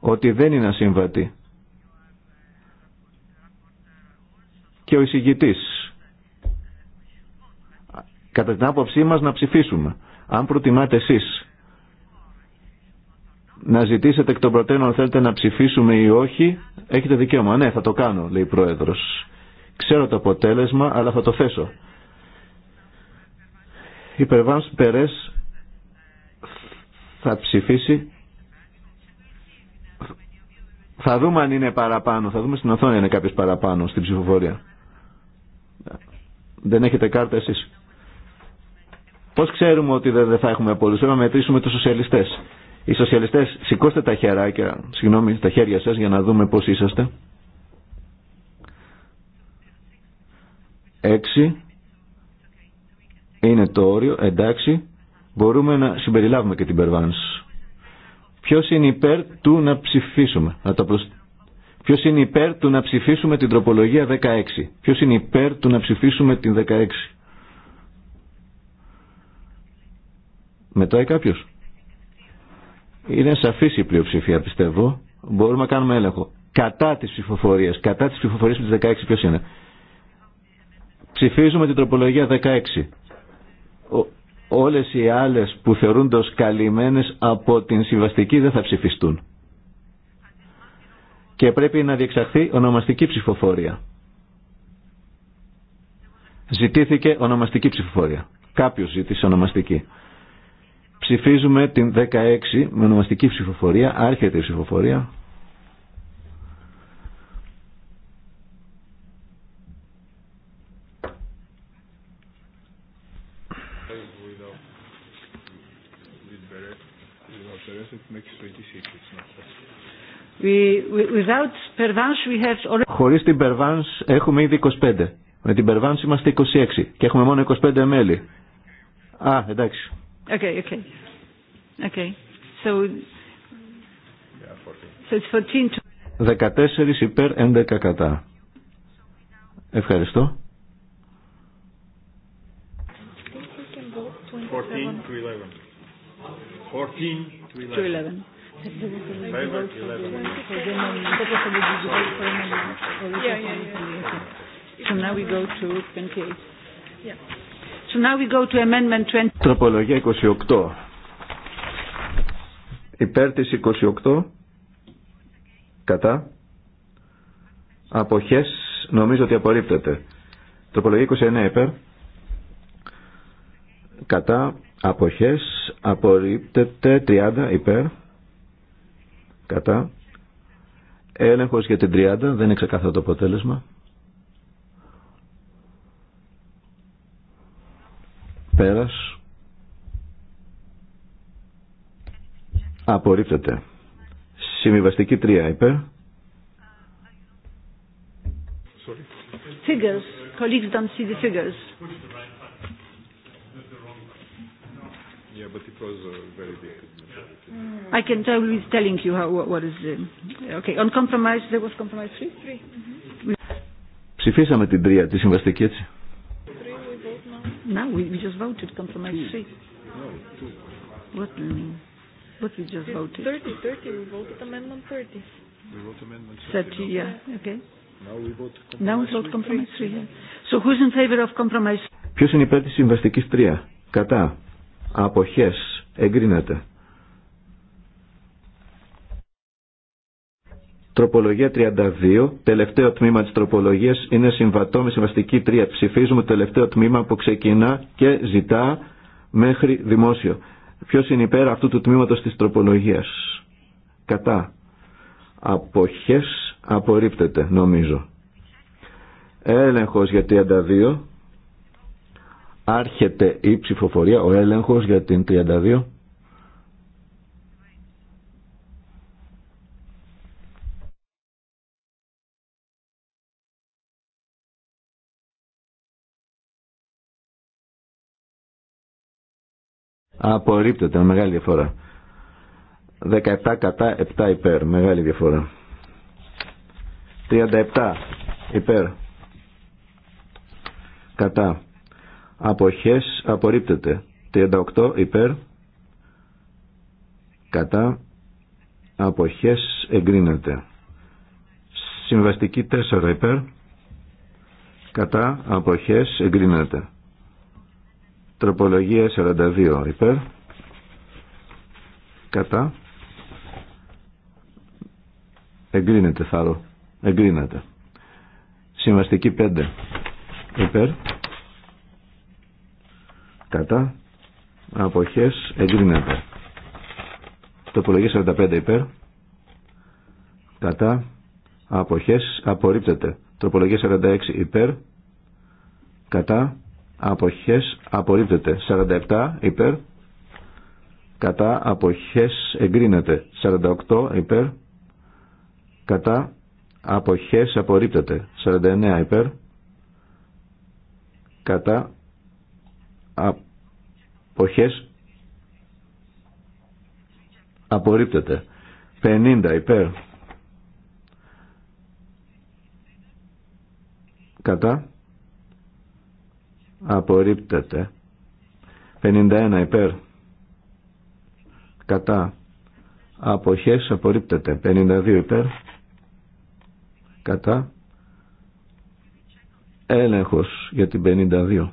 ότι δεν είναι ασύμβατη και ο εισηγητής. Κατά την άποψή μας να ψηφίσουμε. Αν προτιμάτε εσείς να ζητήσετε εκ των προτένων θέλετε να ψηφίσουμε ή όχι, έχετε δικαίωμα. Ναι, θα το κάνω, λέει η Πρόεδρος. Ξέρω το αποτέλεσμα, αλλά θα το θέσω. Η Περβάμς Περές θα ψηφίσει. Θα δούμε αν είναι παραπάνω, θα δούμε στην οθόνη αν είναι κάποιος παραπάνω στην ψηφοφορία. Δεν έχετε κάρτα εσείς. Πώς ξέρουμε ότι δεν θα έχουμε πολλούς. Πρέπει να μετρήσουμε τους σοσιαλιστές. Οι σοσιαλιστές, σηκώστε τα χεράκια, συγγνώμη, τα χέρια σας για να δούμε πώς είσαστε. Έξι. Είναι το όριο, εντάξει. Μπορούμε να συμπεριλάβουμε και την περβάνηση Ποιος είναι υπέρ του να ψηφίσουμε, να το προσθέσουμε Ποιος είναι υπέρ του να ψηφίσουμε την τροπολογία 16. Ποιος είναι υπέρ του να ψηφίσουμε την 16. Μετάει κάποιος. Είναι σαφής η πλειοψηφία πιστεύω. Μπορούμε να κάνουμε έλεγχο. Κατά τις ψηφοφορίες, Κατά τις ψηφοφορίες της 16 ποιος είναι. Ψηφίζουμε την τροπολογία 16. όλες οι άλλες που θεωρούνται ως καλυμμένες από την συμβαστική δεν θα ψηφιστούν και πρέπει να διεξαχθεί ονομαστική ψηφοφορία. Ζητήθηκε ονομαστική ψηφοφορία. Κάποιος ζήτησε ονομαστική. Ψηφίζουμε την 16 με ονομαστική ψηφοφορία. Άρχεται η ψηφοφορία. Χωρίς την Περβάνς έχουμε ήδη 25. Με την Περβάνς είμαστε 26 και έχουμε μόνο 25 μέλη. Α, εντάξει. Okay, okay. Okay. So, so it's 14 to... 14 υπέρ 11 κατά. Ευχαριστώ. 14 to 11. 14 to 11. Τροπολογία 28. Υπέρ της 28. Κατά. Αποχές. Νομίζω ότι απορρίπτεται. Τροπολογία 29 υπέρ. Κατά. Αποχές. Απορρίπτεται. 30 υπέρ Κατά. Έλεγχος για την 30. Δεν είναι ξεκάθαρο το αποτέλεσμα. Πέρας. Απορρίπτεται. Συμβιβαστική 3 υπέρ. Figures. Colleagues don't see the figures. Yeah, but it was very big I can tell who is telling you how, what, what is the... Okay, on compromise, there was compromise three? Three. Mm -hmm. Ψηφίσαμε την τρία, τη συμβαστική έτσι. Now we, just voted compromise three. No, two. What, um, what we just voted? 30, 30, we voted amendment 30. We wrote amendment 30. 30, yeah, okay. Now we vote compromise Now we vote compromise three. Yeah. So who's in favor of compromise? Ποιος είναι υπέρ της συμβαστικής 3, κατά αποχές εγκρίνεται. Τροπολογία 32, τελευταίο τμήμα της τροπολογίας είναι συμβατό με συμβαστική 3. Ψηφίζουμε το τελευταίο τμήμα που ξεκινά και ζητά μέχρι δημόσιο. Ποιος είναι υπέρ αυτού του τμήματος της τροπολογίας. Κατά. Αποχές απορρίπτεται νομίζω. Έλεγχος για 32. Άρχεται η ψηφοφορία, ο έλεγχος για την 32. Απορρίπτεται μεγάλη διαφορά. 17 κατά, 7 υπέρ. Μεγάλη διαφορά. 37 υπέρ. Κατά. Αποχές απορρίπτεται. 38 υπέρ. Κατά. Αποχές εγκρίνεται. Συμβαστική 4 υπέρ. Κατά. Αποχές εγκρίνεται. Τροπολογία 42 υπέρ. Κατά. Εγκρίνεται θάρρο. Εγκρίνεται. Συμβαστική 5 υπέρ κατά αποχές εγκρίνεται τροπολογία 45 υπέρ κατά αποχές απορρίπτεται τροπολογία 46 υπέρ κατά αποχές απορρίπτεται 47 υπέρ κατά αποχές εγκρίνεται 48 υπέρ κατά αποχές απορρίπτεται 49 υπέρ κατά αποχές απορρίπτεται 50 υπέρ κατά απορρίπτεται 51 υπέρ κατά αποχές απορρίπτεται 52 υπέρ κατά έλεγχος για την 52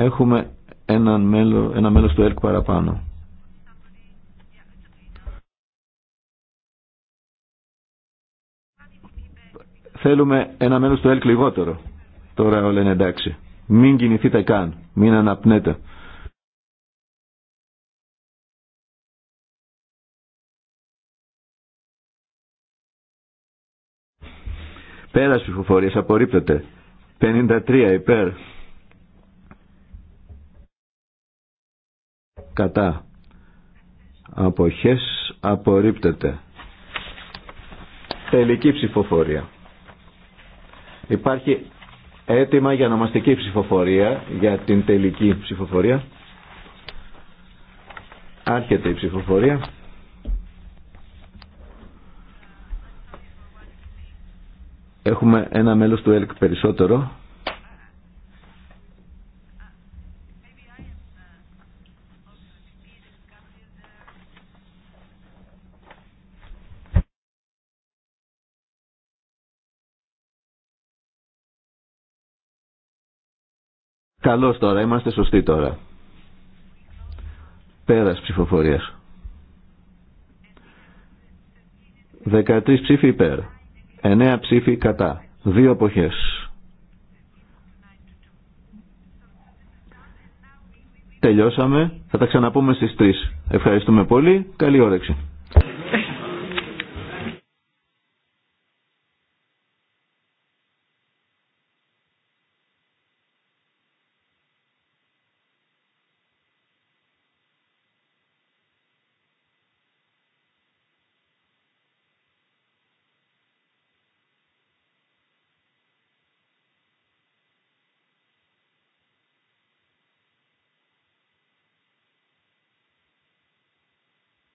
Έχουμε ένα μέλος, ένα μέλος του ΕΡΚ παραπάνω. Θέλουμε ένα μέλος του ΕΛΚ λιγότερο. Τώρα όλα είναι εντάξει. Μην κινηθείτε καν. Μην αναπνέτε. Πέρας φοφορία. απορρίπτεται. 53 υπέρ. κατά αποχές απορρίπτεται τελική ψηφοφορία υπάρχει αίτημα για νομαστική ψηφοφορία για την τελική ψηφοφορία άρχεται η ψηφοφορία έχουμε ένα μέλος του ΕΛΚ περισσότερο Καλώς τώρα, είμαστε σωστοί τώρα. Πέρας ψηφοφορίας. 13 ψήφοι υπέρ, 9 ψήφοι κατά, 2 εποχές. Τελειώσαμε, θα τα ξαναπούμε στις 3. Ευχαριστούμε πολύ, καλή όρεξη.